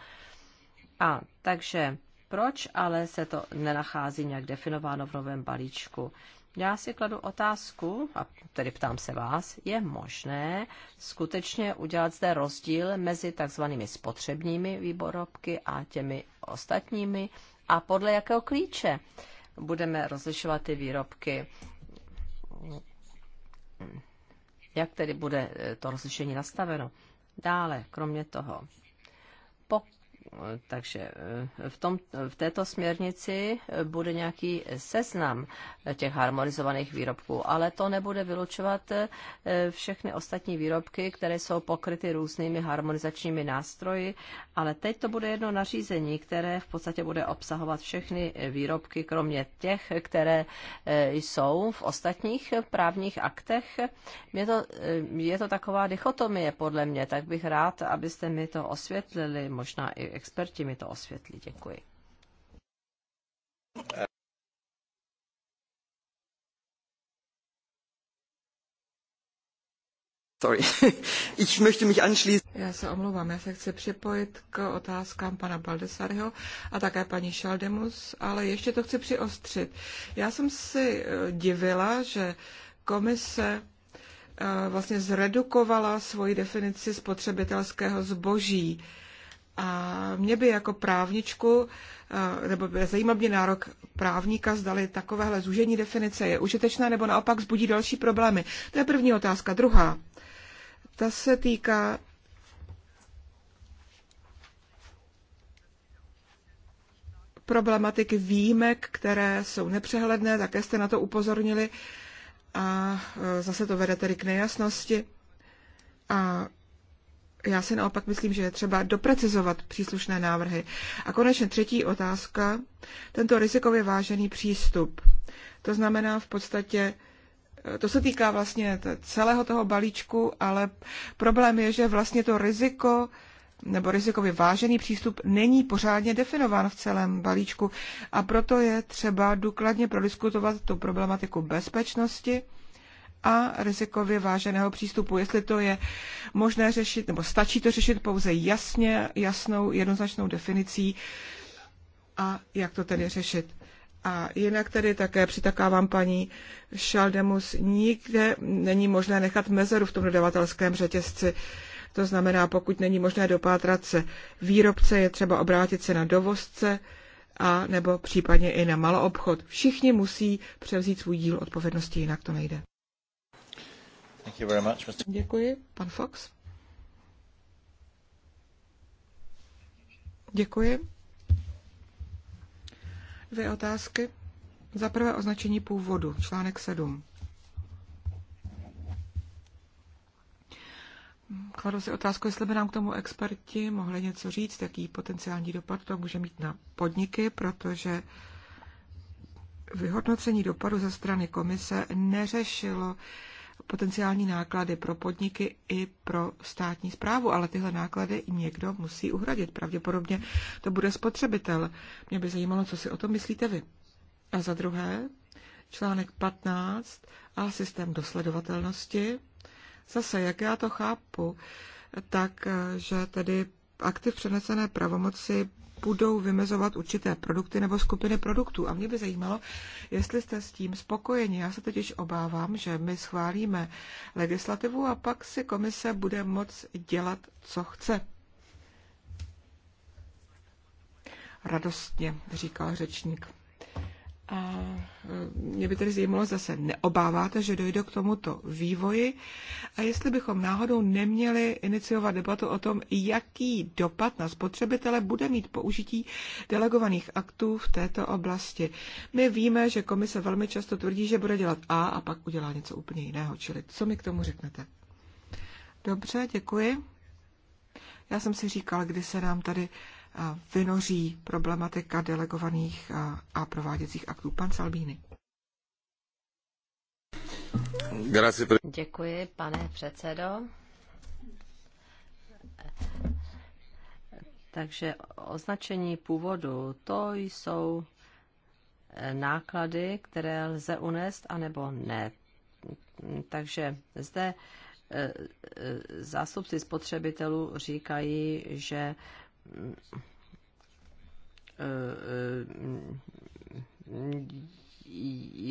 A takže proč ale se to nenachází nějak definováno v novém balíčku? Já si kladu otázku, a tedy ptám se vás, je možné skutečně udělat zde rozdíl mezi takzvanými spotřebními výborobky a těmi ostatními a podle jakého klíče budeme rozlišovat ty výrobky. No. jak tedy bude eh, to rozlišení nastaveno. Dále, kromě toho, takže eh, v, tom, v této směrnici eh, bude nějaký seznam těch harmonizovaných výrobků, ale to nebude vylučovat eh, všechny ostatní výrobky, které jsou pokryty různými harmonizačními nástroji, ale teď to bude jedno nařízení, které v podstatě bude obsahovat všechny výrobky, kromě těch, které jsou v ostatních právních aktech. Je to, je to taková dichotomie podle mě, tak bych rád, abyste mi to osvětlili, možná i experti mi to osvětlí. Děkuji. Já se omlouvám, já se chci připojit k otázkám pana Baldesaryho a také paní Šaldemus, ale ještě to chci přiostřit. Já jsem si eh, divila, že komise eh, vlastně zredukovala svoji definici spotřebitelského zboží a mě by jako právničku, eh, nebo zajímá mě nárok právníka, zdali takovéhle zúžení definice je užitečné nebo naopak zbudí další problémy. To je první otázka. Druhá, ta se týká problematiky výjimek, které jsou nepřehledné, také jste na to upozornili a eh, zase to vede tedy k nejasnosti. A já si naopak myslím, že je třeba doprecizovat příslušné návrhy. A konečně třetí otázka, tento rizikově vážený přístup. To znamená v podstatě, eh, to se týká vlastně celého toho balíčku, ale problém je, že vlastně to riziko nebo rizikově vážený přístup není pořádně definován v celém balíčku a proto je třeba důkladně prodiskutovat tu problematiku bezpečnosti a rizikově váženého přístupu. Jestli to je možné řešit, nebo stačí to řešit pouze jasně, jasnou, jednoznačnou definicí a jak to tedy řešit. A jinak tedy také přitakávám paní Šaldemus, nikde není možné nechat mezeru v tom dodavatelském řetězci. To znamená, pokud není možné dopátrat se výrobce, je třeba obrátit se na dovozce a nebo případně i na maloobchod. Všichni musí převzít svůj díl odpovědnosti, jinak to nejde. Děkuji. Pan Fox? Děkuji. Dvě otázky. Za prvé označení původu, článek 7. Kladu si otázku, jestli by nám k tomu experti mohli něco říct, jaký potenciální dopad to může mít na podniky, protože vyhodnocení dopadu ze strany komise neřešilo potenciální náklady pro podniky i pro státní zprávu, ale tyhle náklady někdo musí uhradit. Pravděpodobně to bude spotřebitel. Mě by zajímalo, co si o tom myslíte vy. A za druhé, článek 15 a systém dosledovatelnosti. Zase, jak já to chápu, tak, eh, že tedy aktiv přenesené pravomoci budou vymezovat určité produkty nebo skupiny produktů. A mě by zajímalo, jestli jste s tím spokojeni. Já se totiž obávám, že my schválíme legislativu a pak si komise bude moc dělat, co chce. Radostně, říkal řečník. A e, mě by tedy zajímalo, zase neobáváte, že dojde k tomuto vývoji a jestli bychom náhodou neměli iniciovat debatu o tom, jaký dopad na spotřebitele bude mít použití delegovaných aktů v této oblasti. My víme, že komise velmi často tvrdí, že bude dělat A a pak udělá něco úplně jiného. Čili co mi k tomu řeknete? Dobře, děkuji. Já jsem si říkal, kdy se nám tady uh, vynoří problematika delegovaných a prováděcích aktů. Pan Salbíny. Děkuji, pane předsedo. Takže označení původu, to jsou náklady, které lze unést, anebo ne. Takže zde e, e, zástupci spotřebitelů říkají, že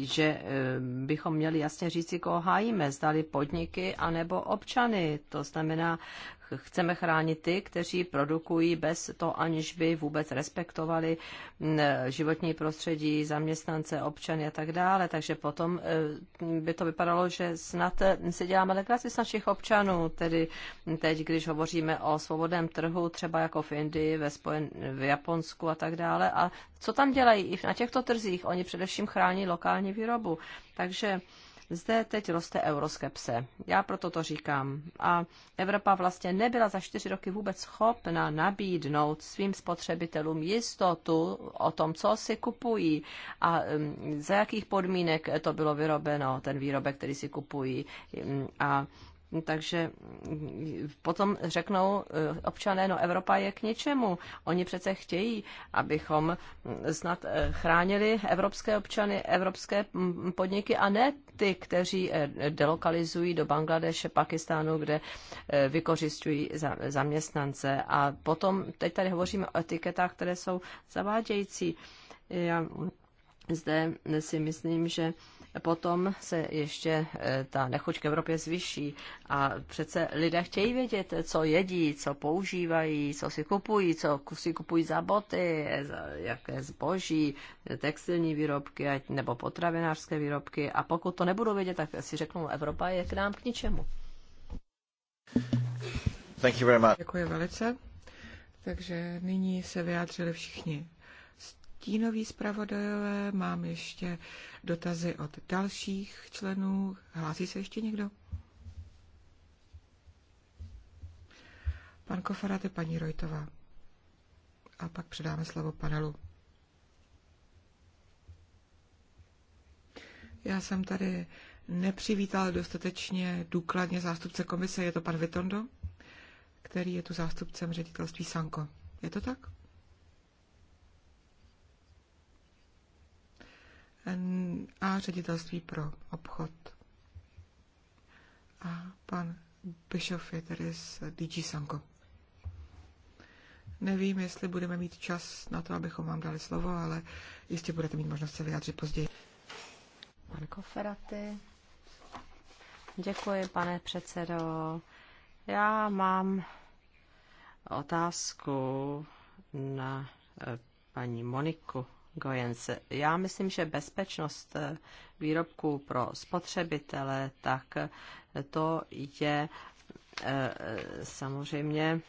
že eh, bychom měli jasně říci, koho hájíme, zdali podniky anebo občany. To znamená, chceme chránit ty, kteří produkují bez toho, aniž by vůbec respektovali mm, životní prostředí, zaměstnance, občany a tak dále. Takže potom e, by to vypadalo, že snad e, si děláme legraci z našich občanů. Tedy teď, když hovoříme o svobodném trhu, třeba jako v Indii, ve Spojen, v Japonsku a tak dále. A co tam dělají? I na těchto trzích oni především chrání lokální výrobu. Takže zde teď roste euroskepse. Já proto to říkám. A Evropa vlastně nebyla za čtyři roky vůbec schopna nabídnout svým spotřebitelům jistotu o tom, co si kupují a mm, za jakých podmínek to bylo vyrobeno, ten výrobek, který si kupují. Mm, a takže mm, potom řeknou eh, občané, no Evropa je k ničemu. Oni přece chtějí, abychom mm, snad eh, chránili evropské občany, evropské mm, podniky a ne ty, kteří eh, delokalizují do Bangladeše, Pakistánu, kde vykořišťují zaměstnance. A potom, teď tady hovoříme o etiketách, které jsou zavádějící. Já zde si myslím, že potom se ještě eh, ta nechuť k Evropě zvyší a přece lidé chtějí vědět, co jedí, co používají, co si kupují, co si kupují za boty, za jaké zboží, textilní výrobky nebo potravinářské výrobky a pokud to nebudou vědět, tak si řeknou, Evropa je k nám k ničemu. Thank you very much. Děkuji velice. Takže nyní se vyjádřili všichni stínoví zpravodajové, mám ještě dotazy od dalších členů. Hlásí se ještě někdo? Pan Kofarate, paní Rojtová. A pak předáme slovo panelu. Já jsem tady nepřivítal dostatečně důkladně zástupce komise, je to pan Vitondo, který je tu zástupcem ředitelství Sanko. Je to tak? a ředitelství pro obchod. A pan Bischof je tedy z DG Sanko. Nevím, jestli budeme mít čas na to, abychom vám dali slovo, ale jistě budete mít možnost se vyjádřit později. Pan Koferaty. Děkuji, pane předsedo. Já mám otázku na eh, paní Moniku Gojens. Já myslím, že bezpečnost eh, výrobků pro spotřebitele, tak eh, to je eh, samozřejmě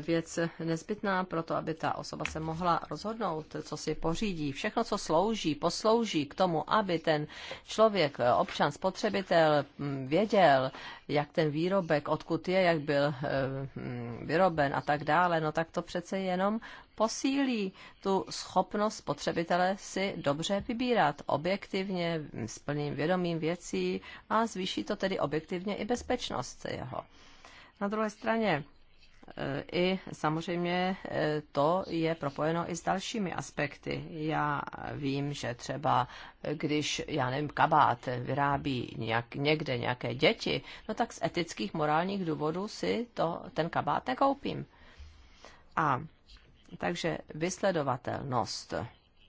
věc nezbytná pro to, aby ta osoba se mohla rozhodnout, co si pořídí. Všechno, co slouží, poslouží k tomu, aby ten člověk, občan, spotřebitel mm, věděl, jak ten výrobek, odkud je, jak byl eh, hm, vyroben a tak dále, no tak to přece jenom posílí tu schopnost spotřebitele si dobře vybírat objektivně, hm, s plným vědomím věcí a zvýší to tedy objektivně i bezpečnost jeho. Na druhé straně, Eh, i samozřejmě eh, to je propojeno i s dalšími aspekty. Já vím, že třeba eh, když, já nevím, kabát vyrábí nějak, někde nějaké děti, no tak z etických, morálních důvodů si to, ten kabát nekoupím. A takže vysledovatelnost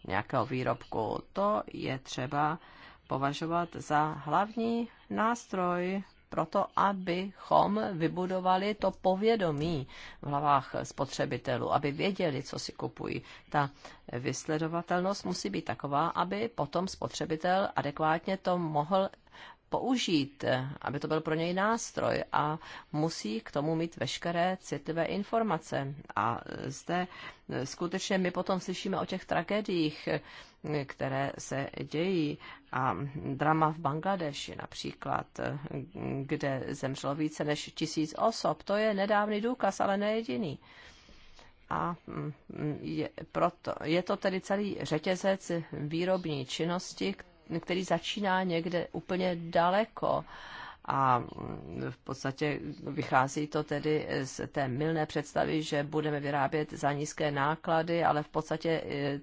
nějakého výrobku, to je třeba považovat za hlavní nástroj proto, abychom vybudovali to povědomí v hlavách spotřebitelů, aby věděli, co si kupují. Ta vysledovatelnost musí být taková, aby potom spotřebitel adekvátně to mohl použít, eh, aby to byl pro něj nástroj a musí k tomu mít veškeré citlivé informace. A eh, zde eh, skutečně my potom slyšíme o těch tragédiích, které se dějí. A drama v Bangladeši například, kde zemřelo více než tisíc osob, to je nedávný důkaz, ale nejediný a mm, je, proto, je to tedy celý řetězec výrobní činnosti, který začíná někde úplně daleko. A v podstatě vychází to tedy z té milné představy, že budeme vyrábět za nízké náklady, ale v podstatě e,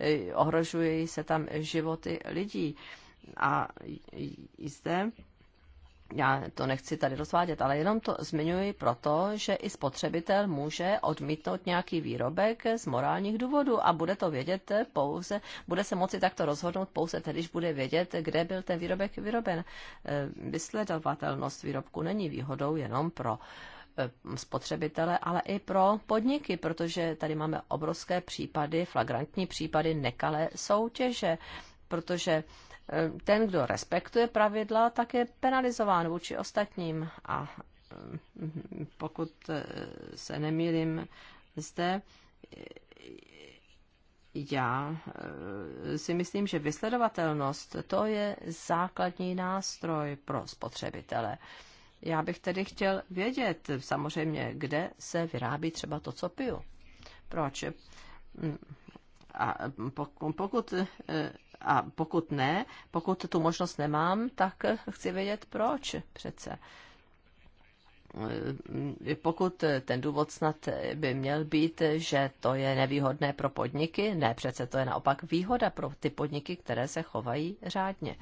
e, ohrožují se tam životy lidí. A zde já to nechci tady rozvádět, ale jenom to zmiňuji proto, že i spotřebitel může odmítnout nějaký výrobek z morálních důvodů a bude to vědět pouze, bude se moci takto rozhodnout pouze tedy, když bude vědět, kde byl ten výrobek vyroben. Eh, vysledovatelnost výrobku není výhodou jenom pro eh, spotřebitele, ale i pro podniky, protože tady máme obrovské případy, flagrantní případy nekalé soutěže, protože Eh, ten, kdo respektuje pravidla, tak je penalizován vůči ostatním. A eh, pokud eh, se nemýlím zde, já si myslím, že vysledovatelnost to je základní nástroj pro spotřebitele. Já bych tedy chtěl vědět samozřejmě, kde se vyrábí třeba to, co piju. Proč? Mm, a pokud a pokud ne, pokud tu možnost nemám, tak chci vědět proč přece. E, pokud ten důvod snad by měl být, že to je nevýhodné pro podniky, ne, přece to je naopak výhoda pro ty podniky, které se chovají řádně.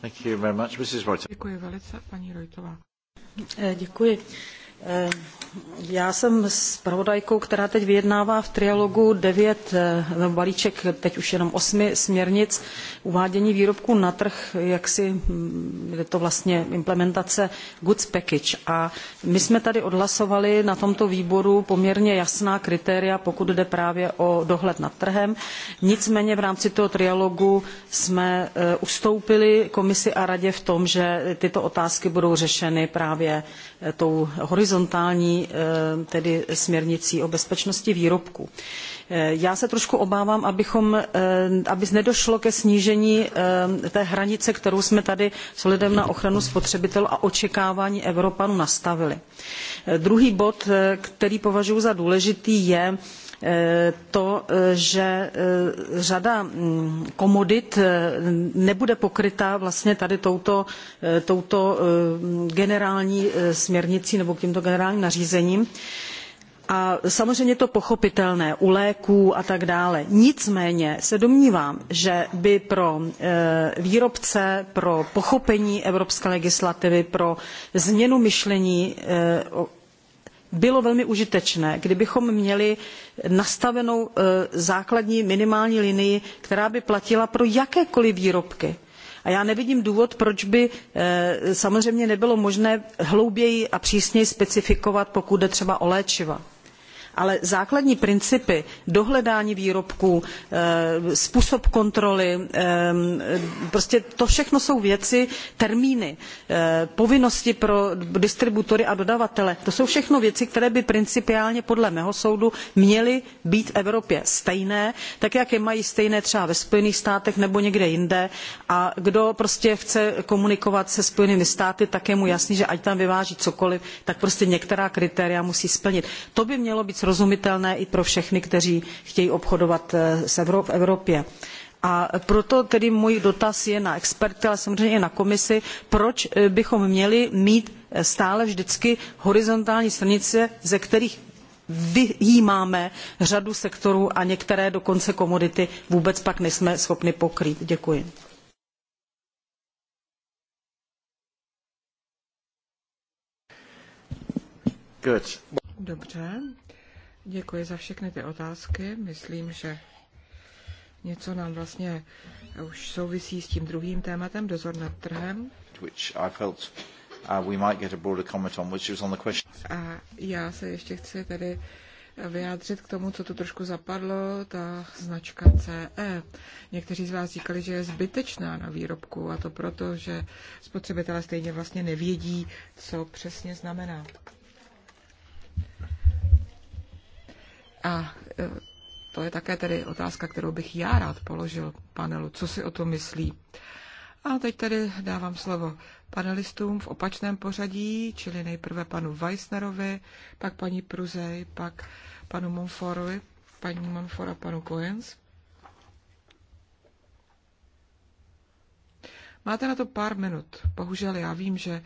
Thank you very much, Mrs. Děkuji velice, paní Rojtová. E, děkuji. Eh, já jsem zpravodajkou, která teď vyjednává v trialogu devět, eh, balíček teď už jenom osmi směrnic uvádění výrobků na trh, jak si mm, je to vlastně implementace goods package. A my jsme tady odhlasovali na tomto výboru poměrně jasná kritéria, pokud jde právě o dohled nad trhem. Nicméně v rámci toho trialogu jsme eh, ustoupili komisi a radě v tom, že tyto otázky budou řešeny právě Eh, tou horizontální eh, tedy směrnicí o bezpečnosti výrobků. Eh, já se trošku obávám, abychom, aby nedošlo ke snížení té hranice, kterou jsme tady s lidem na ochranu spotřebitelů a očekávání Evropanů nastavili. Druhý bod, který považuji za důležitý, je Eh, to, eh, že eh, řada mm, komodit nebude pokryta vlastně tady touto, touto generální směrnicí nebo tímto generálním nařízením a samozřejmě je to pochopitelné u léků a tak dále. Nicméně se domnívám, že by pro výrobce, pro pochopení evropské legislativy, pro změnu myšlení bylo velmi užitečné, kdybychom měli nastavenou eh, základní minimální linii, která by platila pro jakékoliv výrobky. A já nevidím důvod, proč by eh, samozřejmě nebylo možné hlouběji a přísněji specifikovat, pokud jde třeba o léčiva ale základní principy dohledání výrobků eh, způsob kontroly eh, prostě to všechno jsou věci termíny eh, povinnosti pro distributory a dodavatele to jsou všechno věci které by principiálně podle mého soudu měly být v evropě stejné tak jak je mají stejné třeba ve spojených státech nebo někde jinde a kdo prostě chce komunikovat se spojenými státy tak je mu jasné že ať tam vyváží cokoliv tak prostě některá kritéria musí splnit. to by mělo být srozumitelné i pro všechny, kteří chtějí obchodovat eh, v Evropě. A proto tedy můj dotaz je na experty, ale samozřejmě i na komisi, proč eh, bychom měli mít eh, stále vždycky horizontální stranice, ze kterých vyjímáme řadu sektorů a některé dokonce komodity vůbec pak nejsme schopni pokrýt. Děkuji. Dobře, Děkuji za všechny ty otázky. Myslím, že něco nám vlastně už souvisí s tím druhým tématem, dozor nad trhem. A já se ještě chci tedy vyjádřit k tomu, co tu trošku zapadlo, ta značka CE. Někteří z vás říkali, že je zbytečná na výrobku a to proto, že spotřebitelé stejně vlastně nevědí, co přesně znamená. A e, to je také tedy otázka, kterou bych já rád položil panelu. Co si o to myslí? A teď tedy dávám slovo panelistům v opačném pořadí, čili nejprve panu Weissnerovi, pak paní Pruzej, pak panu Monforovi, paní Monfora, panu Coens. Máte na to pár minut. Bohužel já vím, že e,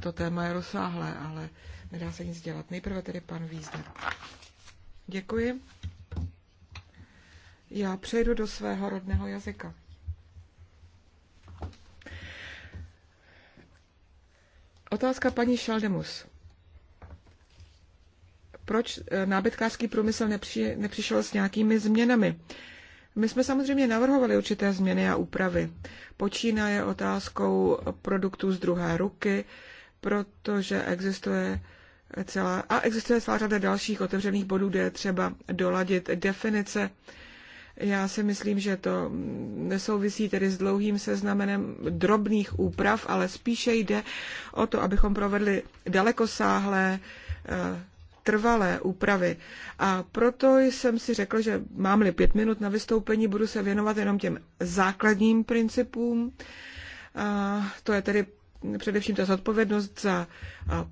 to téma je rozsáhlé, ale nedá se nic dělat. Nejprve tedy pan Vízner. Děkuji. Já přejdu do svého rodného jazyka. Otázka paní Šaldemus. Proč eh, nábytkářský průmysl nepři, nepřišel s nějakými změnami? My jsme samozřejmě navrhovali určité změny a úpravy. Počínaje otázkou produktů z druhé ruky, protože existuje celá, a existuje celá řada dalších otevřených bodů, kde je třeba doladit definice. Já si myslím, že to nesouvisí tedy s dlouhým seznamenem drobných úprav, ale spíše jde o to, abychom provedli dalekosáhlé eh, trvalé úpravy. A proto jsem si řekl, že mám-li pět minut na vystoupení, budu se věnovat jenom těm základním principům. A to je tedy především ta zodpovědnost za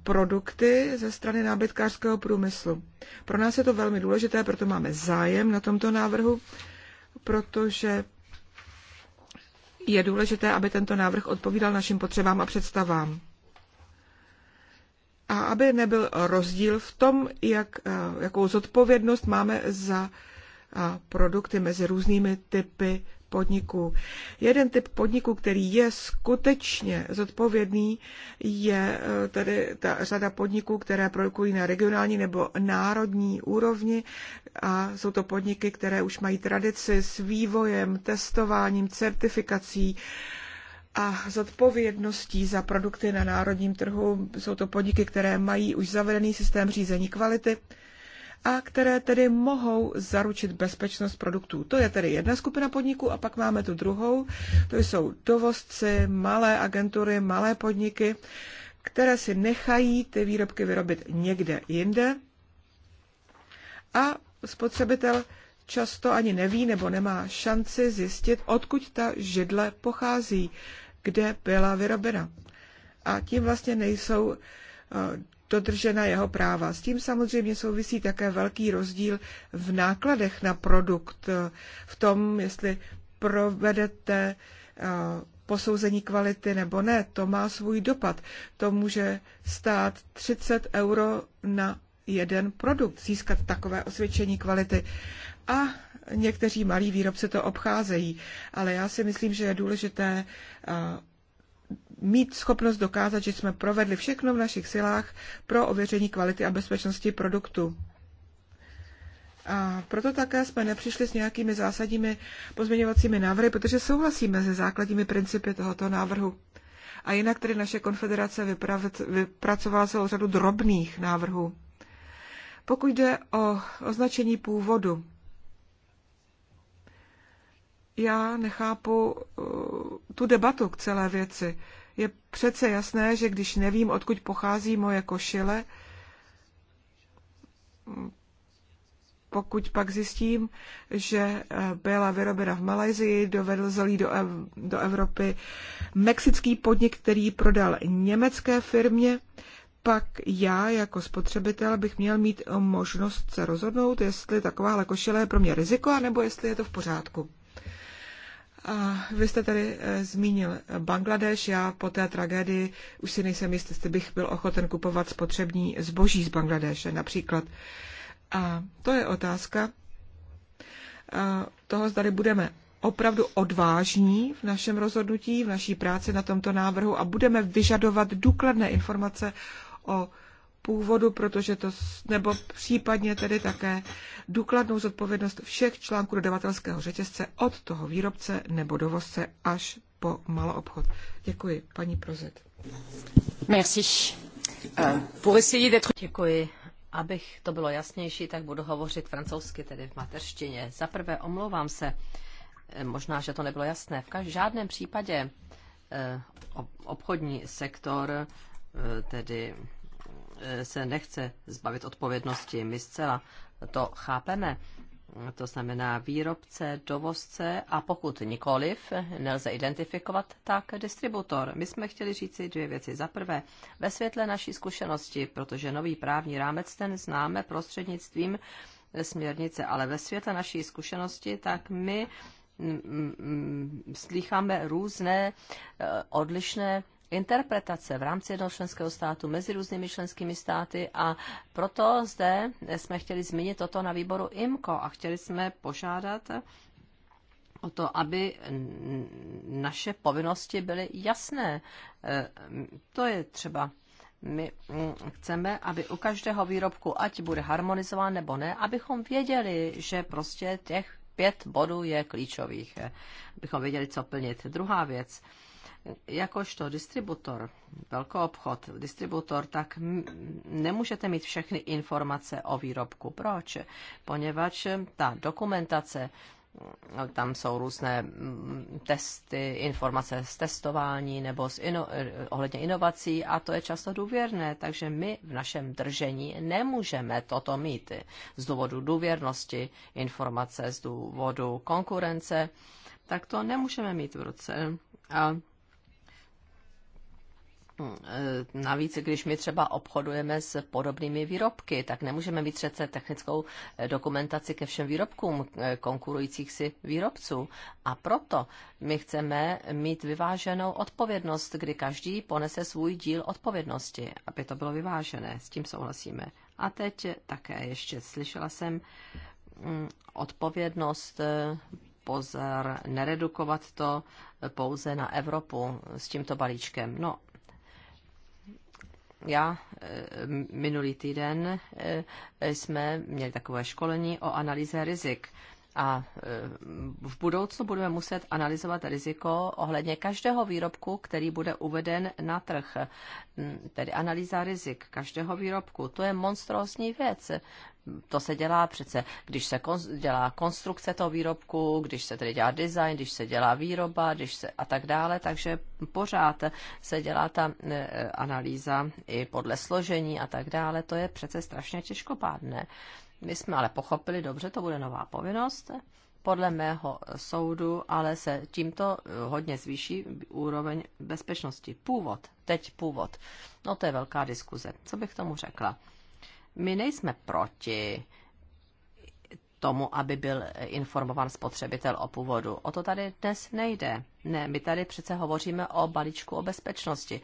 produkty ze strany nábytkářského průmyslu. Pro nás je to velmi důležité, proto máme zájem na tomto návrhu, protože je důležité, aby tento návrh odpovídal našim potřebám a představám. A aby nebyl rozdíl v tom, jak, jakou zodpovědnost máme za produkty mezi různými typy podniků. Jeden typ podniků, který je skutečně zodpovědný, je eh, tedy ta řada podniků, které produkují na regionální nebo národní úrovni a jsou to podniky, které už mají tradici s vývojem, testováním, certifikací, a zodpovědností za produkty na národním trhu. Jsou to podniky, které mají už zavedený systém řízení kvality a které tedy mohou zaručit bezpečnost produktů. To je tedy jedna skupina podniků a pak máme tu druhou. To jsou dovozci, malé agentury, malé podniky, které si nechají ty výrobky vyrobit někde jinde a spotřebitel často ani neví nebo nemá šanci zjistit, odkud ta židle pochází, kde byla vyrobena. A tím vlastně nejsou dodržena jeho práva. S tím samozřejmě souvisí také velký rozdíl v nákladech na produkt, v tom, jestli provedete eh, posouzení kvality nebo ne. To má svůj dopad. To může stát 30 euro na jeden produkt, získat takové osvědčení kvality. A někteří malí výrobci to obcházejí, ale já si myslím, že je důležité eh, mít schopnost dokázat, že jsme provedli všechno v našich silách pro ověření kvality a bezpečnosti produktu. A proto také jsme nepřišli s nějakými zásadními pozměňovacími návrhy, protože souhlasíme se základními principy tohoto návrhu. A jinak tedy naše konfederace vypracovala celou řadu drobných návrhů. Pokud jde o označení původu, já nechápu uh, tu debatu k celé věci je přece jasné, že když nevím, odkud pochází moje košile, pokud pak zjistím, že eh, byla vyrobena v Malajzii, dovedl zelí do, Ev- do Evropy mexický podnik, který prodal německé firmě, pak já jako spotřebitel bych měl mít možnost se rozhodnout, jestli takováhle košile je pro mě riziko, nebo jestli je to v pořádku vy jste tady eh, zmínil Bangladeš. Já po té tragédii už si nejsem jistý, jestli bych byl ochoten kupovat spotřební zboží z Bangladeše například. A to je otázka eh, toho, zdali budeme opravdu odvážní v našem rozhodnutí, v naší práci na tomto návrhu a budeme vyžadovat důkladné informace o původu, protože to, nebo případně tedy také důkladnou zodpovědnost všech článků dodavatelského řetězce od toho výrobce nebo dovozce až po maloobchod. Děkuji, paní Prozet. Merci. Uh, pour essayer d'être... Děkuji. Abych to bylo jasnější, tak budu hovořit francouzsky, tedy v mateřštině. Za prvé omlouvám se, eh, možná, že to nebylo jasné. V každém žádném případě eh, obchodní sektor eh, tedy se nechce zbavit odpovědnosti. My zcela to chápeme. To znamená výrobce, dovozce a pokud nikoliv nelze identifikovat, tak distributor. My jsme chtěli říci dvě věci. Za prvé, ve světle naší zkušenosti, protože nový právní rámec ten známe prostřednictvím směrnice, ale ve světle naší zkušenosti, tak my mm, mm, mm, slýcháme různé eh, odlišné interpretace v rámci jednoho členského státu mezi různými členskými státy a proto zde jsme chtěli zmínit toto na výboru IMCO a chtěli jsme požádat o to, aby naše povinnosti byly jasné. Eh, to je třeba my mm, chceme, aby u každého výrobku, ať bude harmonizován nebo ne, abychom věděli, že prostě těch pět bodů je klíčových. Eh, abychom věděli, co plnit. Druhá věc jakožto distributor, obchod distributor, tak nemůžete mít všechny informace o výrobku. Proč? Poněvadž ta dokumentace, tam jsou různé testy, informace z testování nebo z ino, eh, ohledně inovací a to je často důvěrné, takže my v našem držení nemůžeme toto mít z důvodu důvěrnosti, informace z důvodu konkurence, tak to nemůžeme mít v ruce. A Mm, e, navíc, když my třeba obchodujeme s podobnými výrobky, tak nemůžeme mít přece technickou e, dokumentaci ke všem výrobkům e, konkurujících si výrobců. A proto my chceme mít vyváženou odpovědnost, kdy každý ponese svůj díl odpovědnosti, aby to bylo vyvážené. S tím souhlasíme. A teď také ještě slyšela jsem mm, odpovědnost pozor, neredukovat to pouze na Evropu s tímto balíčkem. No, já eh, minulý týden eh, jsme měli takové školení o analýze rizik. A e, v budoucnu budeme muset analyzovat riziko ohledně každého výrobku, který bude uveden na trh. Tedy analýza rizik každého výrobku. To je monstrózní věc. To se dělá přece, když se kon- dělá konstrukce toho výrobku, když se tedy dělá design, když se dělá výroba, když se a tak dále, takže pořád se dělá ta e, analýza i podle složení a tak dále. To je přece strašně těžkopádné. My jsme ale pochopili, dobře, to bude nová povinnost, podle mého soudu, ale se tímto eh, hodně zvýší úroveň bezpečnosti. Původ, teď původ. No to je velká diskuze. Co bych tomu řekla? My nejsme proti tomu, aby byl informovan spotřebitel o původu. O to tady dnes nejde. Ne, my tady přece hovoříme o balíčku o bezpečnosti.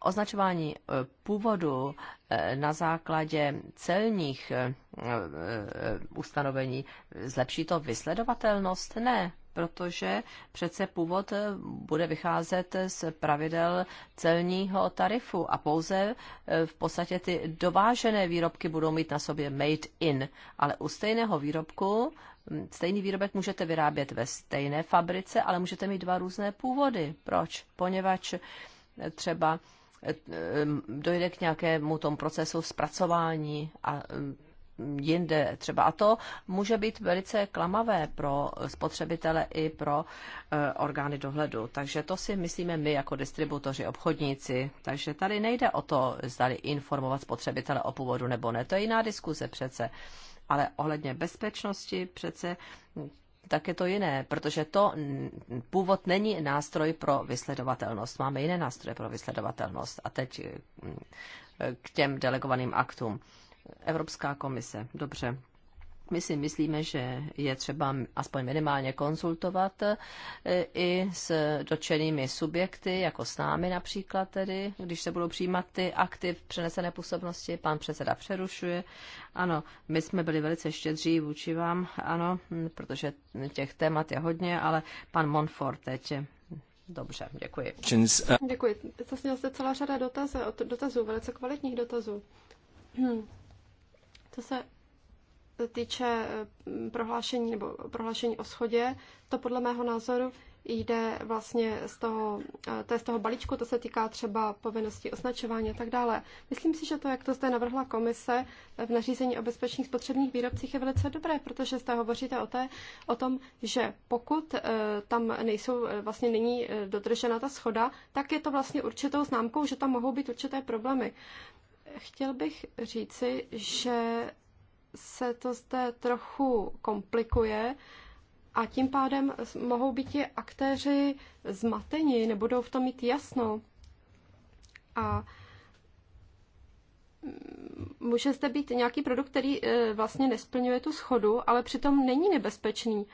Označování eh, původu eh, na základě celních eh, ustanovení, zlepší to vysledovatelnost? Ne, protože přece původ eh, bude vycházet z pravidel celního tarifu a pouze eh, v podstatě ty dovážené výrobky budou mít na sobě made in, ale u stejného výrobku hm, Stejný výrobek můžete vyrábět ve stejné fabrice, ale můžete mít dva různé původy. Proč? Poněvadž eh, třeba hm, dojde k nějakému tomu procesu zpracování a hm, jinde třeba. A to může být velice klamavé pro spotřebitele i pro eh, orgány dohledu. Takže to si myslíme my jako distributoři, obchodníci. Takže tady nejde o to, zdali informovat spotřebitele o původu nebo ne. To je jiná diskuse přece. Ale ohledně bezpečnosti přece hm, tak je to jiné, protože to hm, původ není nástroj pro vysledovatelnost. Máme jiné nástroje pro vysledovatelnost. A teď hm, k těm delegovaným aktům. Evropská komise. Dobře. My si myslíme, že je třeba aspoň minimálně konzultovat e, i s dočenými subjekty, jako s námi například tedy, když se budou přijímat ty akty v přenesené působnosti. Pan předseda přerušuje. Ano, my jsme byli velice štědří vůči vám, ano, protože těch témat je hodně, ale pan Monfort teď Dobře, děkuji. Děkuji. Zasněl jste celá řada dotazů, dotazů velice kvalitních dotazů. Hmm. Co se týče eh, prohlášení nebo prohlášení o schodě, to podle mého názoru jde vlastně z toho, eh, to je z toho balíčku, to se týká třeba povinnosti označování a tak dále. Myslím si, že to, jak to zde navrhla komise eh, v nařízení o bezpečných spotřebních výrobcích je velice dobré, protože zde hovoříte o, té, o tom, že pokud tam nejsou, vlastně není dodržena ta schoda, tak je to vlastně určitou známkou, že tam mohou být určité problémy. Chtěl bych říci, že se to zde trochu komplikuje a tím pádem mohou být ti aktéři zmateni, nebudou v tom mít jasno. A může zde být nějaký produkt, který eh, vlastně nesplňuje tu schodu, ale přitom není nebezpečný.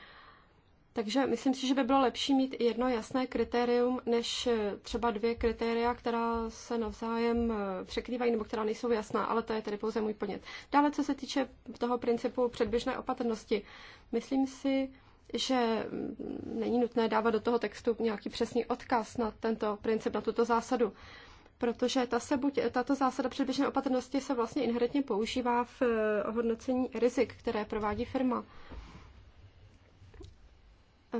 Takže myslím si, že by bylo lepší mít jedno jasné kritérium, než eh, třeba dvě kritéria, která se navzájem eh, překrývají nebo která nejsou jasná, ale to je tedy pouze můj podnět. Dále, co se týče toho principu předběžné opatrnosti, myslím si, že mm, není nutné dávat do toho textu nějaký přesný odkaz na tento princip, na tuto zásadu, protože ta se buď, tato zásada předběžné opatrnosti se vlastně inherentně používá v eh, hodnocení rizik, které provádí firma. Eh,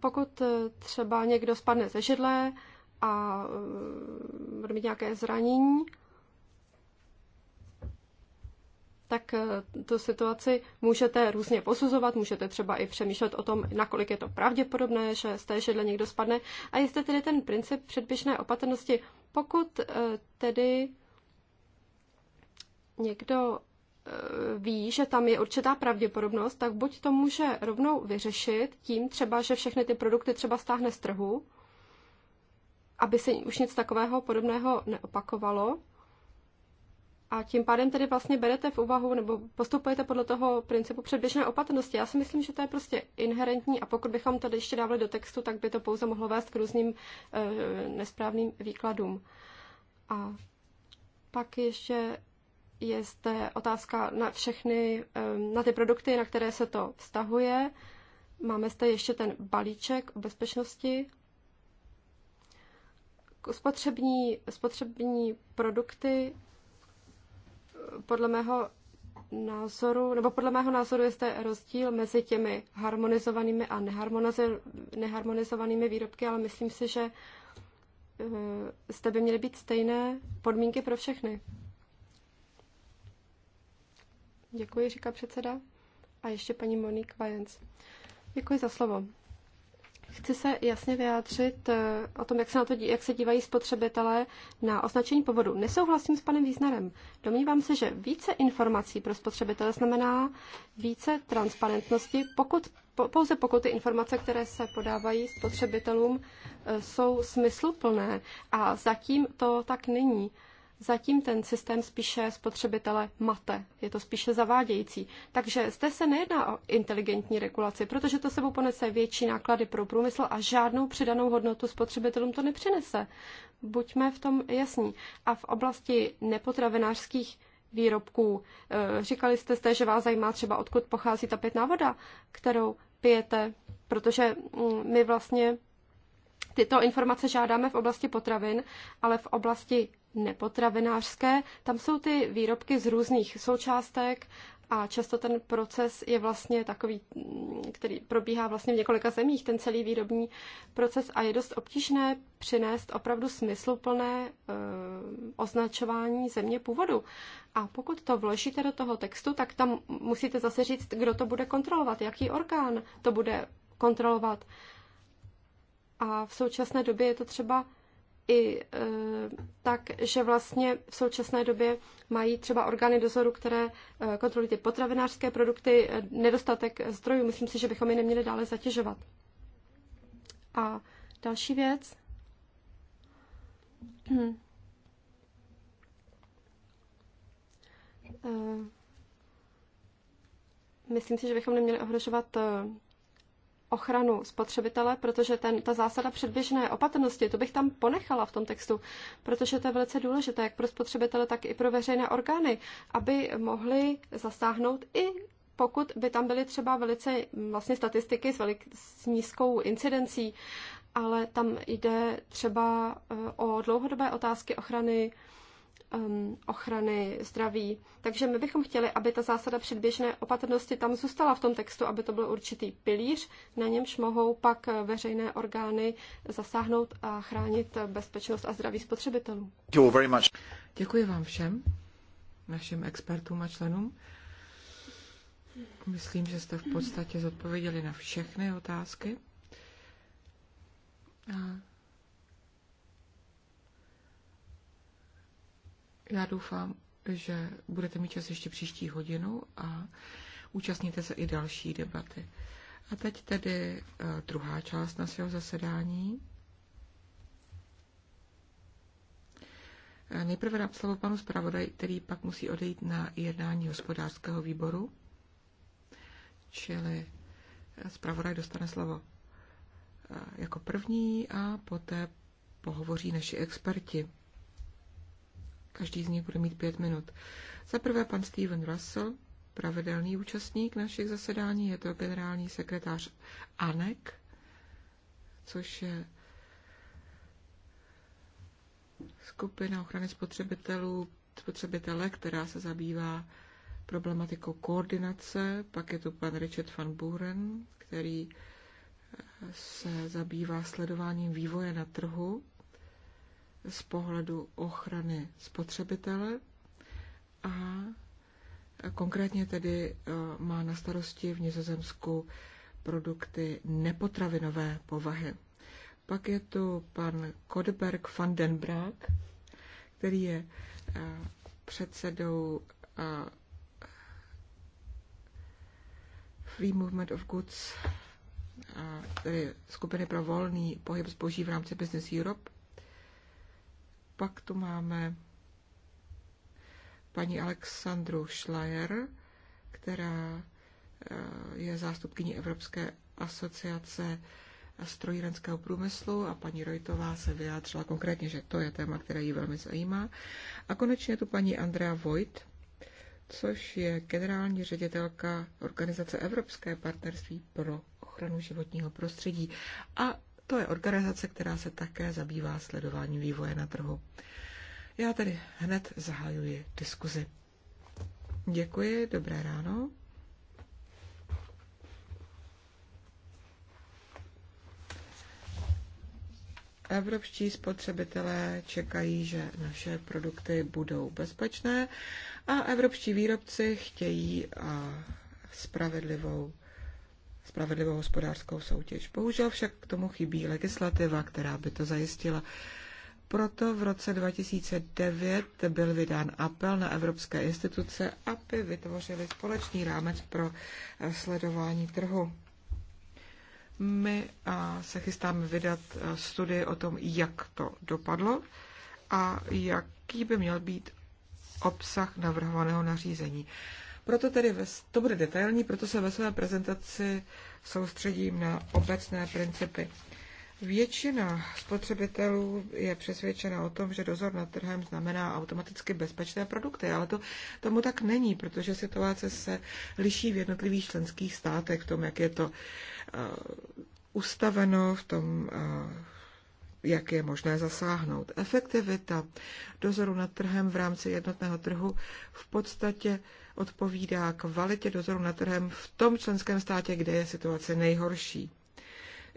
pokud třeba někdo spadne ze židle a eh, bude mít nějaké zranění, tak eh, tu situaci můžete různě posuzovat, můžete třeba i přemýšlet o tom, nakolik je to pravděpodobné, že z té židle někdo spadne. A jestli tedy ten princip předběžné opatrnosti, pokud tedy někdo ví, že tam je určitá pravděpodobnost, tak buď to může rovnou vyřešit tím třeba, že všechny ty produkty třeba stáhne z trhu, aby se už nic takového podobného neopakovalo. A tím pádem tedy vlastně berete v úvahu nebo postupujete podle toho principu předběžné opatrnosti. Já si myslím, že to je prostě inherentní a pokud bychom to ještě dávali do textu, tak by to pouze mohlo vést k různým e, nesprávným výkladům. A pak ještě je zde otázka na všechny, na ty produkty, na které se to vztahuje. Máme zde ještě ten balíček o bezpečnosti. Spotřební, spotřební produkty eh, podle mého názoru, nebo podle mého názoru je zde rozdíl mezi těmi harmonizovanými a neharmonizovanými výrobky, ale myslím si, že eh, zde by měly být stejné podmínky pro všechny. Děkuji, říká předseda. A ještě paní Monique Vajenc. Děkuji za slovo. Chci se jasně vyjádřit eh, o tom, jak se, na to, jak se dívají spotřebitelé na označení povodu. Nesouhlasím s panem Význarem. Domnívám se, že více informací pro spotřebitele znamená více transparentnosti, pokud, pouze pokud ty informace, které se podávají spotřebitelům, eh, jsou smysluplné. A zatím to tak není. Zatím ten systém spíše spotřebitele mate, je to spíše zavádějící. Takže zde se nejedná o inteligentní regulaci, protože to sebou ponese větší náklady pro průmysl a žádnou přidanou hodnotu spotřebitelům to nepřinese. Buďme v tom jasní. A v oblasti nepotravinářských výrobků. Eh, říkali jste zde, že vás zajímá třeba, odkud pochází ta pitná voda, kterou pijete, protože mm, my vlastně tyto informace žádáme v oblasti potravin, ale v oblasti nepotravinářské. Tam jsou ty výrobky z různých součástek a často ten proces je vlastně takový, mm, který probíhá vlastně v několika zemích, ten celý výrobní proces a je dost obtížné přinést opravdu smysluplné e, označování země původu. A pokud to vložíte do toho textu, tak tam musíte zase říct, kdo to bude kontrolovat, jaký orgán to bude kontrolovat. A v současné době je to třeba i e, tak, že vlastně v současné době mají třeba orgány dozoru, které e, kontrolují ty potravinářské produkty, e, nedostatek zdrojů. Myslím si, že bychom je neměli dále zatěžovat. A další věc. Hmm. Myslím si, že bychom neměli ohrožovat ochranu spotřebitele, protože ten, ta zásada předběžné opatrnosti, to bych tam ponechala v tom textu, protože to je velice důležité, jak pro spotřebitele, tak i pro veřejné orgány, aby mohli zasáhnout i pokud by tam byly třeba velice vlastně statistiky s, velik, s nízkou incidencí, ale tam jde třeba eh, o dlouhodobé otázky ochrany um, ochrany zdraví. Takže my bychom chtěli, aby ta zásada předběžné opatrnosti tam zůstala v tom textu, aby to byl určitý pilíř, na němž mohou pak veřejné orgány zasáhnout a chránit bezpečnost a zdraví spotřebitelů. Děkuji vám všem, našim expertům a členům. Myslím, že jste v podstatě zodpověděli na všechny otázky. A Já doufám, že budete mít čas ještě příští hodinu a účastníte se i další debaty. A teď tedy eh, druhá část našeho zasedání. Eh, nejprve dám slovo panu zpravodaj, který pak musí odejít na jednání hospodářského výboru, čili eh, zpravodaj dostane slovo jako první a poté pohovoří naši experti. Každý z nich bude mít pět minut. Za prvé pan Steven Russell, pravidelný účastník našich zasedání, je to generální sekretář ANEK, což je skupina ochrany spotřebitelů, spotřebitele, která se zabývá problematikou koordinace. Pak je tu pan Richard van Buren, který se zabývá sledováním vývoje na trhu z pohledu ochrany spotřebitele a konkrétně tedy eh, má na starosti v Nizozemsku produkty nepotravinové povahy. Pak je tu pan Kodberg van den Braak, který je eh, předsedou eh, Free Movement of Goods, tedy skupiny pro volný pohyb zboží v rámci Business Europe. Pak tu máme paní Alexandru Schleier, která eh, je zástupkyní Evropské asociace strojírenského průmyslu a paní Rojtová se vyjádřila konkrétně, že to je téma, které ji velmi zajímá. A konečně tu paní Andrea Vojt, což je generální ředitelka organizace Evropské partnerství pro ochranu životního prostředí. A to je organizace, která se také zabývá sledováním vývoje na trhu. Já tedy hned zahajuji diskuzi. Děkuji, dobré ráno. Evropští spotřebitelé čekají, že naše produkty budou bezpečné a evropští výrobci chtějí spravedlivou spravedlivou hospodářskou soutěž. Bohužel však k tomu chybí legislativa, která by to zajistila. Proto v roce 2009 byl vydán apel na evropské instituce, aby vytvořili společný rámec pro eh, sledování trhu. My se chystáme vydat eh, studii o tom, jak to dopadlo a jaký by měl být obsah navrhovaného nařízení. Proto tedy ve, to bude detailní, proto se ve své prezentaci soustředím na obecné principy. Většina spotřebitelů je přesvědčena o tom, že dozor nad trhem znamená automaticky bezpečné produkty, ale to, tomu tak není, protože situace se liší v jednotlivých členských státech, v tom, jak je to uh, ustaveno, v tom, uh, jak je možné zasáhnout. Efektivita dozoru nad trhem v rámci jednotného trhu v podstatě uh, odpovídá kvalitě dozoru na trhem v tom členském státě, kde je situace nejhorší.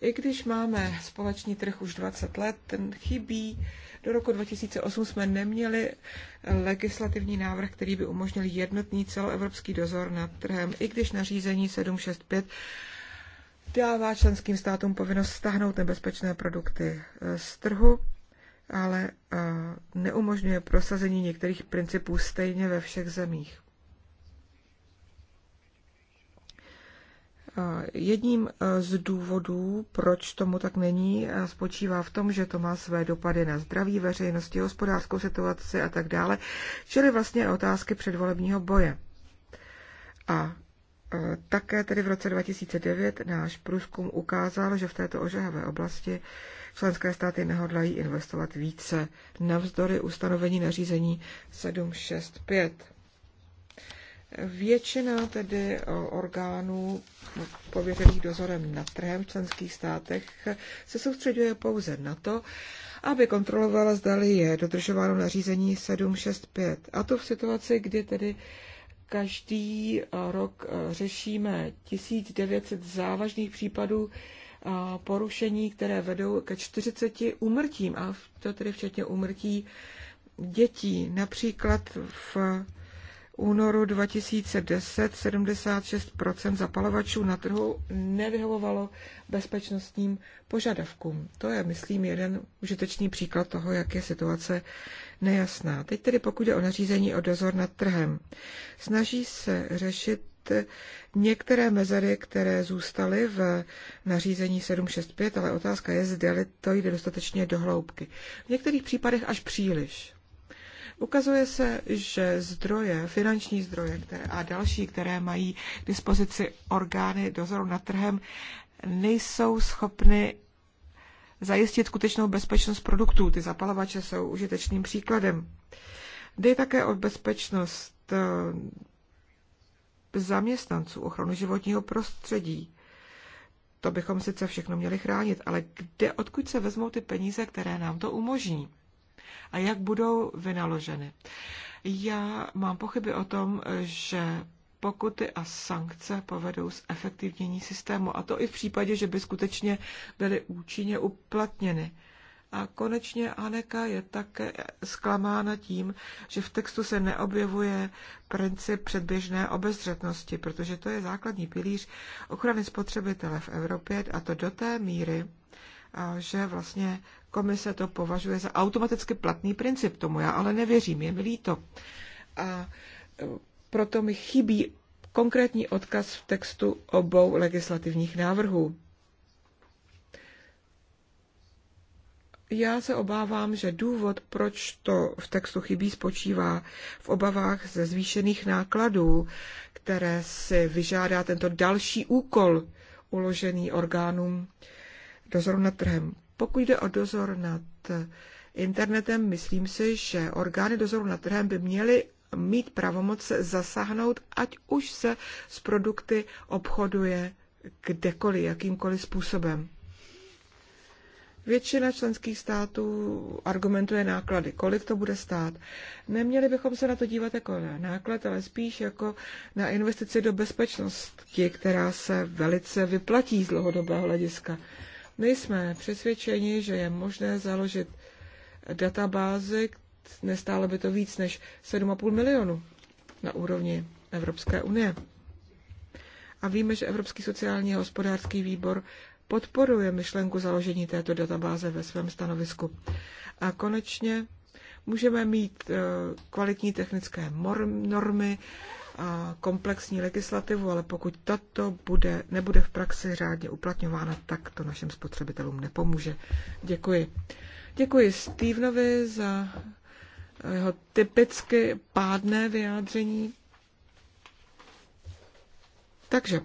I když máme společný trh už 20 let, ten chybí. Do roku 2008 jsme neměli legislativní návrh, který by umožnil jednotný celoevropský dozor nad trhem, i když nařízení 765 dává členským státům povinnost stáhnout nebezpečné produkty eh, z trhu, ale eh, neumožňuje prosazení některých principů stejně ve všech zemích. Jedním eh, z důvodů, proč tomu tak není, eh, spočívá v tom, že to má své dopady na zdraví veřejnosti, hospodářskou situaci a tak dále, čili vlastně otázky předvolebního boje. A eh, také tedy v roce 2009 náš průzkum ukázal, že v této ožehavé oblasti členské státy nehodlají investovat více navzdory ustanovení nařízení 765. Většina tedy orgánů pověřených dozorem nad trhem v členských státech se soustředuje pouze na to, aby kontrolovala, zda je dodržováno nařízení 765. A to v situaci, kdy tedy každý rok řešíme 1900 závažných případů porušení, které vedou ke 40 umrtím, a to tedy včetně umrtí dětí. Například v únoru 2010 76 zapalovačů na trhu nevyhovovalo bezpečnostním požadavkům. To je, myslím, jeden užitečný příklad toho, jak je situace nejasná. Teď tedy pokud je o nařízení o dozor nad trhem. Snaží se řešit některé mezery, které zůstaly v nařízení 765, ale otázka je, zda to jde dostatečně do hloubky. V některých případech až příliš. Ukazuje se, že zdroje, finanční zdroje které, a další, které mají k dispozici orgány dozoru nad trhem, nejsou schopny zajistit skutečnou bezpečnost produktů. Ty zapalovače jsou užitečným příkladem. Jde také o bezpečnost eh, zaměstnanců, ochranu životního prostředí. To bychom sice všechno měli chránit, ale kde, odkud se vezmou ty peníze, které nám to umožní? a jak budou vynaloženy. Já mám pochyby o tom, že pokuty a sankce povedou z efektivnění systému, a to i v případě, že by skutečně byly účinně uplatněny. A konečně Aneka je také zklamána tím, že v textu se neobjevuje princip předběžné obezřetnosti, protože to je základní pilíř ochrany spotřebitele v Evropě a to do té míry, že vlastně Komise to považuje za automaticky platný princip tomu, já ale nevěřím, je mi líto. A e, proto mi chybí konkrétní odkaz v textu obou legislativních návrhů. Já se obávám, že důvod, proč to v textu chybí, spočívá v obavách ze zvýšených nákladů, které si vyžádá tento další úkol uložený orgánům dozoru nad trhem. Pokud jde o dozor nad internetem, myslím si, že orgány dozoru nad trhem by měly mít pravomoc zasáhnout, ať už se s produkty obchoduje kdekoliv, jakýmkoliv způsobem. Většina členských států argumentuje náklady, kolik to bude stát. Neměli bychom se na to dívat jako na náklad, ale spíš jako na investici do bezpečnosti, která se velice vyplatí z dlouhodobého hlediska. Nejsme přesvědčeni, že je možné založit databázi, nestálo by to víc než 7,5 milionu na úrovni Evropské unie. A víme, že Evropský sociální a hospodářský výbor podporuje myšlenku založení této databáze ve svém stanovisku. A konečně můžeme mít eh, kvalitní technické normy, komplexní legislativu, ale pokud tato bude, nebude v praxi řádně uplatňována, tak to našim spotřebitelům nepomůže. Děkuji. Děkuji Stevenovi za jeho typicky pádné vyjádření. Takže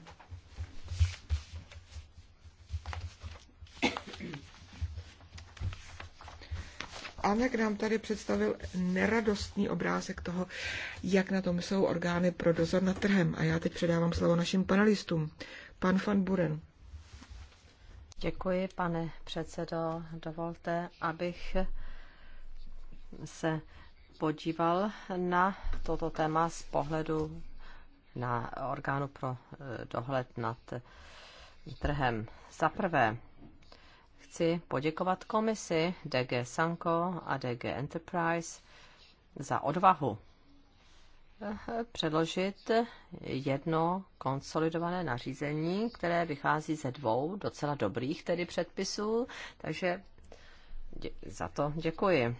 Anek nám tady představil neradostný obrázek toho, jak na tom jsou orgány pro dozor nad trhem. A já teď předávám slovo našim panelistům. Pan Van Buren. Děkuji, pane předsedo. Dovolte, abych se podíval na toto téma z pohledu na orgánu pro eh, dohled nad eh, trhem. Za prvé, chci poděkovat komisi DG Sanko a DG Enterprise za odvahu předložit jedno konsolidované nařízení, které vychází ze dvou docela dobrých tedy předpisů, takže za to děkuji.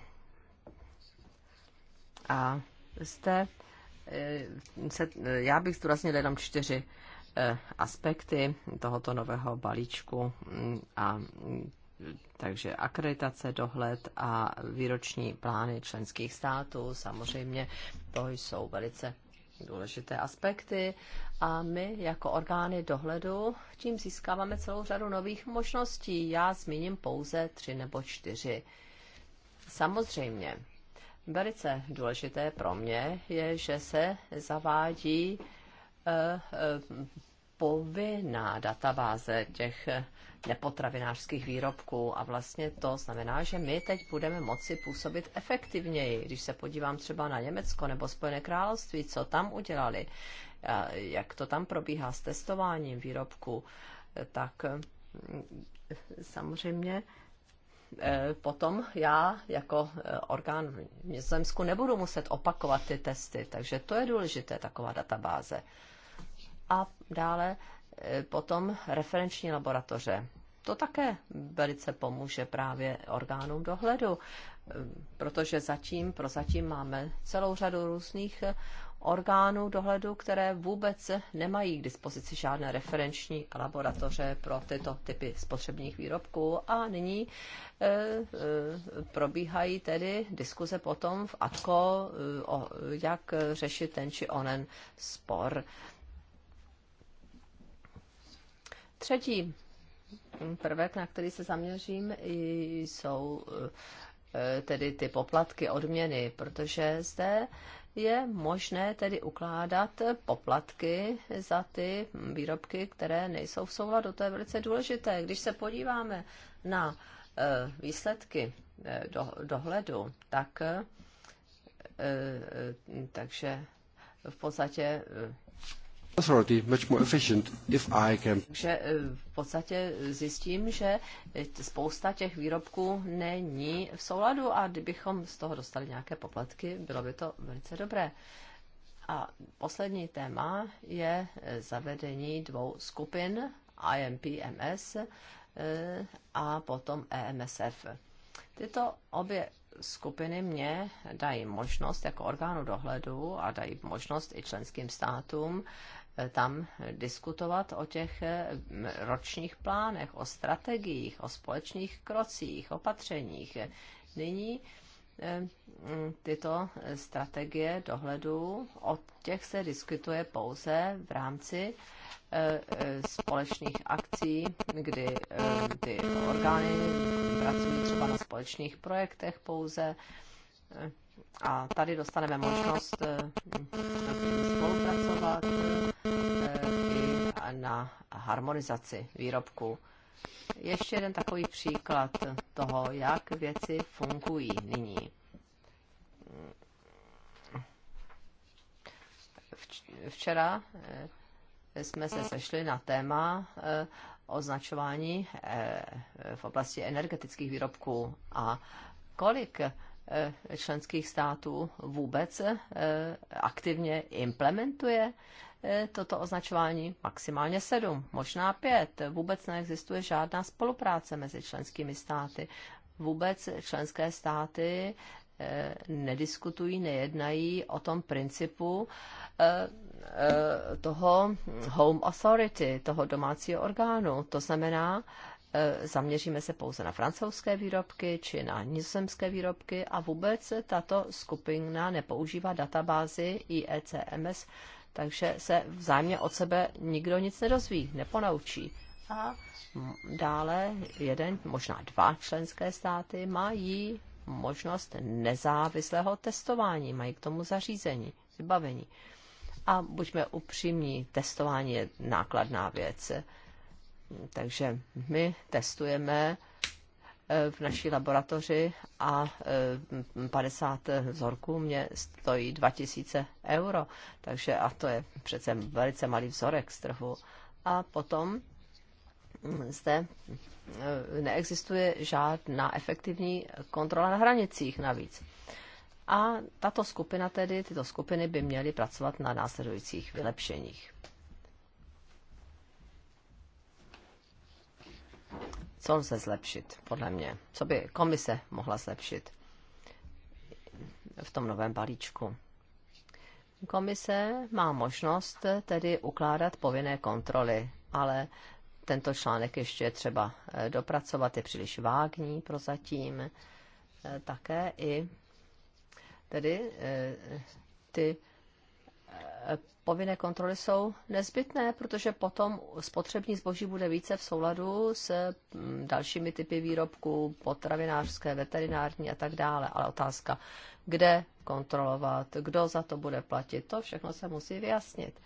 A zde eh, se, já bych zdůraznil jenom čtyři Eh, aspekty tohoto nového balíčku mm, a mm, takže akreditace, dohled a výroční plány členských států, samozřejmě to jsou velice důležité aspekty a my jako orgány dohledu tím získáváme celou řadu nových možností. Já zmíním pouze tři nebo čtyři. Samozřejmě, velice důležité pro mě je, že se zavádí Eh, povinná databáze těch nepotravinářských výrobků a vlastně to znamená, že my teď budeme moci působit efektivněji. Když se podívám třeba na Německo nebo Spojené království, co tam udělali, eh, jak to tam probíhá s testováním výrobků, eh, tak hm, samozřejmě potom já jako orgán v Nizozemsku nebudu muset opakovat ty testy, takže to je důležité, taková databáze a dále e, potom referenční laboratoře. To také velice pomůže právě orgánům dohledu, e, protože zatím, prozatím máme celou řadu různých e, orgánů dohledu, které vůbec nemají k dispozici žádné referenční laboratoře pro tyto typy spotřebních výrobků. A nyní e, e, probíhají tedy diskuze potom v ATKO, e, o, jak řešit ten či onen spor. E, Třetí prvek, na který se zaměřím, jsou e, tedy ty poplatky, odměny, protože zde je možné tedy ukládat poplatky za ty výrobky, které nejsou v souladu. To je velice důležité. Když se podíváme na e, výsledky e, do, dohledu, tak takže v podstatě takže eh, v podstatě zjistím, že spousta těch výrobků není v souladu a kdybychom z toho dostali nějaké poplatky, bylo by to velice dobré. A poslední téma je eh, zavedení dvou skupin IMPMS eh, a potom EMSF. Tyto obě skupiny mě dají možnost jako orgánu dohledu a dají možnost i členským státům tam diskutovat o těch eh, ročních plánech, o strategiích, o společných krocích, opatřeních. Nyní eh, mm, tyto strategie dohledu, o těch se diskutuje pouze v rámci eh, společných akcí, kdy ty orgány pracují třeba na společných projektech pouze, a tady dostaneme možnost eh, spolupracovat eh, eh, i na harmonizaci výrobků. Ještě jeden takový příklad toho, jak věci fungují nyní. Včera jsme se sešli na téma označování v oblasti energetických výrobků a kolik Eh, členských států vůbec eh, aktivně implementuje eh, toto označování maximálně sedm, možná pět. Vůbec neexistuje žádná spolupráce mezi členskými státy. Vůbec členské státy nediskutují, nejednají o tom principu toho home authority, toho domácího orgánu. To znamená, E, zaměříme se pouze na francouzské výrobky či na nizozemské výrobky a vůbec tato skupina nepoužívá databázy IECMS, takže se vzájemně od sebe nikdo nic nedozví, neponaučí. A dále jeden, možná dva členské státy mají možnost nezávislého testování, mají k tomu zařízení, vybavení. A buďme upřímní, testování je nákladná věc. Takže my testujeme eh, v naší laboratoři a 50 eh, vzorků mě stojí 2000 euro, takže a to je přece velice malý vzorek z trhu. A potom mm, zde eh, neexistuje žádná efektivní kontrola na hranicích navíc. A tato skupina tedy, tyto skupiny by měly pracovat na následujících vylepšeních. co lze zlepšit, podle mě, co by komise mohla zlepšit v tom novém balíčku. Komise má možnost tedy ukládat povinné kontroly, ale tento článek ještě je třeba eh, dopracovat, je příliš vágní prozatím. Eh, také i tedy eh, ty povinné kontroly jsou nezbytné, protože potom spotřební zboží bude více v souladu s mm, dalšími typy výrobků, potravinářské, veterinární a tak dále. Ale otázka, kde kontrolovat, kdo za to bude platit, to všechno se musí vyjasnit.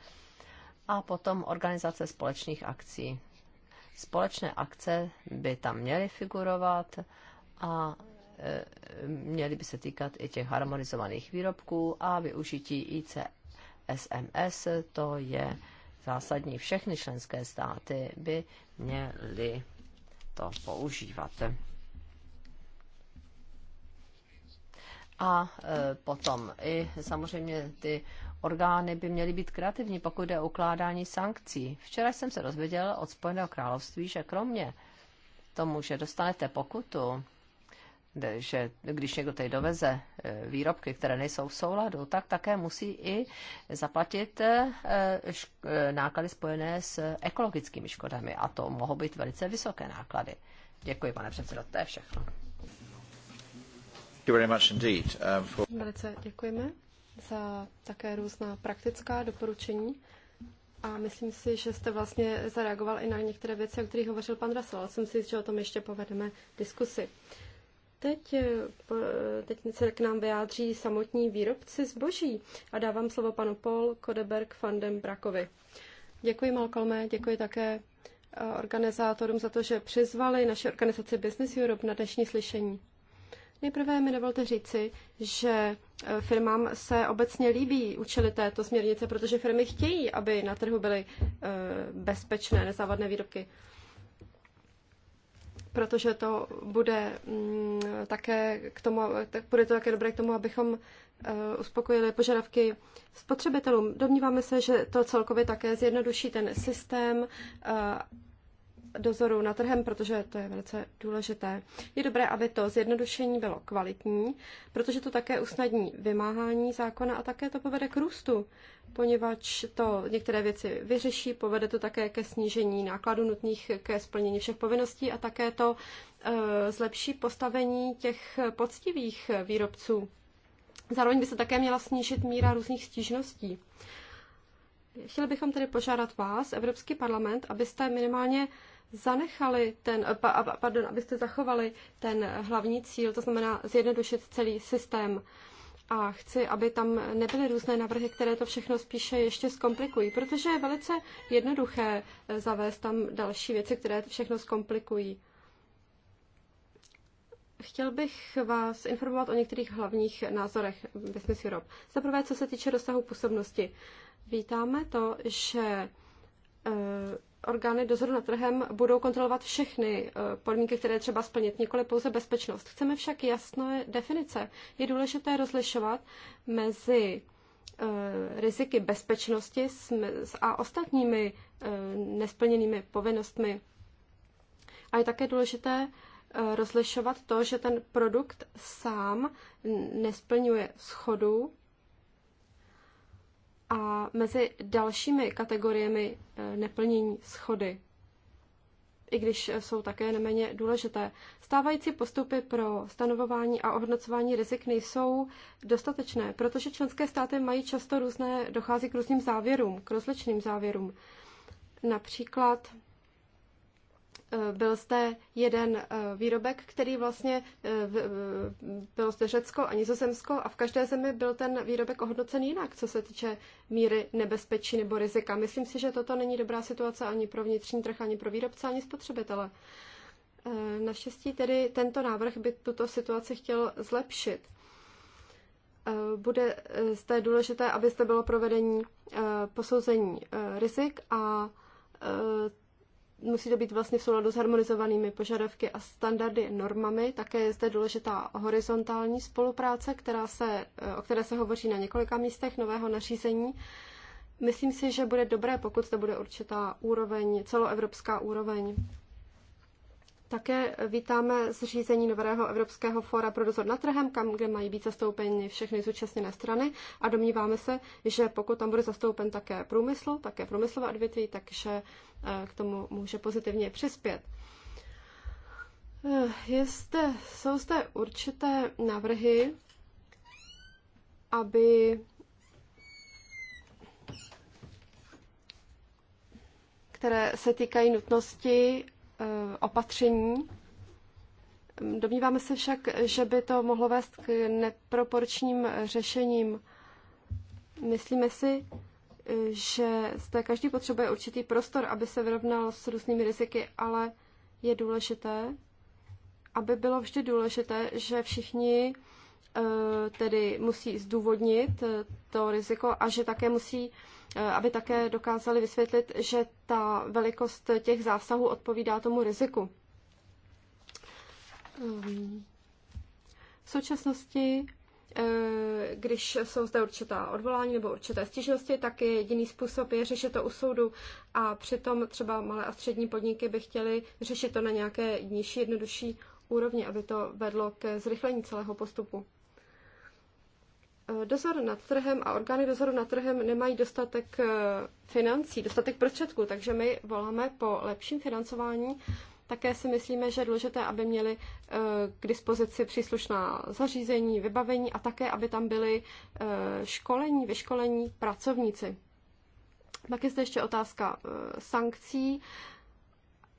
A potom organizace společných akcí. Společné akce by tam měly figurovat a e, měly by se týkat i těch harmonizovaných výrobků a využití ICE SMS, to je zásadní. Všechny členské státy by měly to používat. A e, potom i samozřejmě ty orgány by měly být kreativní, pokud jde o ukládání sankcí. Včera jsem se dozvěděl od Spojeného království, že kromě tomu, že dostanete pokutu, že když někdo tady doveze e, výrobky, které nejsou v souladu, tak také musí i zaplatit e, e, náklady spojené s ekologickými škodami. A to mohou být velice vysoké náklady. Děkuji, pane předsedo, to je všechno. Um, velice děkujeme za také různá praktická doporučení. A myslím si, že jste vlastně zareagoval i na některé věci, o kterých hovořil pan Rasol. jsem si že o tom ještě povedeme diskusi. Teď, eh, eh, teď se k nám vyjádří samotní výrobci zboží a dávám slovo panu Paul Kodeberg van den Brakovi. Děkuji, Malcolme, děkuji také eh, organizátorům za to, že přizvali naši organizaci Business Europe na dnešní slyšení. Nejprve mi dovolte říci, že firmám se obecně líbí účely této směrnice, protože firmy chtějí, aby na trhu byly bezpečné nezávadné výrobky protože to bude mm, také k tomu, tak bude to také dobré k tomu, abychom e, uspokojili požadavky spotřebitelům. Domníváme se, že to celkově také zjednoduší ten systém e, dozoru na trhem, protože to je velice důležité. Je dobré, aby to zjednodušení bylo kvalitní, protože to také usnadní vymáhání zákona a také to povede k růstu, poněvadž to některé věci vyřeší, povede to také ke snížení nákladů nutných ke splnění všech povinností a také to eh, zlepší postavení těch poctivých výrobců. Zároveň by se také měla snížit míra různých stížností. Chtěli bychom tedy požádat vás, Evropský parlament, abyste minimálně zanechali ten, pardon, abyste zachovali ten hlavní cíl, to znamená zjednodušit celý systém. A chci, aby tam nebyly různé návrhy, které to všechno spíše ještě zkomplikují, protože je velice jednoduché eh, zavést tam další věci, které to všechno zkomplikují. Chtěl bych vás informovat o některých hlavních názorech Business Europe. Za prvé, co se týče dosahu působnosti. Vítáme to, že eh, orgány dozoru nad trhem budou kontrolovat všechny eh, podmínky, které třeba splnit, nikoli pouze bezpečnost. Chceme však jasné definice. Je důležité rozlišovat mezi eh, riziky bezpečnosti a ostatními eh, nesplněnými povinnostmi. A je také důležité rozlišovat to, že ten produkt sám nesplňuje schodu a mezi dalšími kategoriemi eh, neplnění schody, i když eh, jsou také neméně důležité, stávající postupy pro stanovování a ohodnocování rizik nejsou dostatečné, protože členské státy mají často různé, dochází k různým závěrům, k rozličným závěrům. Například Eh, byl zde jeden eh, výrobek, který vlastně eh, byl zde Řecko a Nizozemsko a v každé zemi byl ten výrobek ohodnocen jinak, co se týče míry nebezpečí nebo rizika. Myslím si, že toto není dobrá situace ani pro vnitřní trh, ani pro výrobce, ani spotřebitele. Naštěstí tedy tento návrh by tuto situaci chtěl zlepšit. Bude zde důležité, aby zde bylo provedení posouzení rizik a musí to být vlastně v souladu s harmonizovanými požadavky a standardy normami. Také je zde důležitá horizontální spolupráce, která se, eh, o které se hovoří na několika místech nového nařízení. Myslím si, že bude dobré, pokud to bude určitá úroveň, celoevropská úroveň také vítáme zřízení nového Evropského fóra pro dozor nad trhem, kam, kde mají být zastoupeni všechny zúčastněné strany a domníváme se, že pokud tam bude zastoupen také průmysl, také průmyslové odvětví, takže eh, k tomu může pozitivně přispět. Eh, Jste, jsou zde určité návrhy, aby které se týkají nutnosti Eh, opatření. Domníváme se však, že by to mohlo vést k neproporčním řešením. Myslíme si, eh, že zde každý potřebuje určitý prostor, aby se vyrovnal s různými riziky, ale je důležité, aby bylo vždy důležité, že všichni eh, tedy musí zdůvodnit to riziko a že také musí Eh, aby také dokázali vysvětlit, že ta velikost těch zásahů odpovídá tomu riziku. V současnosti, eh, když jsou zde určitá odvolání nebo určité stížnosti, tak je jediný způsob je řešit to u soudu a přitom třeba malé a střední podniky by chtěly řešit to na nějaké nižší, jednodušší úrovni, aby to vedlo ke zrychlení celého postupu. Eh, dozor nad trhem a orgány dozoru nad trhem nemají dostatek eh, financí, dostatek prostředků, takže my voláme po lepším financování. Také si myslíme, že je důležité, aby měli eh, k dispozici příslušná zařízení, vybavení a také, aby tam byly školení, vyškolení pracovníci. Pak je zde ještě otázka sankcí.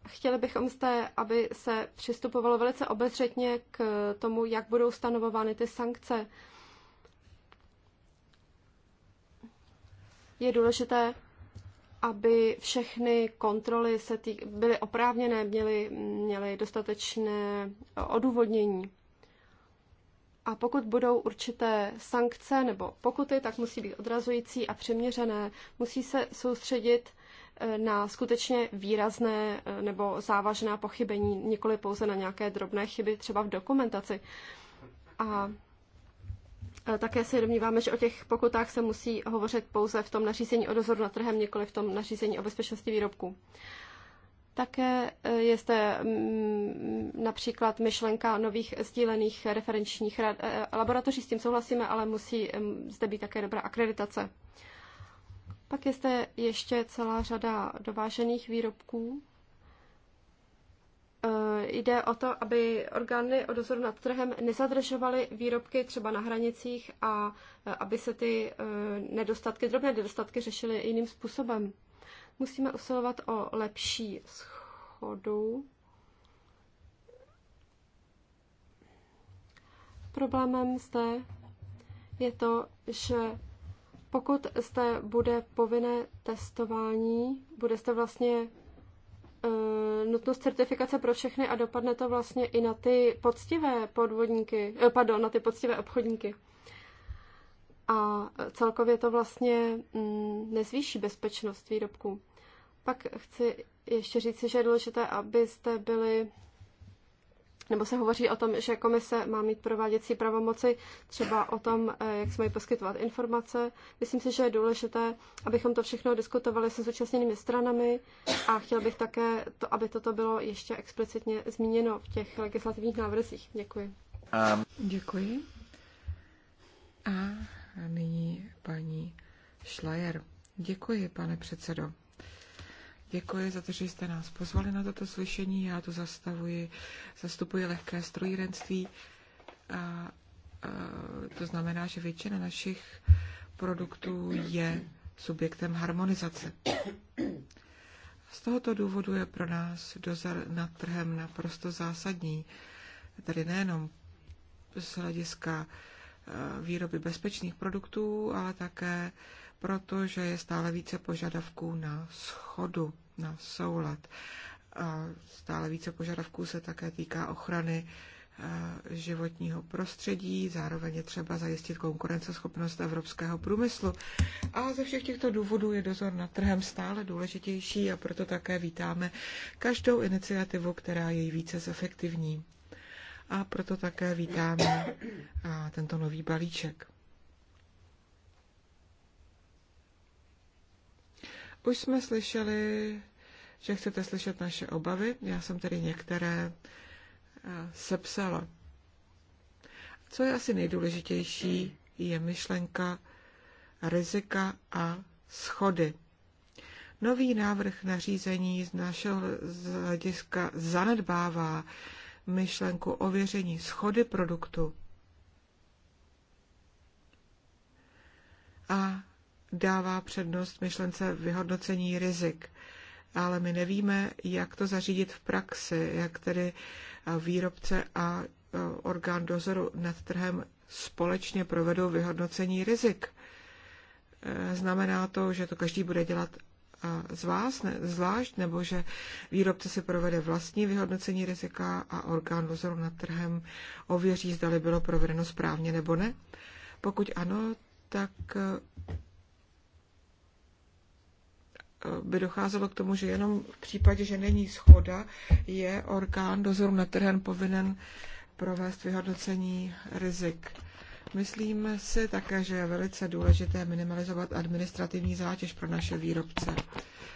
Chtěli bychom zde, aby se přistupovalo velice obezřetně k tomu, jak budou stanovovány ty sankce Je důležité, aby všechny kontroly se tý, byly oprávněné, měly, měly dostatečné odůvodnění. A pokud budou určité sankce nebo pokuty, tak musí být odrazující a přiměřené. Musí se soustředit eh, na skutečně výrazné eh, nebo závažná pochybení, nikoli pouze na nějaké drobné chyby třeba v dokumentaci. A Eh, také se domníváme, že o těch pokutách se musí hovořit pouze v tom nařízení o dozoru nad trhem, nikoli v tom nařízení o bezpečnosti výrobků. Také eh, je zde mm, například myšlenka nových sdílených referenčních eh, laboratoří, s tím souhlasíme, ale musí zde být také dobrá akreditace. Pak je zde ještě celá řada dovážených výrobků, Eh, jde o to, aby orgány o dozoru nad trhem nezadržovaly výrobky třeba na hranicích a eh, aby se ty eh, nedostatky, drobné nedostatky řešily jiným způsobem. Musíme usilovat o lepší schodu. Problémem zde je to, že pokud zde bude povinné testování, bude zde vlastně Eh, nutnost certifikace pro všechny a dopadne to vlastně i na ty poctivé podvodníky, eh, pardon, na ty poctivé obchodníky. A celkově to vlastně mm, nezvýší bezpečnost výrobků. Pak chci ještě říci, že je důležité, abyste byli nebo se hovoří o tom, že komise má mít prováděcí pravomoci, třeba o tom, eh, jak se mají poskytovat informace. Myslím si, že je důležité, abychom to všechno diskutovali se zúčastněnými stranami a chtěl bych také, to, aby toto bylo ještě explicitně zmíněno v těch legislativních návrzích. Děkuji. Um. Děkuji. A nyní paní Schleier. Děkuji, pane předsedo. Děkuji za to, že jste nás pozvali na toto slyšení. Já tu zastavuji, zastupuji lehké strojírenství. A, a, to znamená, že většina našich produktů je subjektem harmonizace. Z tohoto důvodu je pro nás dozor nad trhem naprosto zásadní, Tady nejenom z hlediska e, výroby bezpečných produktů, ale také proto, že je stále více požadavků na schodu na soulad. A stále více požadavků se také týká ochrany eh, životního prostředí, zároveň je třeba zajistit konkurenceschopnost evropského průmyslu. A ze všech těchto důvodů je dozor nad trhem stále důležitější a proto také vítáme každou iniciativu, která jej více zefektivní. A proto také vítáme tento nový balíček. Už jsme slyšeli, že chcete slyšet naše obavy. Já jsem tedy některé eh, sepsala. Co je asi nejdůležitější, je myšlenka rizika a schody. Nový návrh nařízení z našeho hlediska zanedbává myšlenku ověření schody produktu. A dává přednost myšlence vyhodnocení rizik. Ale my nevíme, jak to zařídit v praxi, jak tedy eh, výrobce a eh, orgán dozoru nad trhem společně provedou vyhodnocení rizik. Eh, znamená to, že to každý bude dělat z vás ne, zvlášť, nebo že výrobce si provede vlastní vyhodnocení rizika a orgán dozoru nad trhem ověří, zda bylo provedeno správně nebo ne. Pokud ano, tak by docházelo k tomu, že jenom v případě, že není schoda, je orgán dozoru na trhem povinen provést vyhodnocení rizik. Myslíme si také, že je velice důležité minimalizovat administrativní zátěž pro naše výrobce,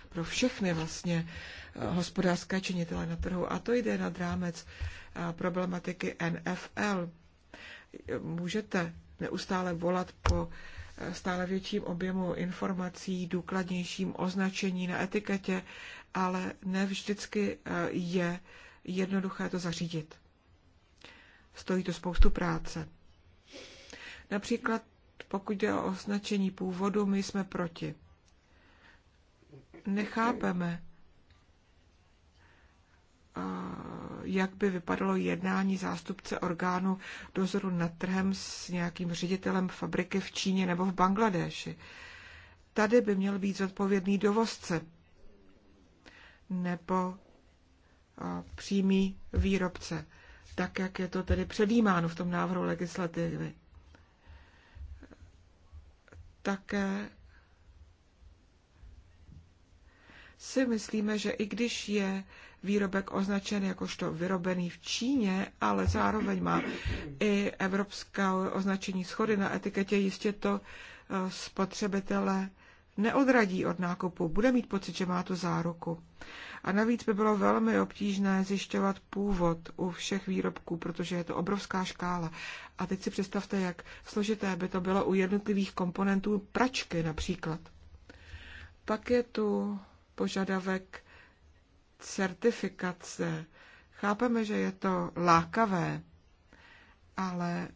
pro všechny vlastně eh, hospodářské činitele na trhu. A to jde nad rámec eh, problematiky NFL. Můžete neustále volat po stále větším objemu informací, důkladnějším označení na etiketě, ale ne vždycky eh, je jednoduché to zařídit. Stojí to spoustu práce. Například pokud jde o označení původu, my jsme proti. Nechápeme, jak by vypadalo jednání zástupce orgánu dozoru nad trhem s nějakým ředitelem fabriky v Číně nebo v Bangladeši. Tady by měl být zodpovědný dovozce nebo přímý výrobce, tak jak je to tedy předjímáno v tom návrhu legislativy. Také si myslíme, že i když je výrobek označen jakožto vyrobený v Číně, ale zároveň má i evropská označení schody na etiketě, jistě to eh, spotřebitele neodradí od nákupu, bude mít pocit, že má tu záruku. A navíc by bylo velmi obtížné zjišťovat původ u všech výrobků, protože je to obrovská škála. A teď si představte, jak složité by to bylo u jednotlivých komponentů pračky například. Pak je tu požadavek certifikace. Chápeme, že je to lákavé, ale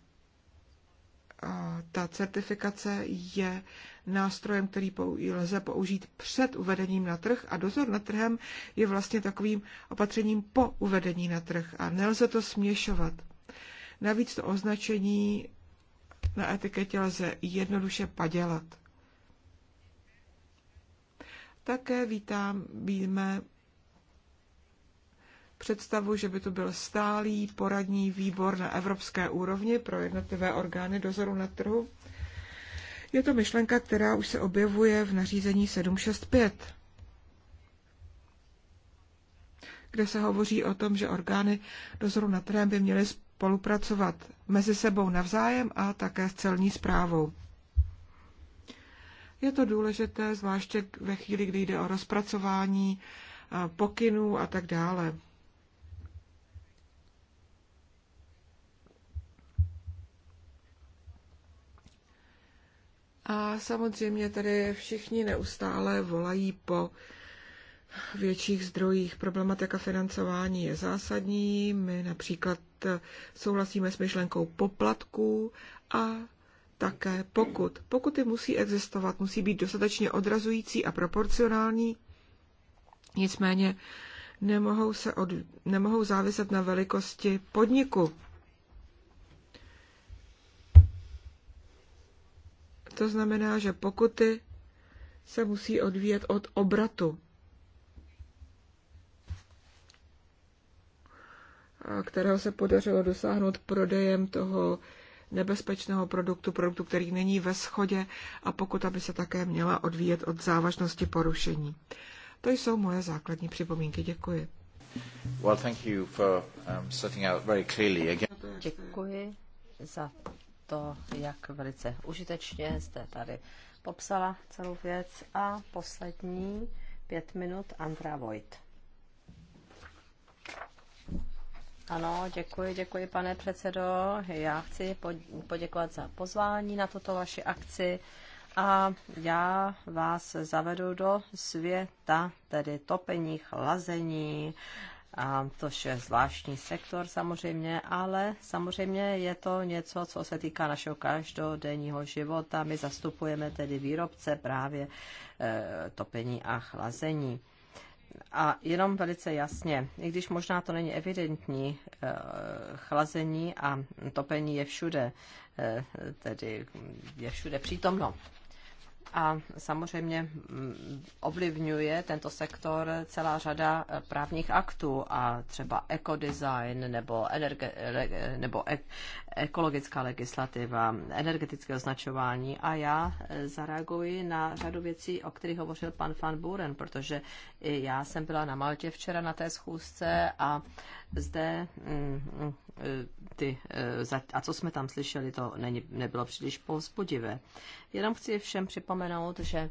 ta certifikace je nástrojem, který lze použít před uvedením na trh a dozor nad trhem je vlastně takovým opatřením po uvedení na trh a nelze to směšovat. Navíc to označení na etiketě lze jednoduše padělat. Také vítám, víme, představu, že by to byl stálý poradní výbor na evropské úrovni pro jednotlivé orgány dozoru na trhu. Je to myšlenka, která už se objevuje v nařízení 765, kde se hovoří o tom, že orgány dozoru na trhem by měly spolupracovat mezi sebou navzájem a také s celní zprávou. Je to důležité, zvláště ve chvíli, kdy jde o rozpracování pokynů a tak dále. A samozřejmě tady všichni neustále volají po větších zdrojích. Problematika financování je zásadní. My například souhlasíme s myšlenkou poplatků a také pokud. Pokuty musí existovat, musí být dostatečně odrazující a proporcionální, nicméně nemohou, se od, nemohou záviset na velikosti podniku. To znamená, že pokuty se musí odvíjet od obratu, kterého se podařilo dosáhnout prodejem toho nebezpečného produktu, produktu, který není ve schodě a pokud aby se také měla odvíjet od závažnosti porušení. To jsou moje základní připomínky. Děkuji. Um, Děkuji za to, jak velice užitečně jste tady popsala celou věc. A poslední pět minut Andra Vojt. Ano, děkuji, děkuji, pane předsedo. Já chci poděkovat za pozvání na tuto vaši akci a já vás zavedu do světa, tedy topení, chlazení, a to je zvláštní sektor samozřejmě, ale samozřejmě je to něco, co se týká našeho každodenního života. My zastupujeme tedy výrobce právě e, topení a chlazení. A jenom velice jasně, i když možná to není evidentní, eh, chlazení a topení je všude, eh, tedy je všude přítomno a samozřejmě mm, ovlivňuje tento sektor celá řada eh, právních aktů a třeba ekodesign nebo, energe, nebo ek, ekologická legislativa, energetické označování a já eh, zareaguji na řadu věcí, o kterých hovořil pan Van Buren, protože já jsem byla na Maltě včera na té schůzce a zde mm, mm, ty, eh, a co jsme tam slyšeli, to není, nebylo příliš povzbudivé. Jenom chci všem připomenout, že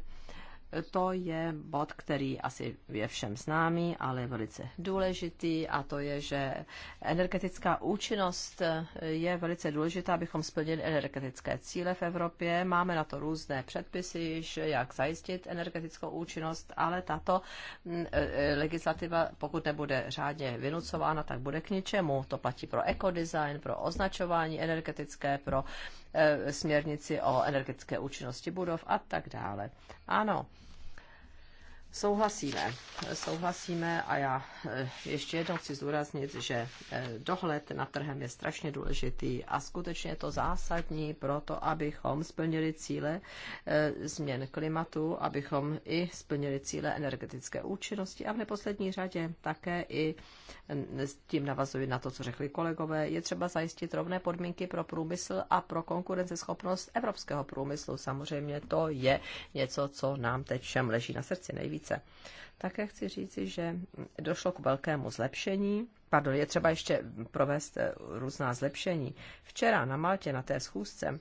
to je bod, který asi je všem známý, ale je velice důležitý a to je, že energetická účinnost je velice důležitá, abychom splnili energetické cíle v Evropě. Máme na to různé předpisy, jak zajistit energetickou účinnost, ale tato mm, e, e, legislativa, pokud nebude řádně vynucována, tak bude k ničemu. To platí pro ekodesign, pro označování energetické, pro Eh, směrnici o energetické účinnosti budov a tak dále. Ano, Souhlasíme, souhlasíme a já eh, ještě jednou chci zdůraznit, že eh, dohled na trhem je strašně důležitý a skutečně je to zásadní pro to, abychom splnili cíle eh, změn klimatu, abychom i splnili cíle energetické účinnosti a v neposlední řadě také i s tím navazuji na to, co řekli kolegové, je třeba zajistit rovné podmínky pro průmysl a pro konkurenceschopnost evropského průmyslu. Samozřejmě to je něco, co nám teď všem leží na srdci nejvíc více. Také chci říci, že došlo k velkému zlepšení. Pardon, je třeba ještě provést eh, různá zlepšení. Včera na Maltě na té schůzce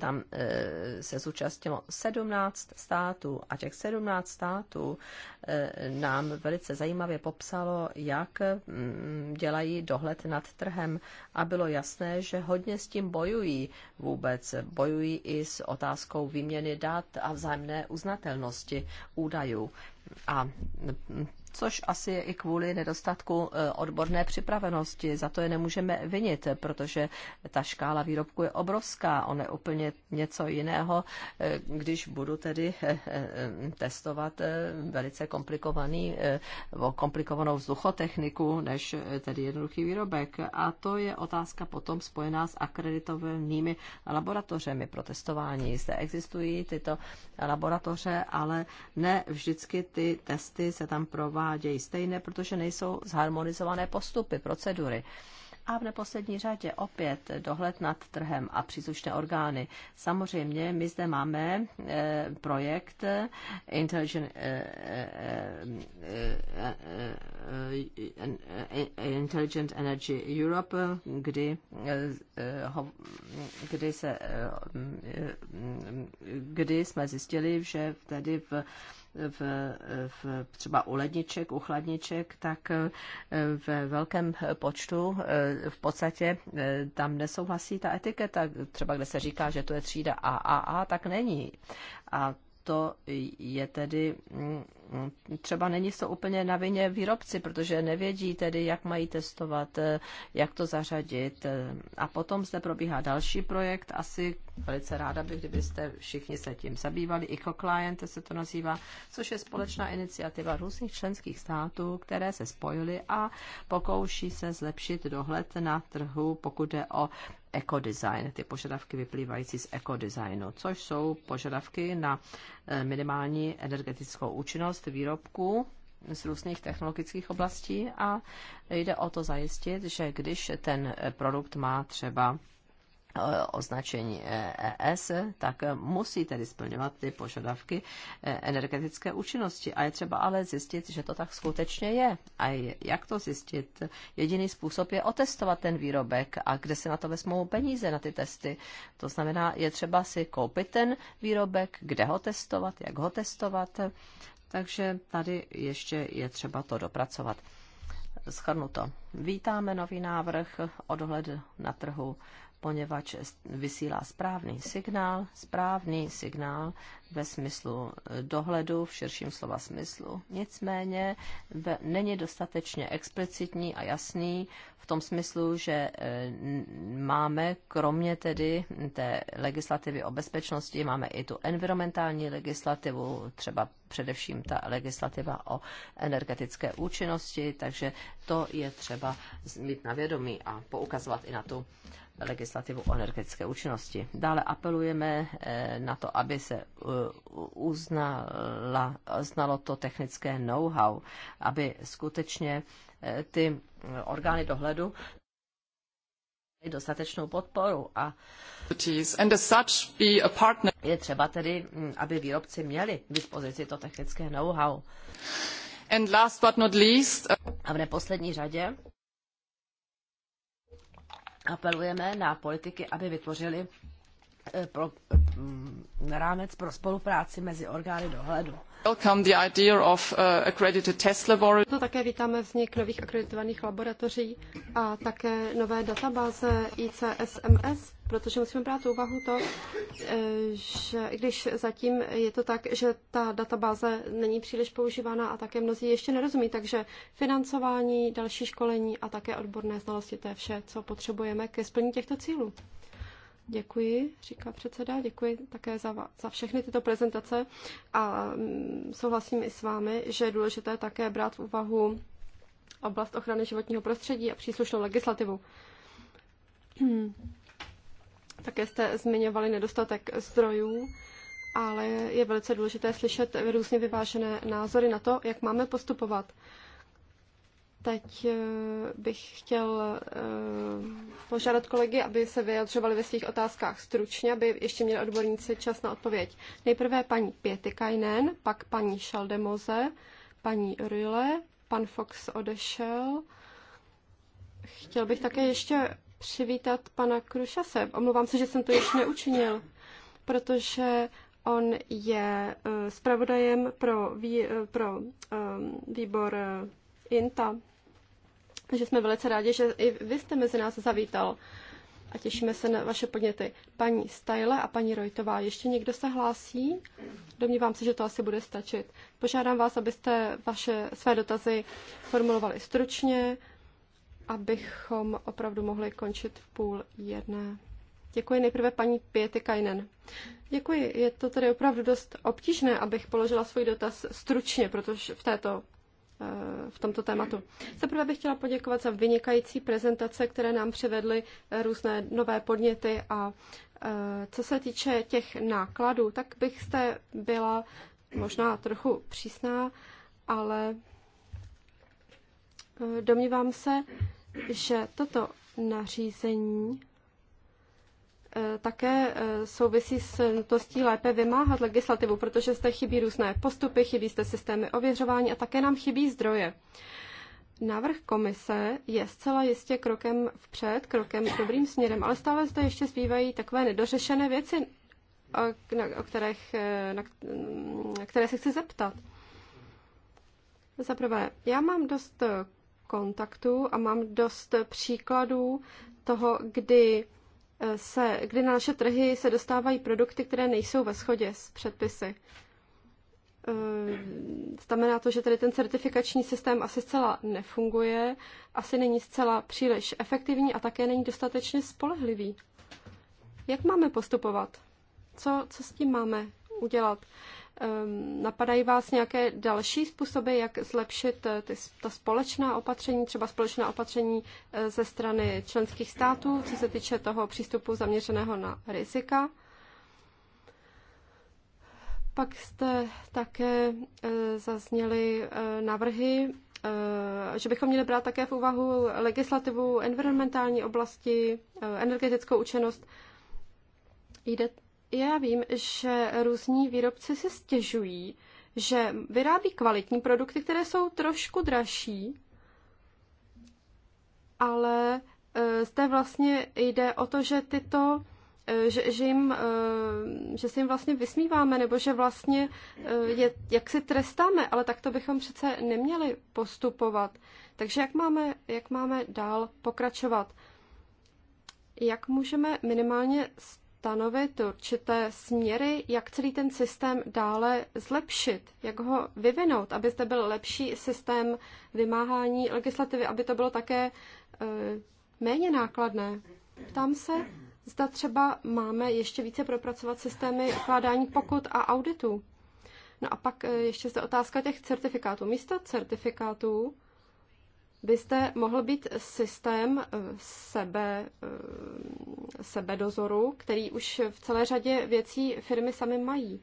tam eh, se zúčastnilo 17 států a těch 17 států eh, nám velice zajímavě popsalo, jak mm, dělají dohled nad trhem a bylo jasné, že hodně s tím bojují vůbec. Bojují i s otázkou výměny dat a vzájemné uznatelnosti údajů. A což asi je i kvůli nedostatku e, odborné připravenosti. Za to je nemůžeme vinit, protože ta škála výrobku je obrovská. On je úplně něco jiného, e, když budu tedy e, testovat velice komplikovaný, komplikovanou vzduchotechniku, než tedy jednoduchý výrobek. A to je otázka potom spojená s akreditovanými laboratořemi pro testování. Zde existují tyto laboratoře, ale ne vždycky ty testy se tam provádějí provádějí stejné, protože nejsou zharmonizované postupy, procedury. A v neposlední řadě opět dohled nad trhem a příslušné orgány. Samozřejmě my zde máme eh, projekt eh, eh, Intelligent, Energy Europe, kdy, kdy, se, mm, mm, kdy jsme zjistili, že tedy v v, v, třeba u ledniček, u chladniček, tak eh, ve velkém počtu eh, v podstatě eh, tam nesouhlasí ta etiketa. Třeba kde se říká, že to je třída AAA, tak není. A to je tedy, mm, třeba není to úplně na vině výrobci, protože nevědí tedy, jak mají testovat, jak to zařadit. A potom zde probíhá další projekt, asi velice ráda bych, kdybyste všichni se tím zabývali, EcoClient se to nazývá, což je společná iniciativa různých členských států, které se spojily a pokouší se zlepšit dohled na trhu, pokud jde o ekodesign, ty požadavky vyplývající z ekodesignu, což jsou požadavky na eh, minimální energetickou účinnost výrobků z různých technologických oblastí a jde o to zajistit, že když ten eh, produkt má třeba označení ES, e tak musí tedy splňovat ty požadavky e, energetické účinnosti. A je třeba ale zjistit, že to tak skutečně je. A jak to zjistit? Jediný způsob je otestovat ten výrobek a kde se na to vezmou peníze, na ty testy. To znamená, je třeba si koupit ten výrobek, kde ho testovat, jak ho testovat. Takže tady ještě je třeba to dopracovat. Schrnuto. Vítáme nový návrh o dohled na trhu poněvadž vysílá správný signál, správný signál ve smyslu eh, dohledu, v širším slova smyslu. Nicméně v, není dostatečně explicitní a jasný v tom smyslu, že eh, máme kromě tedy té legislativy o bezpečnosti, máme i tu environmentální legislativu, třeba především ta legislativa o energetické účinnosti, takže to je třeba mít na vědomí a poukazovat i na tu legislativu o energetické účinnosti. Dále apelujeme eh, na to, aby se eh, uznala, znalo to technické know-how, aby skutečně eh, ty orgány dohledu dostatečnou podporu a je třeba tedy, hm, aby výrobci měli k dispozici to technické know-how. And last but not least, a v neposlední řadě apelujeme na politiky, aby vytvořili Eh, pro, eh, mm, rámec pro spolupráci mezi orgány dohledu. Eh, to také vítáme vznik nových akreditovaných laboratoří a také nové databáze ICSMS, protože musíme brát v úvahu to, že i když zatím je to tak, že ta databáze není příliš používána a také mnozí ještě nerozumí, takže financování, další školení a také odborné znalosti, to je vše, co potřebujeme ke splnění těchto cílů. Děkuji, říká předseda, děkuji také za, za všechny tyto prezentace a mm, souhlasím i s vámi, že je důležité také brát v úvahu oblast ochrany životního prostředí a příslušnou legislativu. Také jste zmiňovali nedostatek zdrojů, ale je velice důležité slyšet různě vyvážené názory na to, jak máme postupovat. Teď eh, bych chtěl eh, požádat kolegy, aby se vyjadřovali ve svých otázkách stručně, aby ještě měli odborníci čas na odpověď. Nejprve paní Pietikainen, pak paní Šaldemoze, paní Rille, pan Fox odešel. Chtěl bych také ještě přivítat pana Krušase. Omlouvám se, že jsem to ještě neučinil, protože on je eh, zpravodajem pro, vý, pro výbor INTA že jsme velice rádi, že i vy jste mezi nás zavítal a těšíme se na vaše podněty. Paní Stajle a paní Rojtová, ještě někdo se hlásí? Domnívám se, že to asi bude stačit. Požádám vás, abyste vaše své dotazy formulovali stručně, abychom opravdu mohli končit v půl jedné. Děkuji nejprve paní Pěty Kajnen. Děkuji, je to tedy opravdu dost obtížné, abych položila svůj dotaz stručně, protože v této Eh, v tomto tématu. Zaprvé bych chtěla poděkovat za vynikající prezentace, které nám přivedly eh, různé nové podněty a eh, co se týče těch nákladů, tak bych jste byla možná trochu přísná, ale domnívám se, že toto nařízení E, také e, souvisí s nutností lépe vymáhat legislativu, protože zde chybí různé postupy, chybí zde systémy ověřování a také nám chybí zdroje. Návrh komise je zcela jistě krokem vpřed, krokem dobrým směrem, ale stále zde ještě zbývají takové nedořešené věci, o kterých, e, na, na které se chci zeptat. Zaprvé, já mám dost kontaktů a mám dost příkladů toho, kdy se, kdy na naše trhy se dostávají produkty, které nejsou ve shodě s předpisy. Eh, znamená to, že tady ten certifikační systém asi zcela nefunguje, asi není zcela příliš efektivní a také není dostatečně spolehlivý. Jak máme postupovat? Co, co s tím máme udělat? Ehm, napadají vás nějaké další způsoby, jak zlepšit eh, ty, ta společná opatření, třeba společná opatření eh, ze strany členských států, co se týče toho přístupu zaměřeného na rizika? Pak jste také eh, zazněli návrhy, že bychom měli brát také v úvahu legislativu environmentální oblasti, energetickou účinnost. Jde já vím, že různí výrobci si stěžují, že vyrábí kvalitní produkty, které jsou trošku dražší, ale e, zde vlastně jde o to, že tyto e, že, že, jim, e, že se jim vlastně vysmíváme, nebo že vlastně je, jak si trestáme, ale tak to bychom přece neměli postupovat. Takže jak máme, jak máme dál pokračovat? Jak můžeme minimálně stanovit určité směry, jak celý ten systém dále zlepšit, jak ho vyvinout, aby zde byl lepší systém vymáhání legislativy, aby to bylo také e, méně nákladné. Ptám se, zda třeba máme ještě více propracovat systémy ukládání pokut a auditů. No a pak e, ještě zde otázka těch certifikátů. Místo certifikátů byste mohl být systém eh, sebe, eh, sebedozoru, který už v celé řadě věcí firmy sami mají.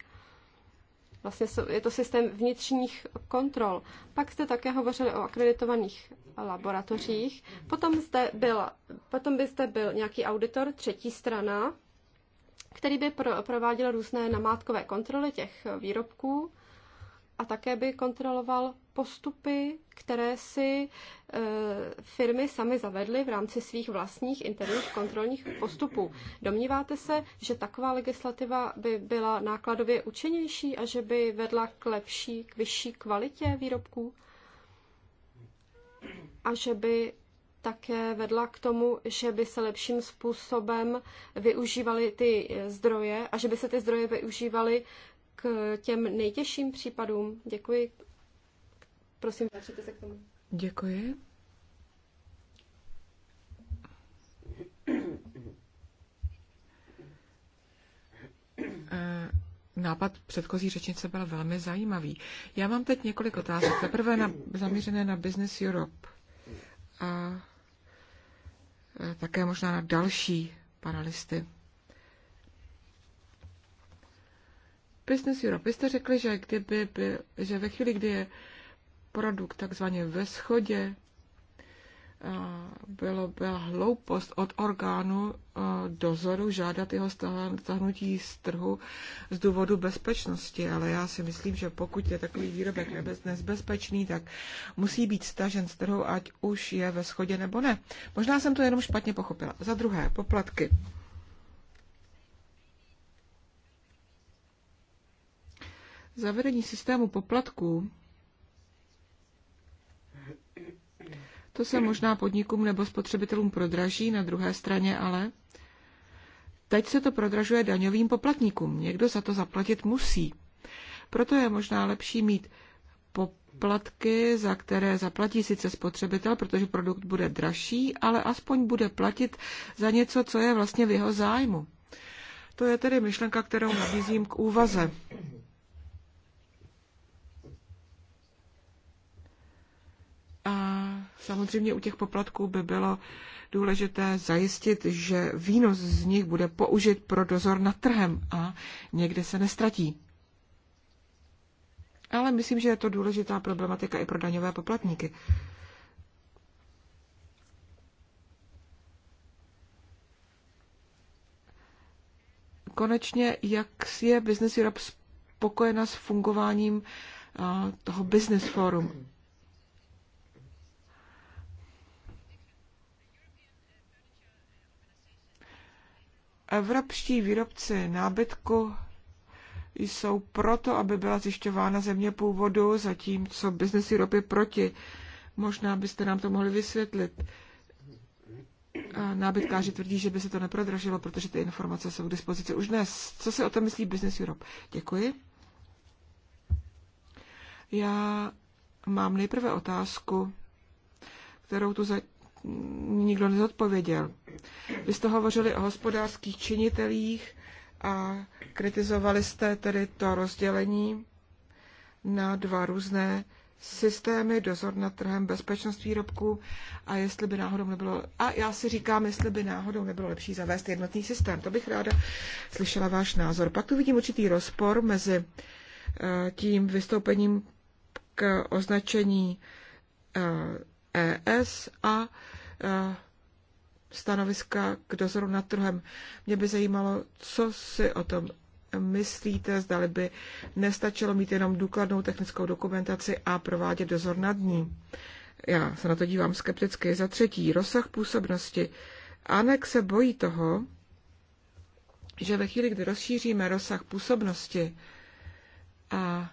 Vlastně je to systém vnitřních kontrol. Pak jste také hovořili o akreditovaných laboratořích. Potom, zde byl, potom byste byl nějaký auditor, třetí strana, který by pro, prováděl různé namátkové kontroly těch výrobků a také by kontroloval postupy, které si e, firmy sami zavedly v rámci svých vlastních interních kontrolních postupů. Domníváte se, že taková legislativa by byla nákladově učenější a že by vedla k lepší, k vyšší kvalitě výrobků? A že by také vedla k tomu, že by se lepším způsobem využívaly ty e, zdroje a že by se ty zdroje využívaly k těm nejtěžším případům. Děkuji. Prosím, vrátíte se k tomu. Děkuji. Eh, nápad předchozí řečnice byl velmi zajímavý. Já mám teď několik otázek. Za prvé na, zaměřené na Business Europe a eh, také možná na další panelisty. Business Europe, jste řekli, že, kdyby by, že ve chvíli, kdy je produkt takzvaně ve schodě, bylo byla hloupost od orgánu dozoru žádat jeho stahnutí z trhu z důvodu bezpečnosti, ale já si myslím, že pokud je takový výrobek nezbezpečný, tak musí být stažen z trhu, ať už je ve schodě nebo ne. Možná jsem to jenom špatně pochopila. Za druhé, poplatky. Zavedení systému poplatků to se možná podnikům nebo spotřebitelům prodraží, na druhé straně ale teď se to prodražuje daňovým poplatníkům. Někdo za to zaplatit musí. Proto je možná lepší mít poplatky, za které zaplatí sice spotřebitel, protože produkt bude dražší, ale aspoň bude platit za něco, co je vlastně v jeho zájmu. To je tedy myšlenka, kterou nabízím k úvaze. A samozřejmě u těch poplatků by bylo důležité zajistit, že výnos z nich bude použit pro dozor nad trhem a někde se nestratí. Ale myslím, že je to důležitá problematika i pro daňové poplatníky. Konečně, jak je Business Europe spokojena s fungováním eh, toho Business Forum? Evropští výrobci nábytku jsou proto, aby byla zjišťována země původu, zatímco Business Europe je proti. Možná byste nám to mohli vysvětlit. Nábytkáři tvrdí, že by se to neprodražilo, protože ty informace jsou k dispozici už dnes. Co si o tom myslí Business Europe? Děkuji. Já mám nejprve otázku, kterou tu za, nikdo nezodpověděl. Vy jste hovořili o hospodářských činitelích a kritizovali jste tedy to rozdělení na dva různé systémy, dozor nad trhem, bezpečnost výrobků a jestli by náhodou nebylo, a já si říkám, jestli by náhodou nebylo lepší zavést jednotný systém. To bych ráda slyšela váš názor. Pak tu vidím určitý rozpor mezi eh, tím vystoupením k označení eh, ES a stanoviska k dozoru nad trhem. Mě by zajímalo, co si o tom myslíte, zdali by nestačilo mít jenom důkladnou technickou dokumentaci a provádět dozor nad ní. Já se na to dívám skepticky. Za třetí, rozsah působnosti. Anek se bojí toho, že ve chvíli, kdy rozšíříme rozsah působnosti a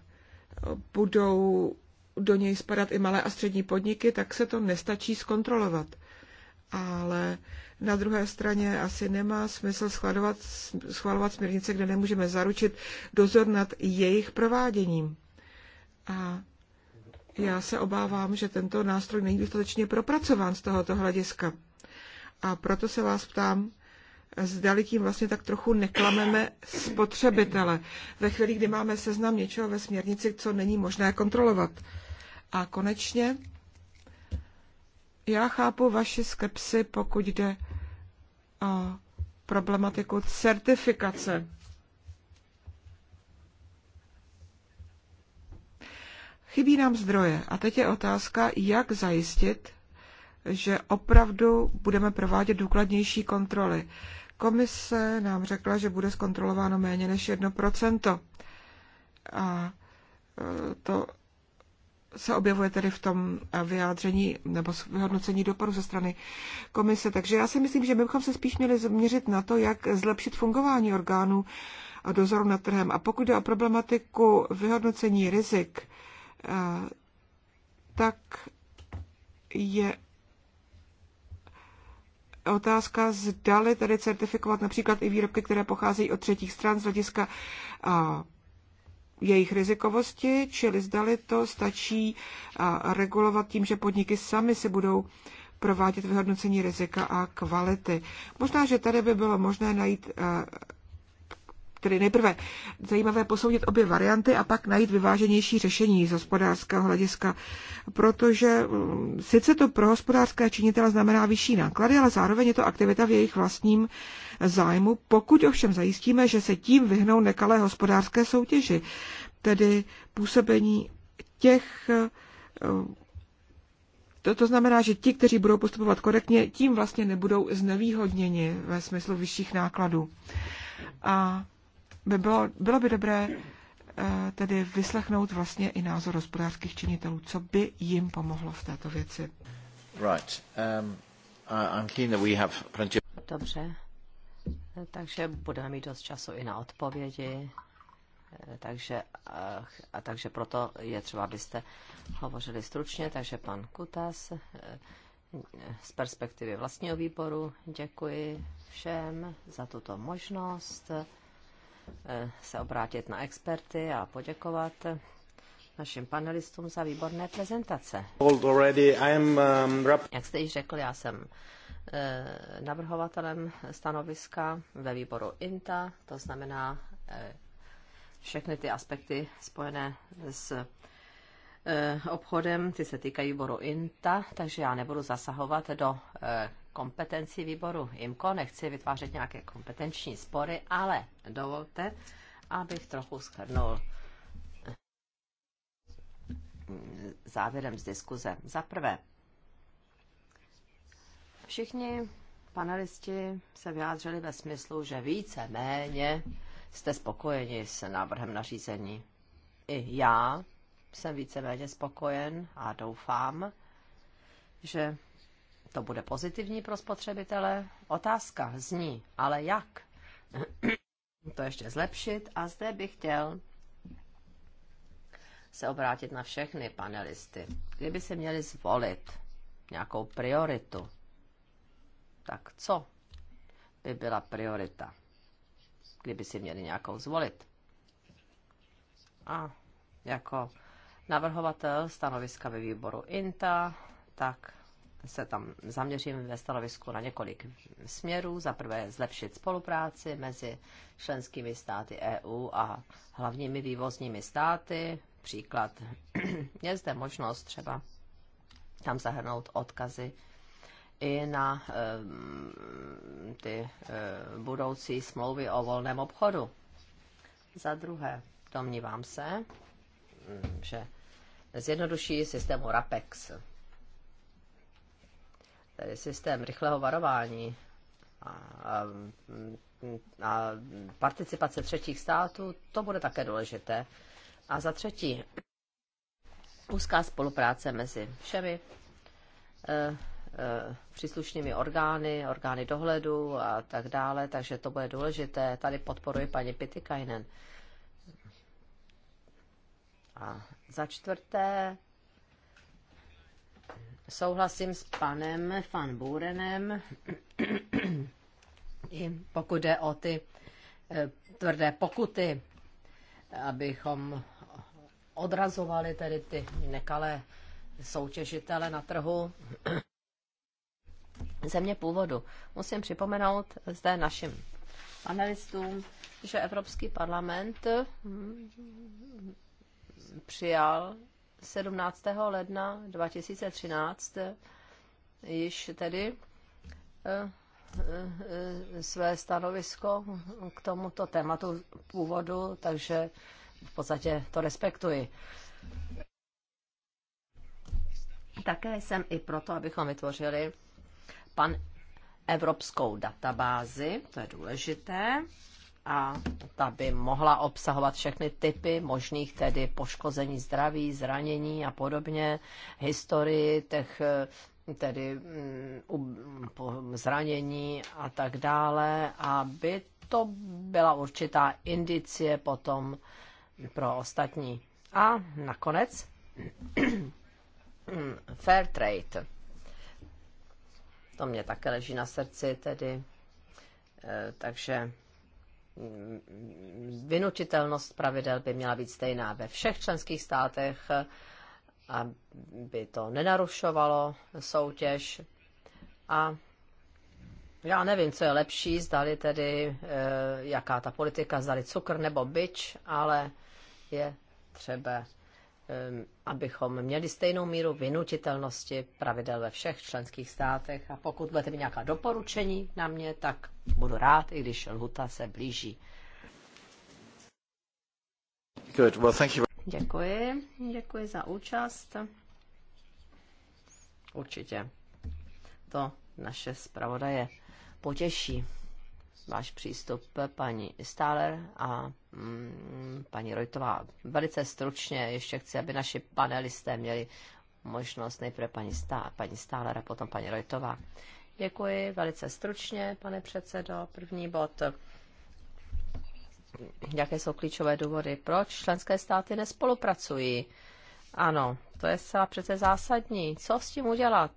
budou do něj spadat i malé a střední podniky, tak se to nestačí zkontrolovat. Ale na druhé straně asi nemá smysl schvalovat, schvalovat směrnice, kde nemůžeme zaručit dozor nad jejich prováděním. A já se obávám, že tento nástroj není dostatečně propracován z tohoto hlediska. A proto se vás ptám, zdali tím vlastně tak trochu neklameme spotřebitele ve chvíli, kdy máme seznam něčeho ve směrnici, co není možné kontrolovat. A konečně, já chápu vaši skepsi, pokud jde o problematiku certifikace. Chybí nám zdroje a teď je otázka, jak zajistit, že opravdu budeme provádět důkladnější kontroly. Komise nám řekla, že bude zkontrolováno méně než 1%. A e, to se objevuje tedy v tom eh, vyjádření nebo vyhodnocení dopadu ze strany komise. Takže já si myslím, že my bychom se spíš měli změřit na to, jak zlepšit fungování orgánů a dozoru nad trhem. A pokud jde o problematiku vyhodnocení rizik, eh, tak je otázka, zdali tedy certifikovat například i výrobky, které pocházejí od třetích stran z hlediska eh, jejich rizikovosti, čili zdali to stačí regulovat tím, že podniky sami si budou provádět vyhodnocení rizika a kvality. Možná, že tady by bylo možné najít tedy nejprve zajímavé posoudit obě varianty a pak najít vyváženější řešení z hospodářského hlediska, protože mm, sice to pro hospodářské činitele znamená vyšší náklady, ale zároveň je to aktivita v jejich vlastním zájmu, pokud ovšem zajistíme, že se tím vyhnou nekalé hospodářské soutěži, tedy působení těch mm, to, to znamená, že ti, kteří budou postupovat korektně, tím vlastně nebudou znevýhodněni ve smyslu vyšších nákladů. A by bylo, bylo by dobré eh, tedy vyslechnout vlastně i názor hospodářských činitelů, co by jim pomohlo v této věci. Right. Um, I'm keen that we have plenty... Dobře. Takže budeme mít dost času i na odpovědi. Eh, takže, eh, a takže proto je třeba, abyste hovořili stručně. Takže pan Kutas z perspektivy vlastního výboru děkuji všem za tuto možnost. Eh, se obrátit na experty a poděkovat našim panelistům za výborné prezentace. Um, Jak jste již řekl, já jsem eh, navrhovatelem stanoviska ve výboru INTA, to znamená eh, všechny ty aspekty spojené s obchodem, ty se týkají výboru INTA, takže já nebudu zasahovat do kompetenci výboru IMCO, nechci vytvářet nějaké kompetenční spory, ale dovolte, abych trochu shrnul závěrem z diskuze. Za prvé, všichni panelisti se vyjádřili ve smyslu, že více méně jste spokojeni s návrhem nařízení. I já jsem více méně spokojen a doufám, že to bude pozitivní pro spotřebitele. Otázka zní, ale jak to ještě zlepšit? A zde bych chtěl se obrátit na všechny panelisty. Kdyby se měli zvolit nějakou prioritu, tak co by byla priorita, kdyby si měli nějakou zvolit? A jako navrhovatel stanoviska ve výboru INTA, tak se tam zaměřím ve stanovisku na několik směrů. Za prvé zlepšit spolupráci mezi členskými státy EU a hlavními vývozními státy. Příklad je zde možnost třeba tam zahrnout odkazy i na ehm, ty ehm, budoucí smlouvy o volném obchodu. Za druhé, domnívám se, že zjednoduší systému RAPEX tady systém rychlého varování a, a, a participace třetích států, to bude také důležité. A za třetí, úzká spolupráce mezi všemi e, e, příslušnými orgány, orgány dohledu a tak dále, takže to bude důležité. Tady podporuji paní Pitikainen. A za čtvrté, souhlasím s panem Van Burenem, i pokud jde o ty eh, tvrdé pokuty, abychom odrazovali tedy ty nekalé soutěžitele na trhu země původu. Musím připomenout zde našim panelistům, že Evropský parlament hm, přijal 17. ledna 2013 již tedy eh, eh, eh, své stanovisko k tomuto tématu původu, takže v podstatě to respektuji. Také jsem i proto, abychom vytvořili pan evropskou databázi, to je důležité, a ta by mohla obsahovat všechny typy možných tedy poškození zdraví, zranění a podobně, historii těch eh, tedy mm, zranění a tak dále, aby to byla určitá indicie potom pro ostatní. A nakonec fair trade. To mě také leží na srdci tedy. Eh, takže vynučitelnost pravidel by měla být stejná ve všech členských státech, aby to nenarušovalo soutěž. A já nevím, co je lepší, zdali tedy, eh, jaká ta politika, zdali cukr nebo byč, ale je třeba abychom měli stejnou míru vynutitelnosti pravidel ve všech členských státech. A pokud budete mít nějaká doporučení na mě, tak budu rád, i když lhuta se blíží. Good. Well, thank you. Děkuji. Děkuji za účast. Určitě to naše zpravodaje potěší váš přístup, paní Stáler a mm, paní Rojtová. Velice stručně ještě chci, aby naši panelisté měli možnost nejprve paní, Stá, paní Stáler a potom paní Rojtová. Děkuji velice stručně, pane předsedo. První bod. Jaké jsou klíčové důvody, proč členské státy nespolupracují? Ano, to je zcela přece zásadní. Co s tím udělat?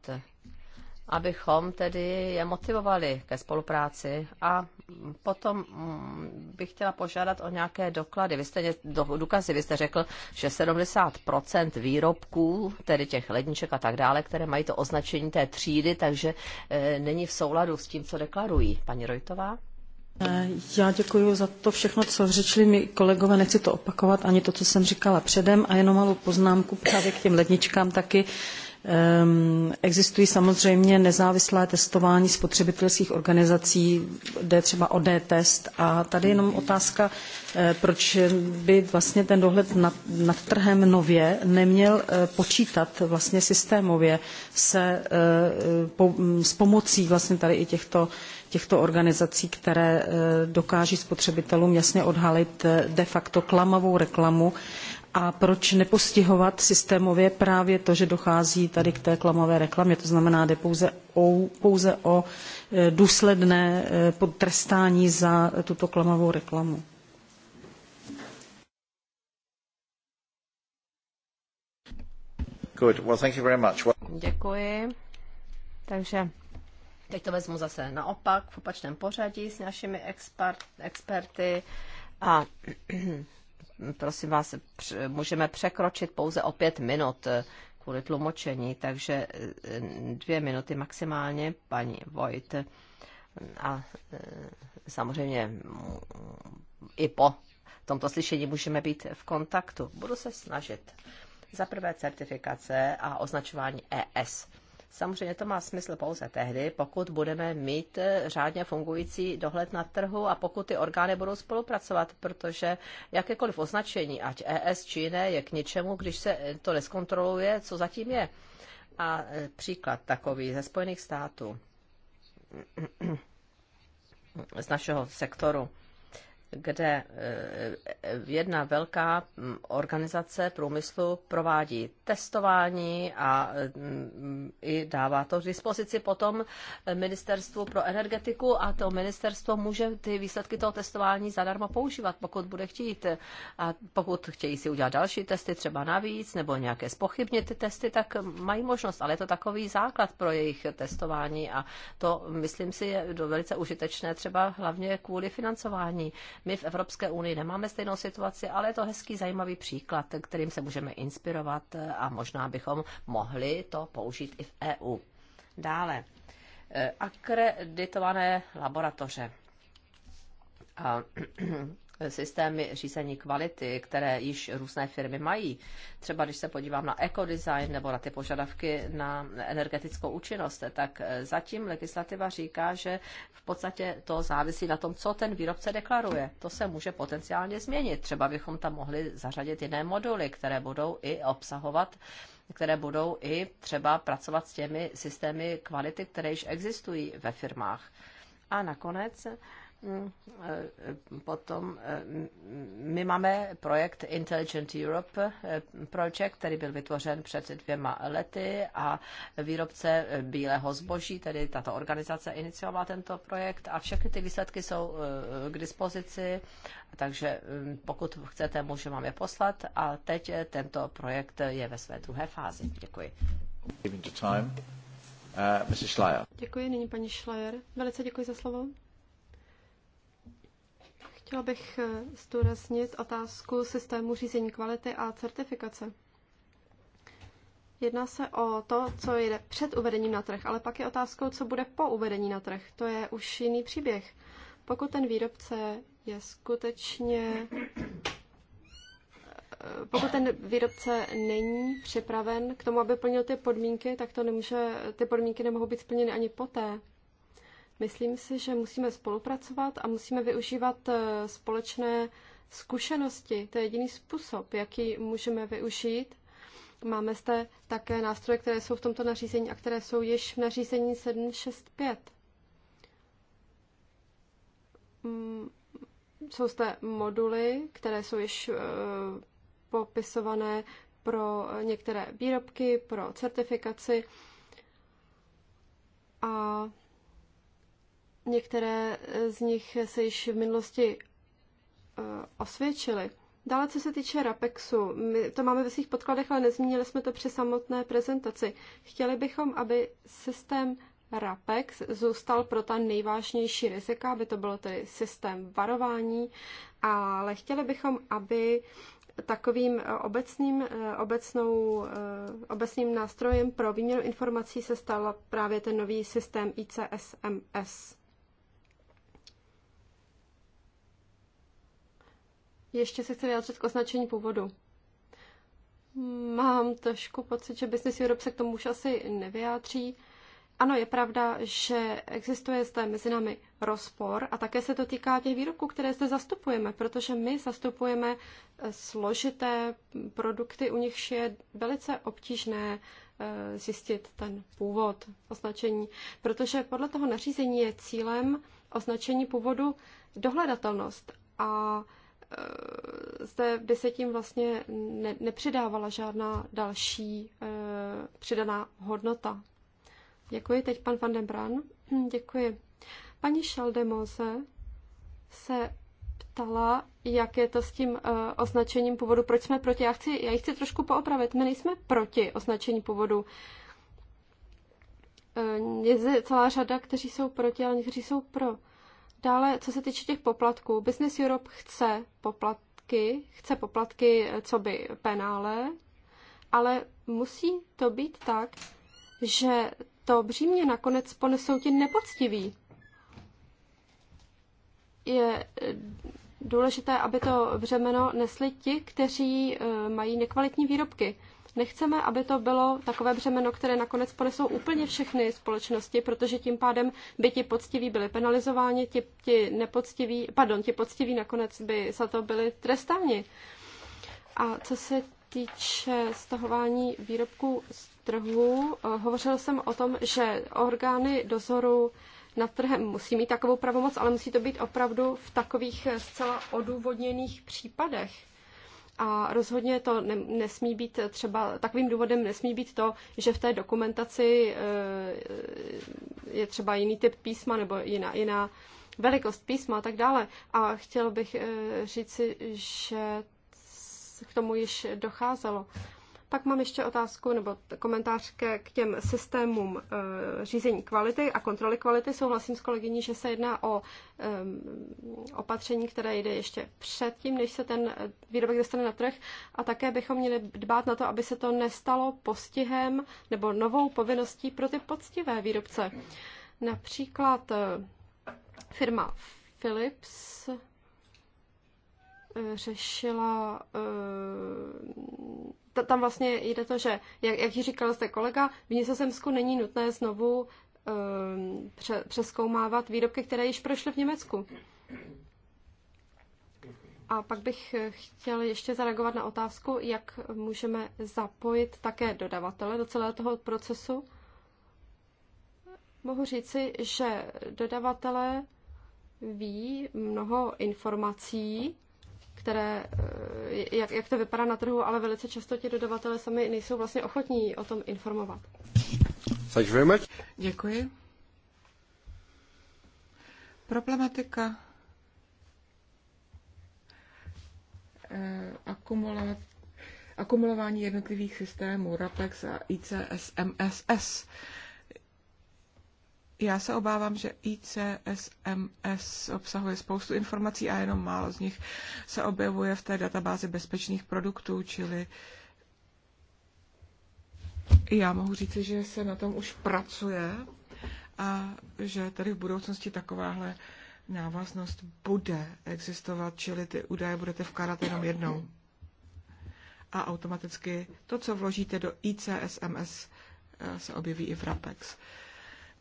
abychom tedy je motivovali ke spolupráci. A potom mm, bych chtěla požádat o nějaké doklady. Vy jste, do, důkazy, vy jste řekl, že 70% výrobků, tedy těch ledniček a tak dále, které mají to označení té třídy, takže e, není v souladu s tím, co deklarují. Paní Rojtová? E, já děkuji za to všechno, co řečili mi kolegové. Nechci to opakovat, ani to, co jsem říkala předem. A jenom malou poznámku právě k těm ledničkám taky. Ehm, existují samozřejmě nezávislé testování spotřebitelských organizací, jde třeba o D-test a tady jenom otázka, eh, proč by vlastně ten dohled nad, nad trhem nově neměl eh, počítat vlastně systémově se eh, po, s pomocí vlastně tady i těchto těchto organizací, které dokáží spotřebitelům jasně odhalit de facto klamavou reklamu, a proč nepostihovat systémově právě to, že dochází tady k té klamavé reklamě. To znamená, jde pouze o, pouze o e, důsledné e, potrestání za tuto klamavou reklamu. Děkuji. Takže teď to vezmu zase naopak, v opačném pořadí s našimi expert, experty. A prosím vás, můžeme překročit pouze o pět minut eh, kvůli tlumočení, takže eh, dvě minuty maximálně, paní Vojt. A eh, samozřejmě i po tomto slyšení můžeme být v kontaktu. Budu se snažit. Za prvé certifikace a označování ES. Samozřejmě to má smysl pouze tehdy, pokud budeme mít eh, řádně fungující dohled na trhu a pokud ty orgány budou spolupracovat, protože jakékoliv označení, ať ES či jiné, je k ničemu, když se eh, to neskontroluje, co zatím je. A eh, příklad takový ze Spojených států, z našeho sektoru kde eh, jedna velká mm, organizace průmyslu provádí testování a mm, i dává to k dispozici potom eh, Ministerstvu pro energetiku a to ministerstvo může ty výsledky toho testování zadarmo používat, pokud bude chtít. A pokud chtějí si udělat další testy třeba navíc nebo nějaké spochybnit ty testy, tak mají možnost, ale je to takový základ pro jejich testování a to, myslím si, je velice užitečné třeba hlavně kvůli financování my v Evropské unii nemáme stejnou situaci, ale je to hezký, zajímavý příklad, kterým se můžeme inspirovat eh, a možná bychom mohli to použít i v EU. Dále, eh, akreditované laboratoře. A eh, systémy řízení kvality, které již různé firmy mají. Třeba když se podívám na ekodesign nebo na ty požadavky na energetickou účinnost, tak eh, zatím legislativa říká, že v podstatě to závisí na tom, co ten výrobce deklaruje. To se může potenciálně změnit. Třeba bychom tam mohli zařadit jiné moduly, které budou i obsahovat které budou i třeba pracovat s těmi systémy kvality, které již existují ve firmách. A nakonec Mm, eh, potom eh, my máme projekt Intelligent Europe eh, Project, který byl vytvořen před dvěma lety a výrobce bílého zboží, tedy tato organizace iniciovala tento projekt a všechny ty výsledky jsou k dispozici, takže mm, pokud chcete, můžu vám je poslat a teď tento projekt je ve své druhé fázi. Děkuji. Uh, děkuji, nyní paní Schleier. Velice děkuji za slovo. Chtěla bych eh, zdůraznit otázku systému řízení kvality a certifikace. Jedná se o to, co jde před uvedením na trh, ale pak je otázkou, co bude po uvedení na trh. To je už jiný příběh. Pokud ten výrobce je skutečně. Eh, pokud ten výrobce není připraven k tomu, aby plnil ty podmínky, tak to nemůže, ty podmínky nemohou být splněny ani poté. Myslím si, že musíme spolupracovat a musíme využívat eh, společné zkušenosti. To je jediný způsob, jaký můžeme využít. Máme zde také nástroje, které jsou v tomto nařízení a které jsou již v nařízení 765. Mm, jsou zde moduly, které jsou již eh, popisované pro některé výrobky, pro certifikaci. A Některé eh, z nich se již v minulosti eh, osvědčily. Dále, co se týče RAPEXu, my to máme ve svých podkladech, ale nezmínili jsme to při samotné prezentaci. Chtěli bychom, aby systém RAPEX zůstal pro ta nejvážnější rizika, aby to bylo tedy systém varování, ale chtěli bychom, aby takovým eh, obecným, obecnou, obecným nástrojem pro výměnu informací se stal právě ten nový systém ICSMS. Ještě se chci vyjádřit k označení původu. Mám trošku pocit, že Business Europe se k tomu už asi nevyjádří. Ano, je pravda, že existuje zde mezi námi rozpor a také se to týká těch výrobků, které zde zastupujeme, protože my zastupujeme složité produkty, u nichž je velice obtížné eh, zjistit ten původ označení, protože podle toho nařízení je cílem označení původu dohledatelnost a Eh, zde by se tím vlastně ne, nepřidávala žádná další eh, přidaná hodnota. Děkuji. Teď pan Van den Bran. Hm, děkuji. Paní Šaldemose se ptala, jak je to s tím uh, označením původu, proč jsme proti. Já, chci, já ji chci trošku poopravit. My nejsme proti označení původu. Uh, je celá řada, kteří jsou proti, ale někteří jsou pro. Dále, co se týče těch poplatků, Business Europe chce poplatky, chce poplatky, eh, co by penále, ale musí to být tak, že to břímě nakonec ponesou ti nepoctiví. Je eh, důležité, aby to břemeno nesli ti, kteří eh, mají nekvalitní výrobky. Nechceme, aby to bylo takové břemeno, které nakonec ponesou úplně všechny společnosti, protože tím pádem by ti poctiví byli penalizováni, ti, ti nepoctiví, pardon, ti poctiví nakonec by za to byli trestáni. A co se týče stahování výrobků z trhu, eh, hovořil jsem o tom, že orgány dozoru nad trhem musí mít takovou pravomoc, ale musí to být opravdu v takových eh, zcela odůvodněných případech. A rozhodně to ne, nesmí být třeba, takovým důvodem nesmí být to, že v té dokumentaci eh, je třeba jiný typ písma nebo jiná, jiná velikost písma a tak dále. A chtěl bych eh, říci, že k tomu již docházelo. Pak mám ještě otázku nebo komentář ke, k těm systémům e, řízení kvality a kontroly kvality. Souhlasím s kolegyní, že se jedná o e, opatření, které jde ještě předtím, než se ten výrobek dostane na trh. A také bychom měli dbát na to, aby se to nestalo postihem nebo novou povinností pro ty poctivé výrobce. Například e, firma Philips Eh, řešila, eh, tam vlastně jde to, že, jak, jak ji říkal jste kolega, v Nizozemsku není nutné znovu eh, pře, přeskoumávat výrobky, které již prošly v Německu. A pak bych chtěl ještě zareagovat na otázku, jak můžeme zapojit také dodavatele do celého toho procesu. Mohu říci, že dodavatele ví mnoho informací, které, eh, jak, jak to vypadá na trhu, ale velice často ti dodavatelé sami nejsou vlastně ochotní o tom informovat. Děkuji. Problematika eh, akumulování jednotlivých systémů RAPEX a ICS MSS. Já se obávám, že ICSMS obsahuje spoustu informací a jenom málo z nich se objevuje v té databázi bezpečných produktů, čili já mohu říci, že se na tom už pracuje a že tady v budoucnosti takováhle návaznost bude existovat, čili ty údaje budete vkládat jenom jednou. A automaticky to, co vložíte do ICSMS, eh, se objeví i v RAPEX.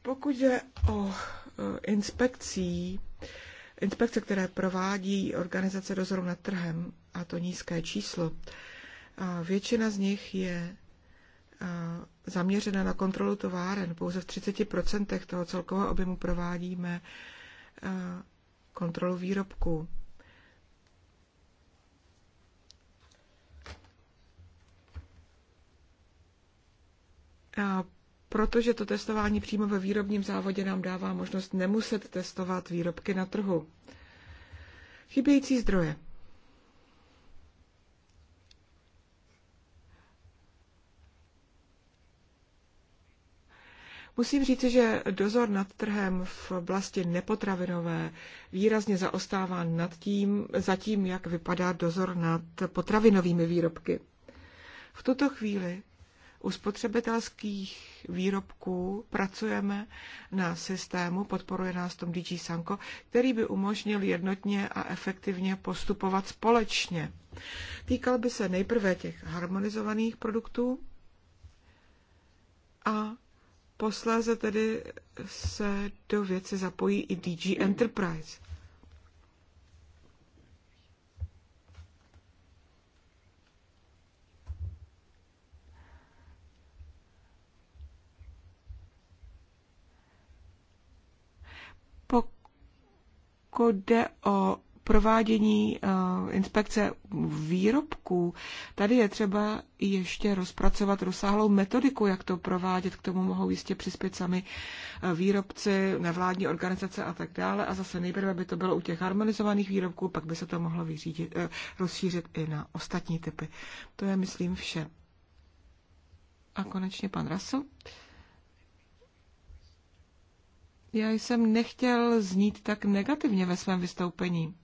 Pokud je o e, inspekcí, inspekce, které provádí organizace dozoru nad trhem, a to nízké číslo, většina z nich je e, zaměřena na kontrolu továren. Pouze v 30% toho celkového objemu provádíme e, kontrolu výrobků. A protože to testování přímo ve výrobním závodě nám dává možnost nemuset testovat výrobky na trhu. Chybějící zdroje. Musím říci, že dozor nad trhem v oblasti nepotravinové výrazně zaostává nad tím, za tím, jak vypadá dozor nad potravinovými výrobky. V tuto chvíli u spotřebitelských výrobků pracujeme na systému, podporuje nás tom DG Sanko, který by umožnil jednotně a efektivně postupovat společně. Týkal by se nejprve těch harmonizovaných produktů a posléze tedy se do věci zapojí i DG Enterprise. pokud jde o provádění eh, inspekce výrobků, tady je třeba ještě rozpracovat rozsáhlou metodiku, jak to provádět. K tomu mohou jistě přispět sami eh, výrobci, nevládní organizace a tak dále. A zase nejprve by to bylo u těch harmonizovaných výrobků, pak by se to mohlo vyřídit, eh, rozšířit i na ostatní typy. To je, myslím, vše. A konečně pan Rasu já jsem nechtěl znít tak negativně ve svém vystoupení.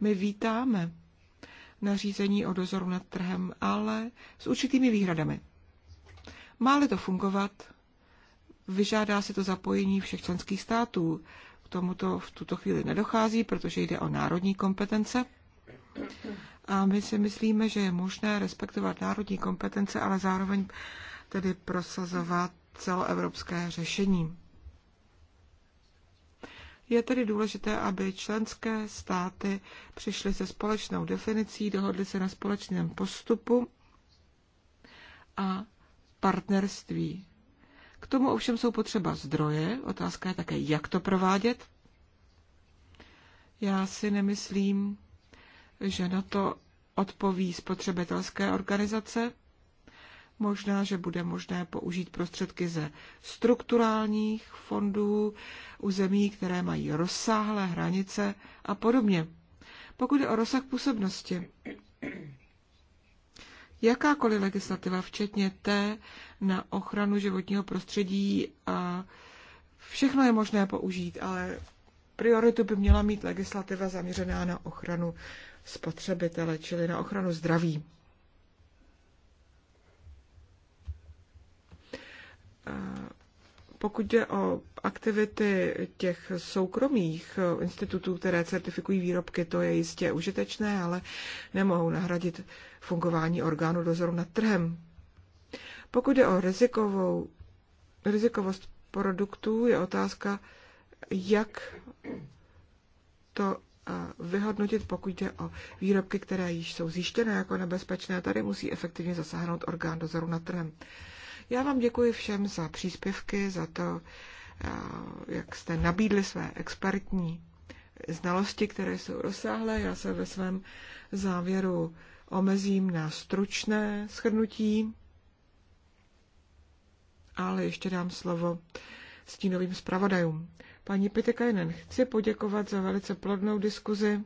My vítáme nařízení o dozoru nad trhem, ale s určitými výhradami. má to fungovat, vyžádá se to zapojení všech členských států. K tomuto v tuto chvíli nedochází, protože jde o národní kompetence. A my si myslíme, že je možné respektovat národní kompetence, ale zároveň tedy prosazovat celoevropské řešení. Je tedy důležité, aby členské státy přišly se společnou definicí, dohodly se na společném postupu a partnerství. K tomu ovšem jsou potřeba zdroje. Otázka je také, jak to provádět. Já si nemyslím, že na to odpoví spotřebitelské organizace. Možná, že bude možné použít prostředky ze strukturálních fondů u zemí, které mají rozsáhlé hranice a podobně. Pokud je o rozsah působnosti, jakákoliv legislativa, včetně té na ochranu životního prostředí, a všechno je možné použít, ale prioritu by měla mít legislativa zaměřená na ochranu spotřebitele, čili na ochranu zdraví. Eh, pokud jde o aktivity těch soukromých eh, institutů, které certifikují výrobky, to je jistě užitečné, ale nemohou nahradit fungování orgánu dozoru nad trhem. Pokud jde o rizikovou, rizikovost produktů, je otázka, jak to eh, vyhodnotit, pokud jde o výrobky, které již jsou zjištěné jako nebezpečné. Tady musí efektivně zasáhnout orgán dozoru nad trhem. Já vám děkuji všem za příspěvky, za to, eh, jak jste nabídli své expertní znalosti, které jsou rozsáhlé. Já se ve svém závěru omezím na stručné shrnutí, ale ještě dám slovo stínovým zpravodajům. Paní Pitekajnen, chci poděkovat za velice plodnou diskuzi,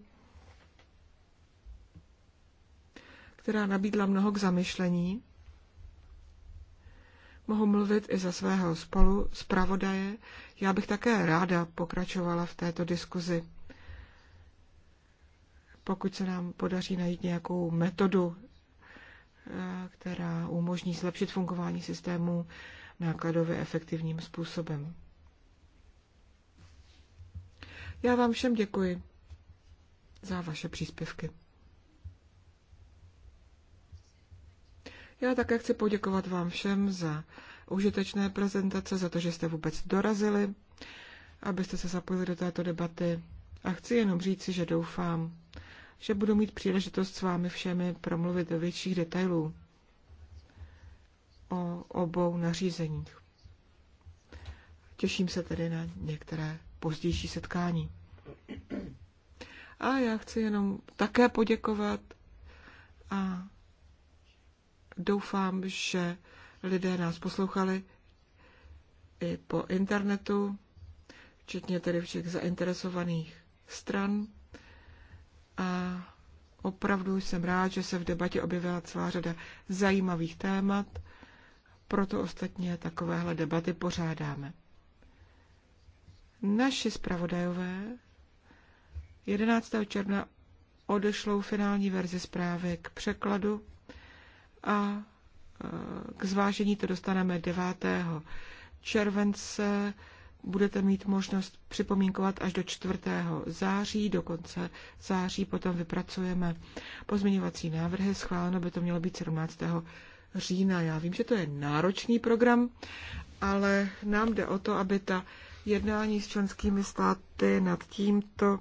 která nabídla mnoho k zamyšlení mohu mluvit i za svého spolu zpravodaje. Já bych také ráda pokračovala v této diskuzi. Pokud se nám podaří najít nějakou metodu, eh, která umožní zlepšit fungování systému nákladově efektivním způsobem. Já vám všem děkuji za vaše příspěvky. Já také chci poděkovat vám všem za užitečné prezentace, za to, že jste vůbec dorazili, abyste se zapojili do této debaty. A chci jenom říci, že doufám, že budu mít příležitost s vámi všemi promluvit do větších detailů o obou nařízeních. Těším se tedy na některé pozdější setkání. A já chci jenom také poděkovat a Doufám, že lidé nás poslouchali i po internetu, včetně tedy všech zainteresovaných stran. A opravdu jsem rád, že se v debatě objevila celá řada zajímavých témat, proto ostatně takovéhle debaty pořádáme. Naši zpravodajové 11. června odešlou finální verzi zprávy k překladu a e, k zvážení to dostaneme 9. července. Budete mít možnost připomínkovat až do 4. září, do konce září potom vypracujeme pozměňovací návrhy. Schváleno by to mělo být 17. října. Já vím, že to je náročný program, ale nám jde o to, aby ta jednání s členskými státy nad tímto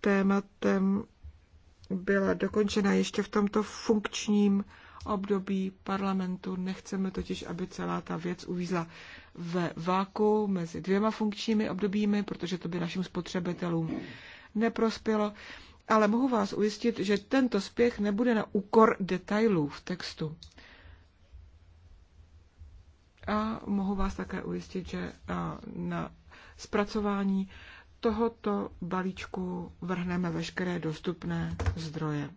tématem byla dokončena ještě v tomto funkčním období parlamentu. Nechceme totiž, aby celá ta věc uvízla ve váku mezi dvěma funkčními obdobími, protože to by našim spotřebitelům neprospělo. Ale mohu vás ujistit, že tento spěch nebude na úkor detailů v textu. A mohu vás také ujistit, že na zpracování tohoto balíčku vrhneme veškeré dostupné zdroje.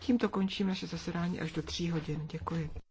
Tímto končím naše zasedání až do tří hodin. Děkuji.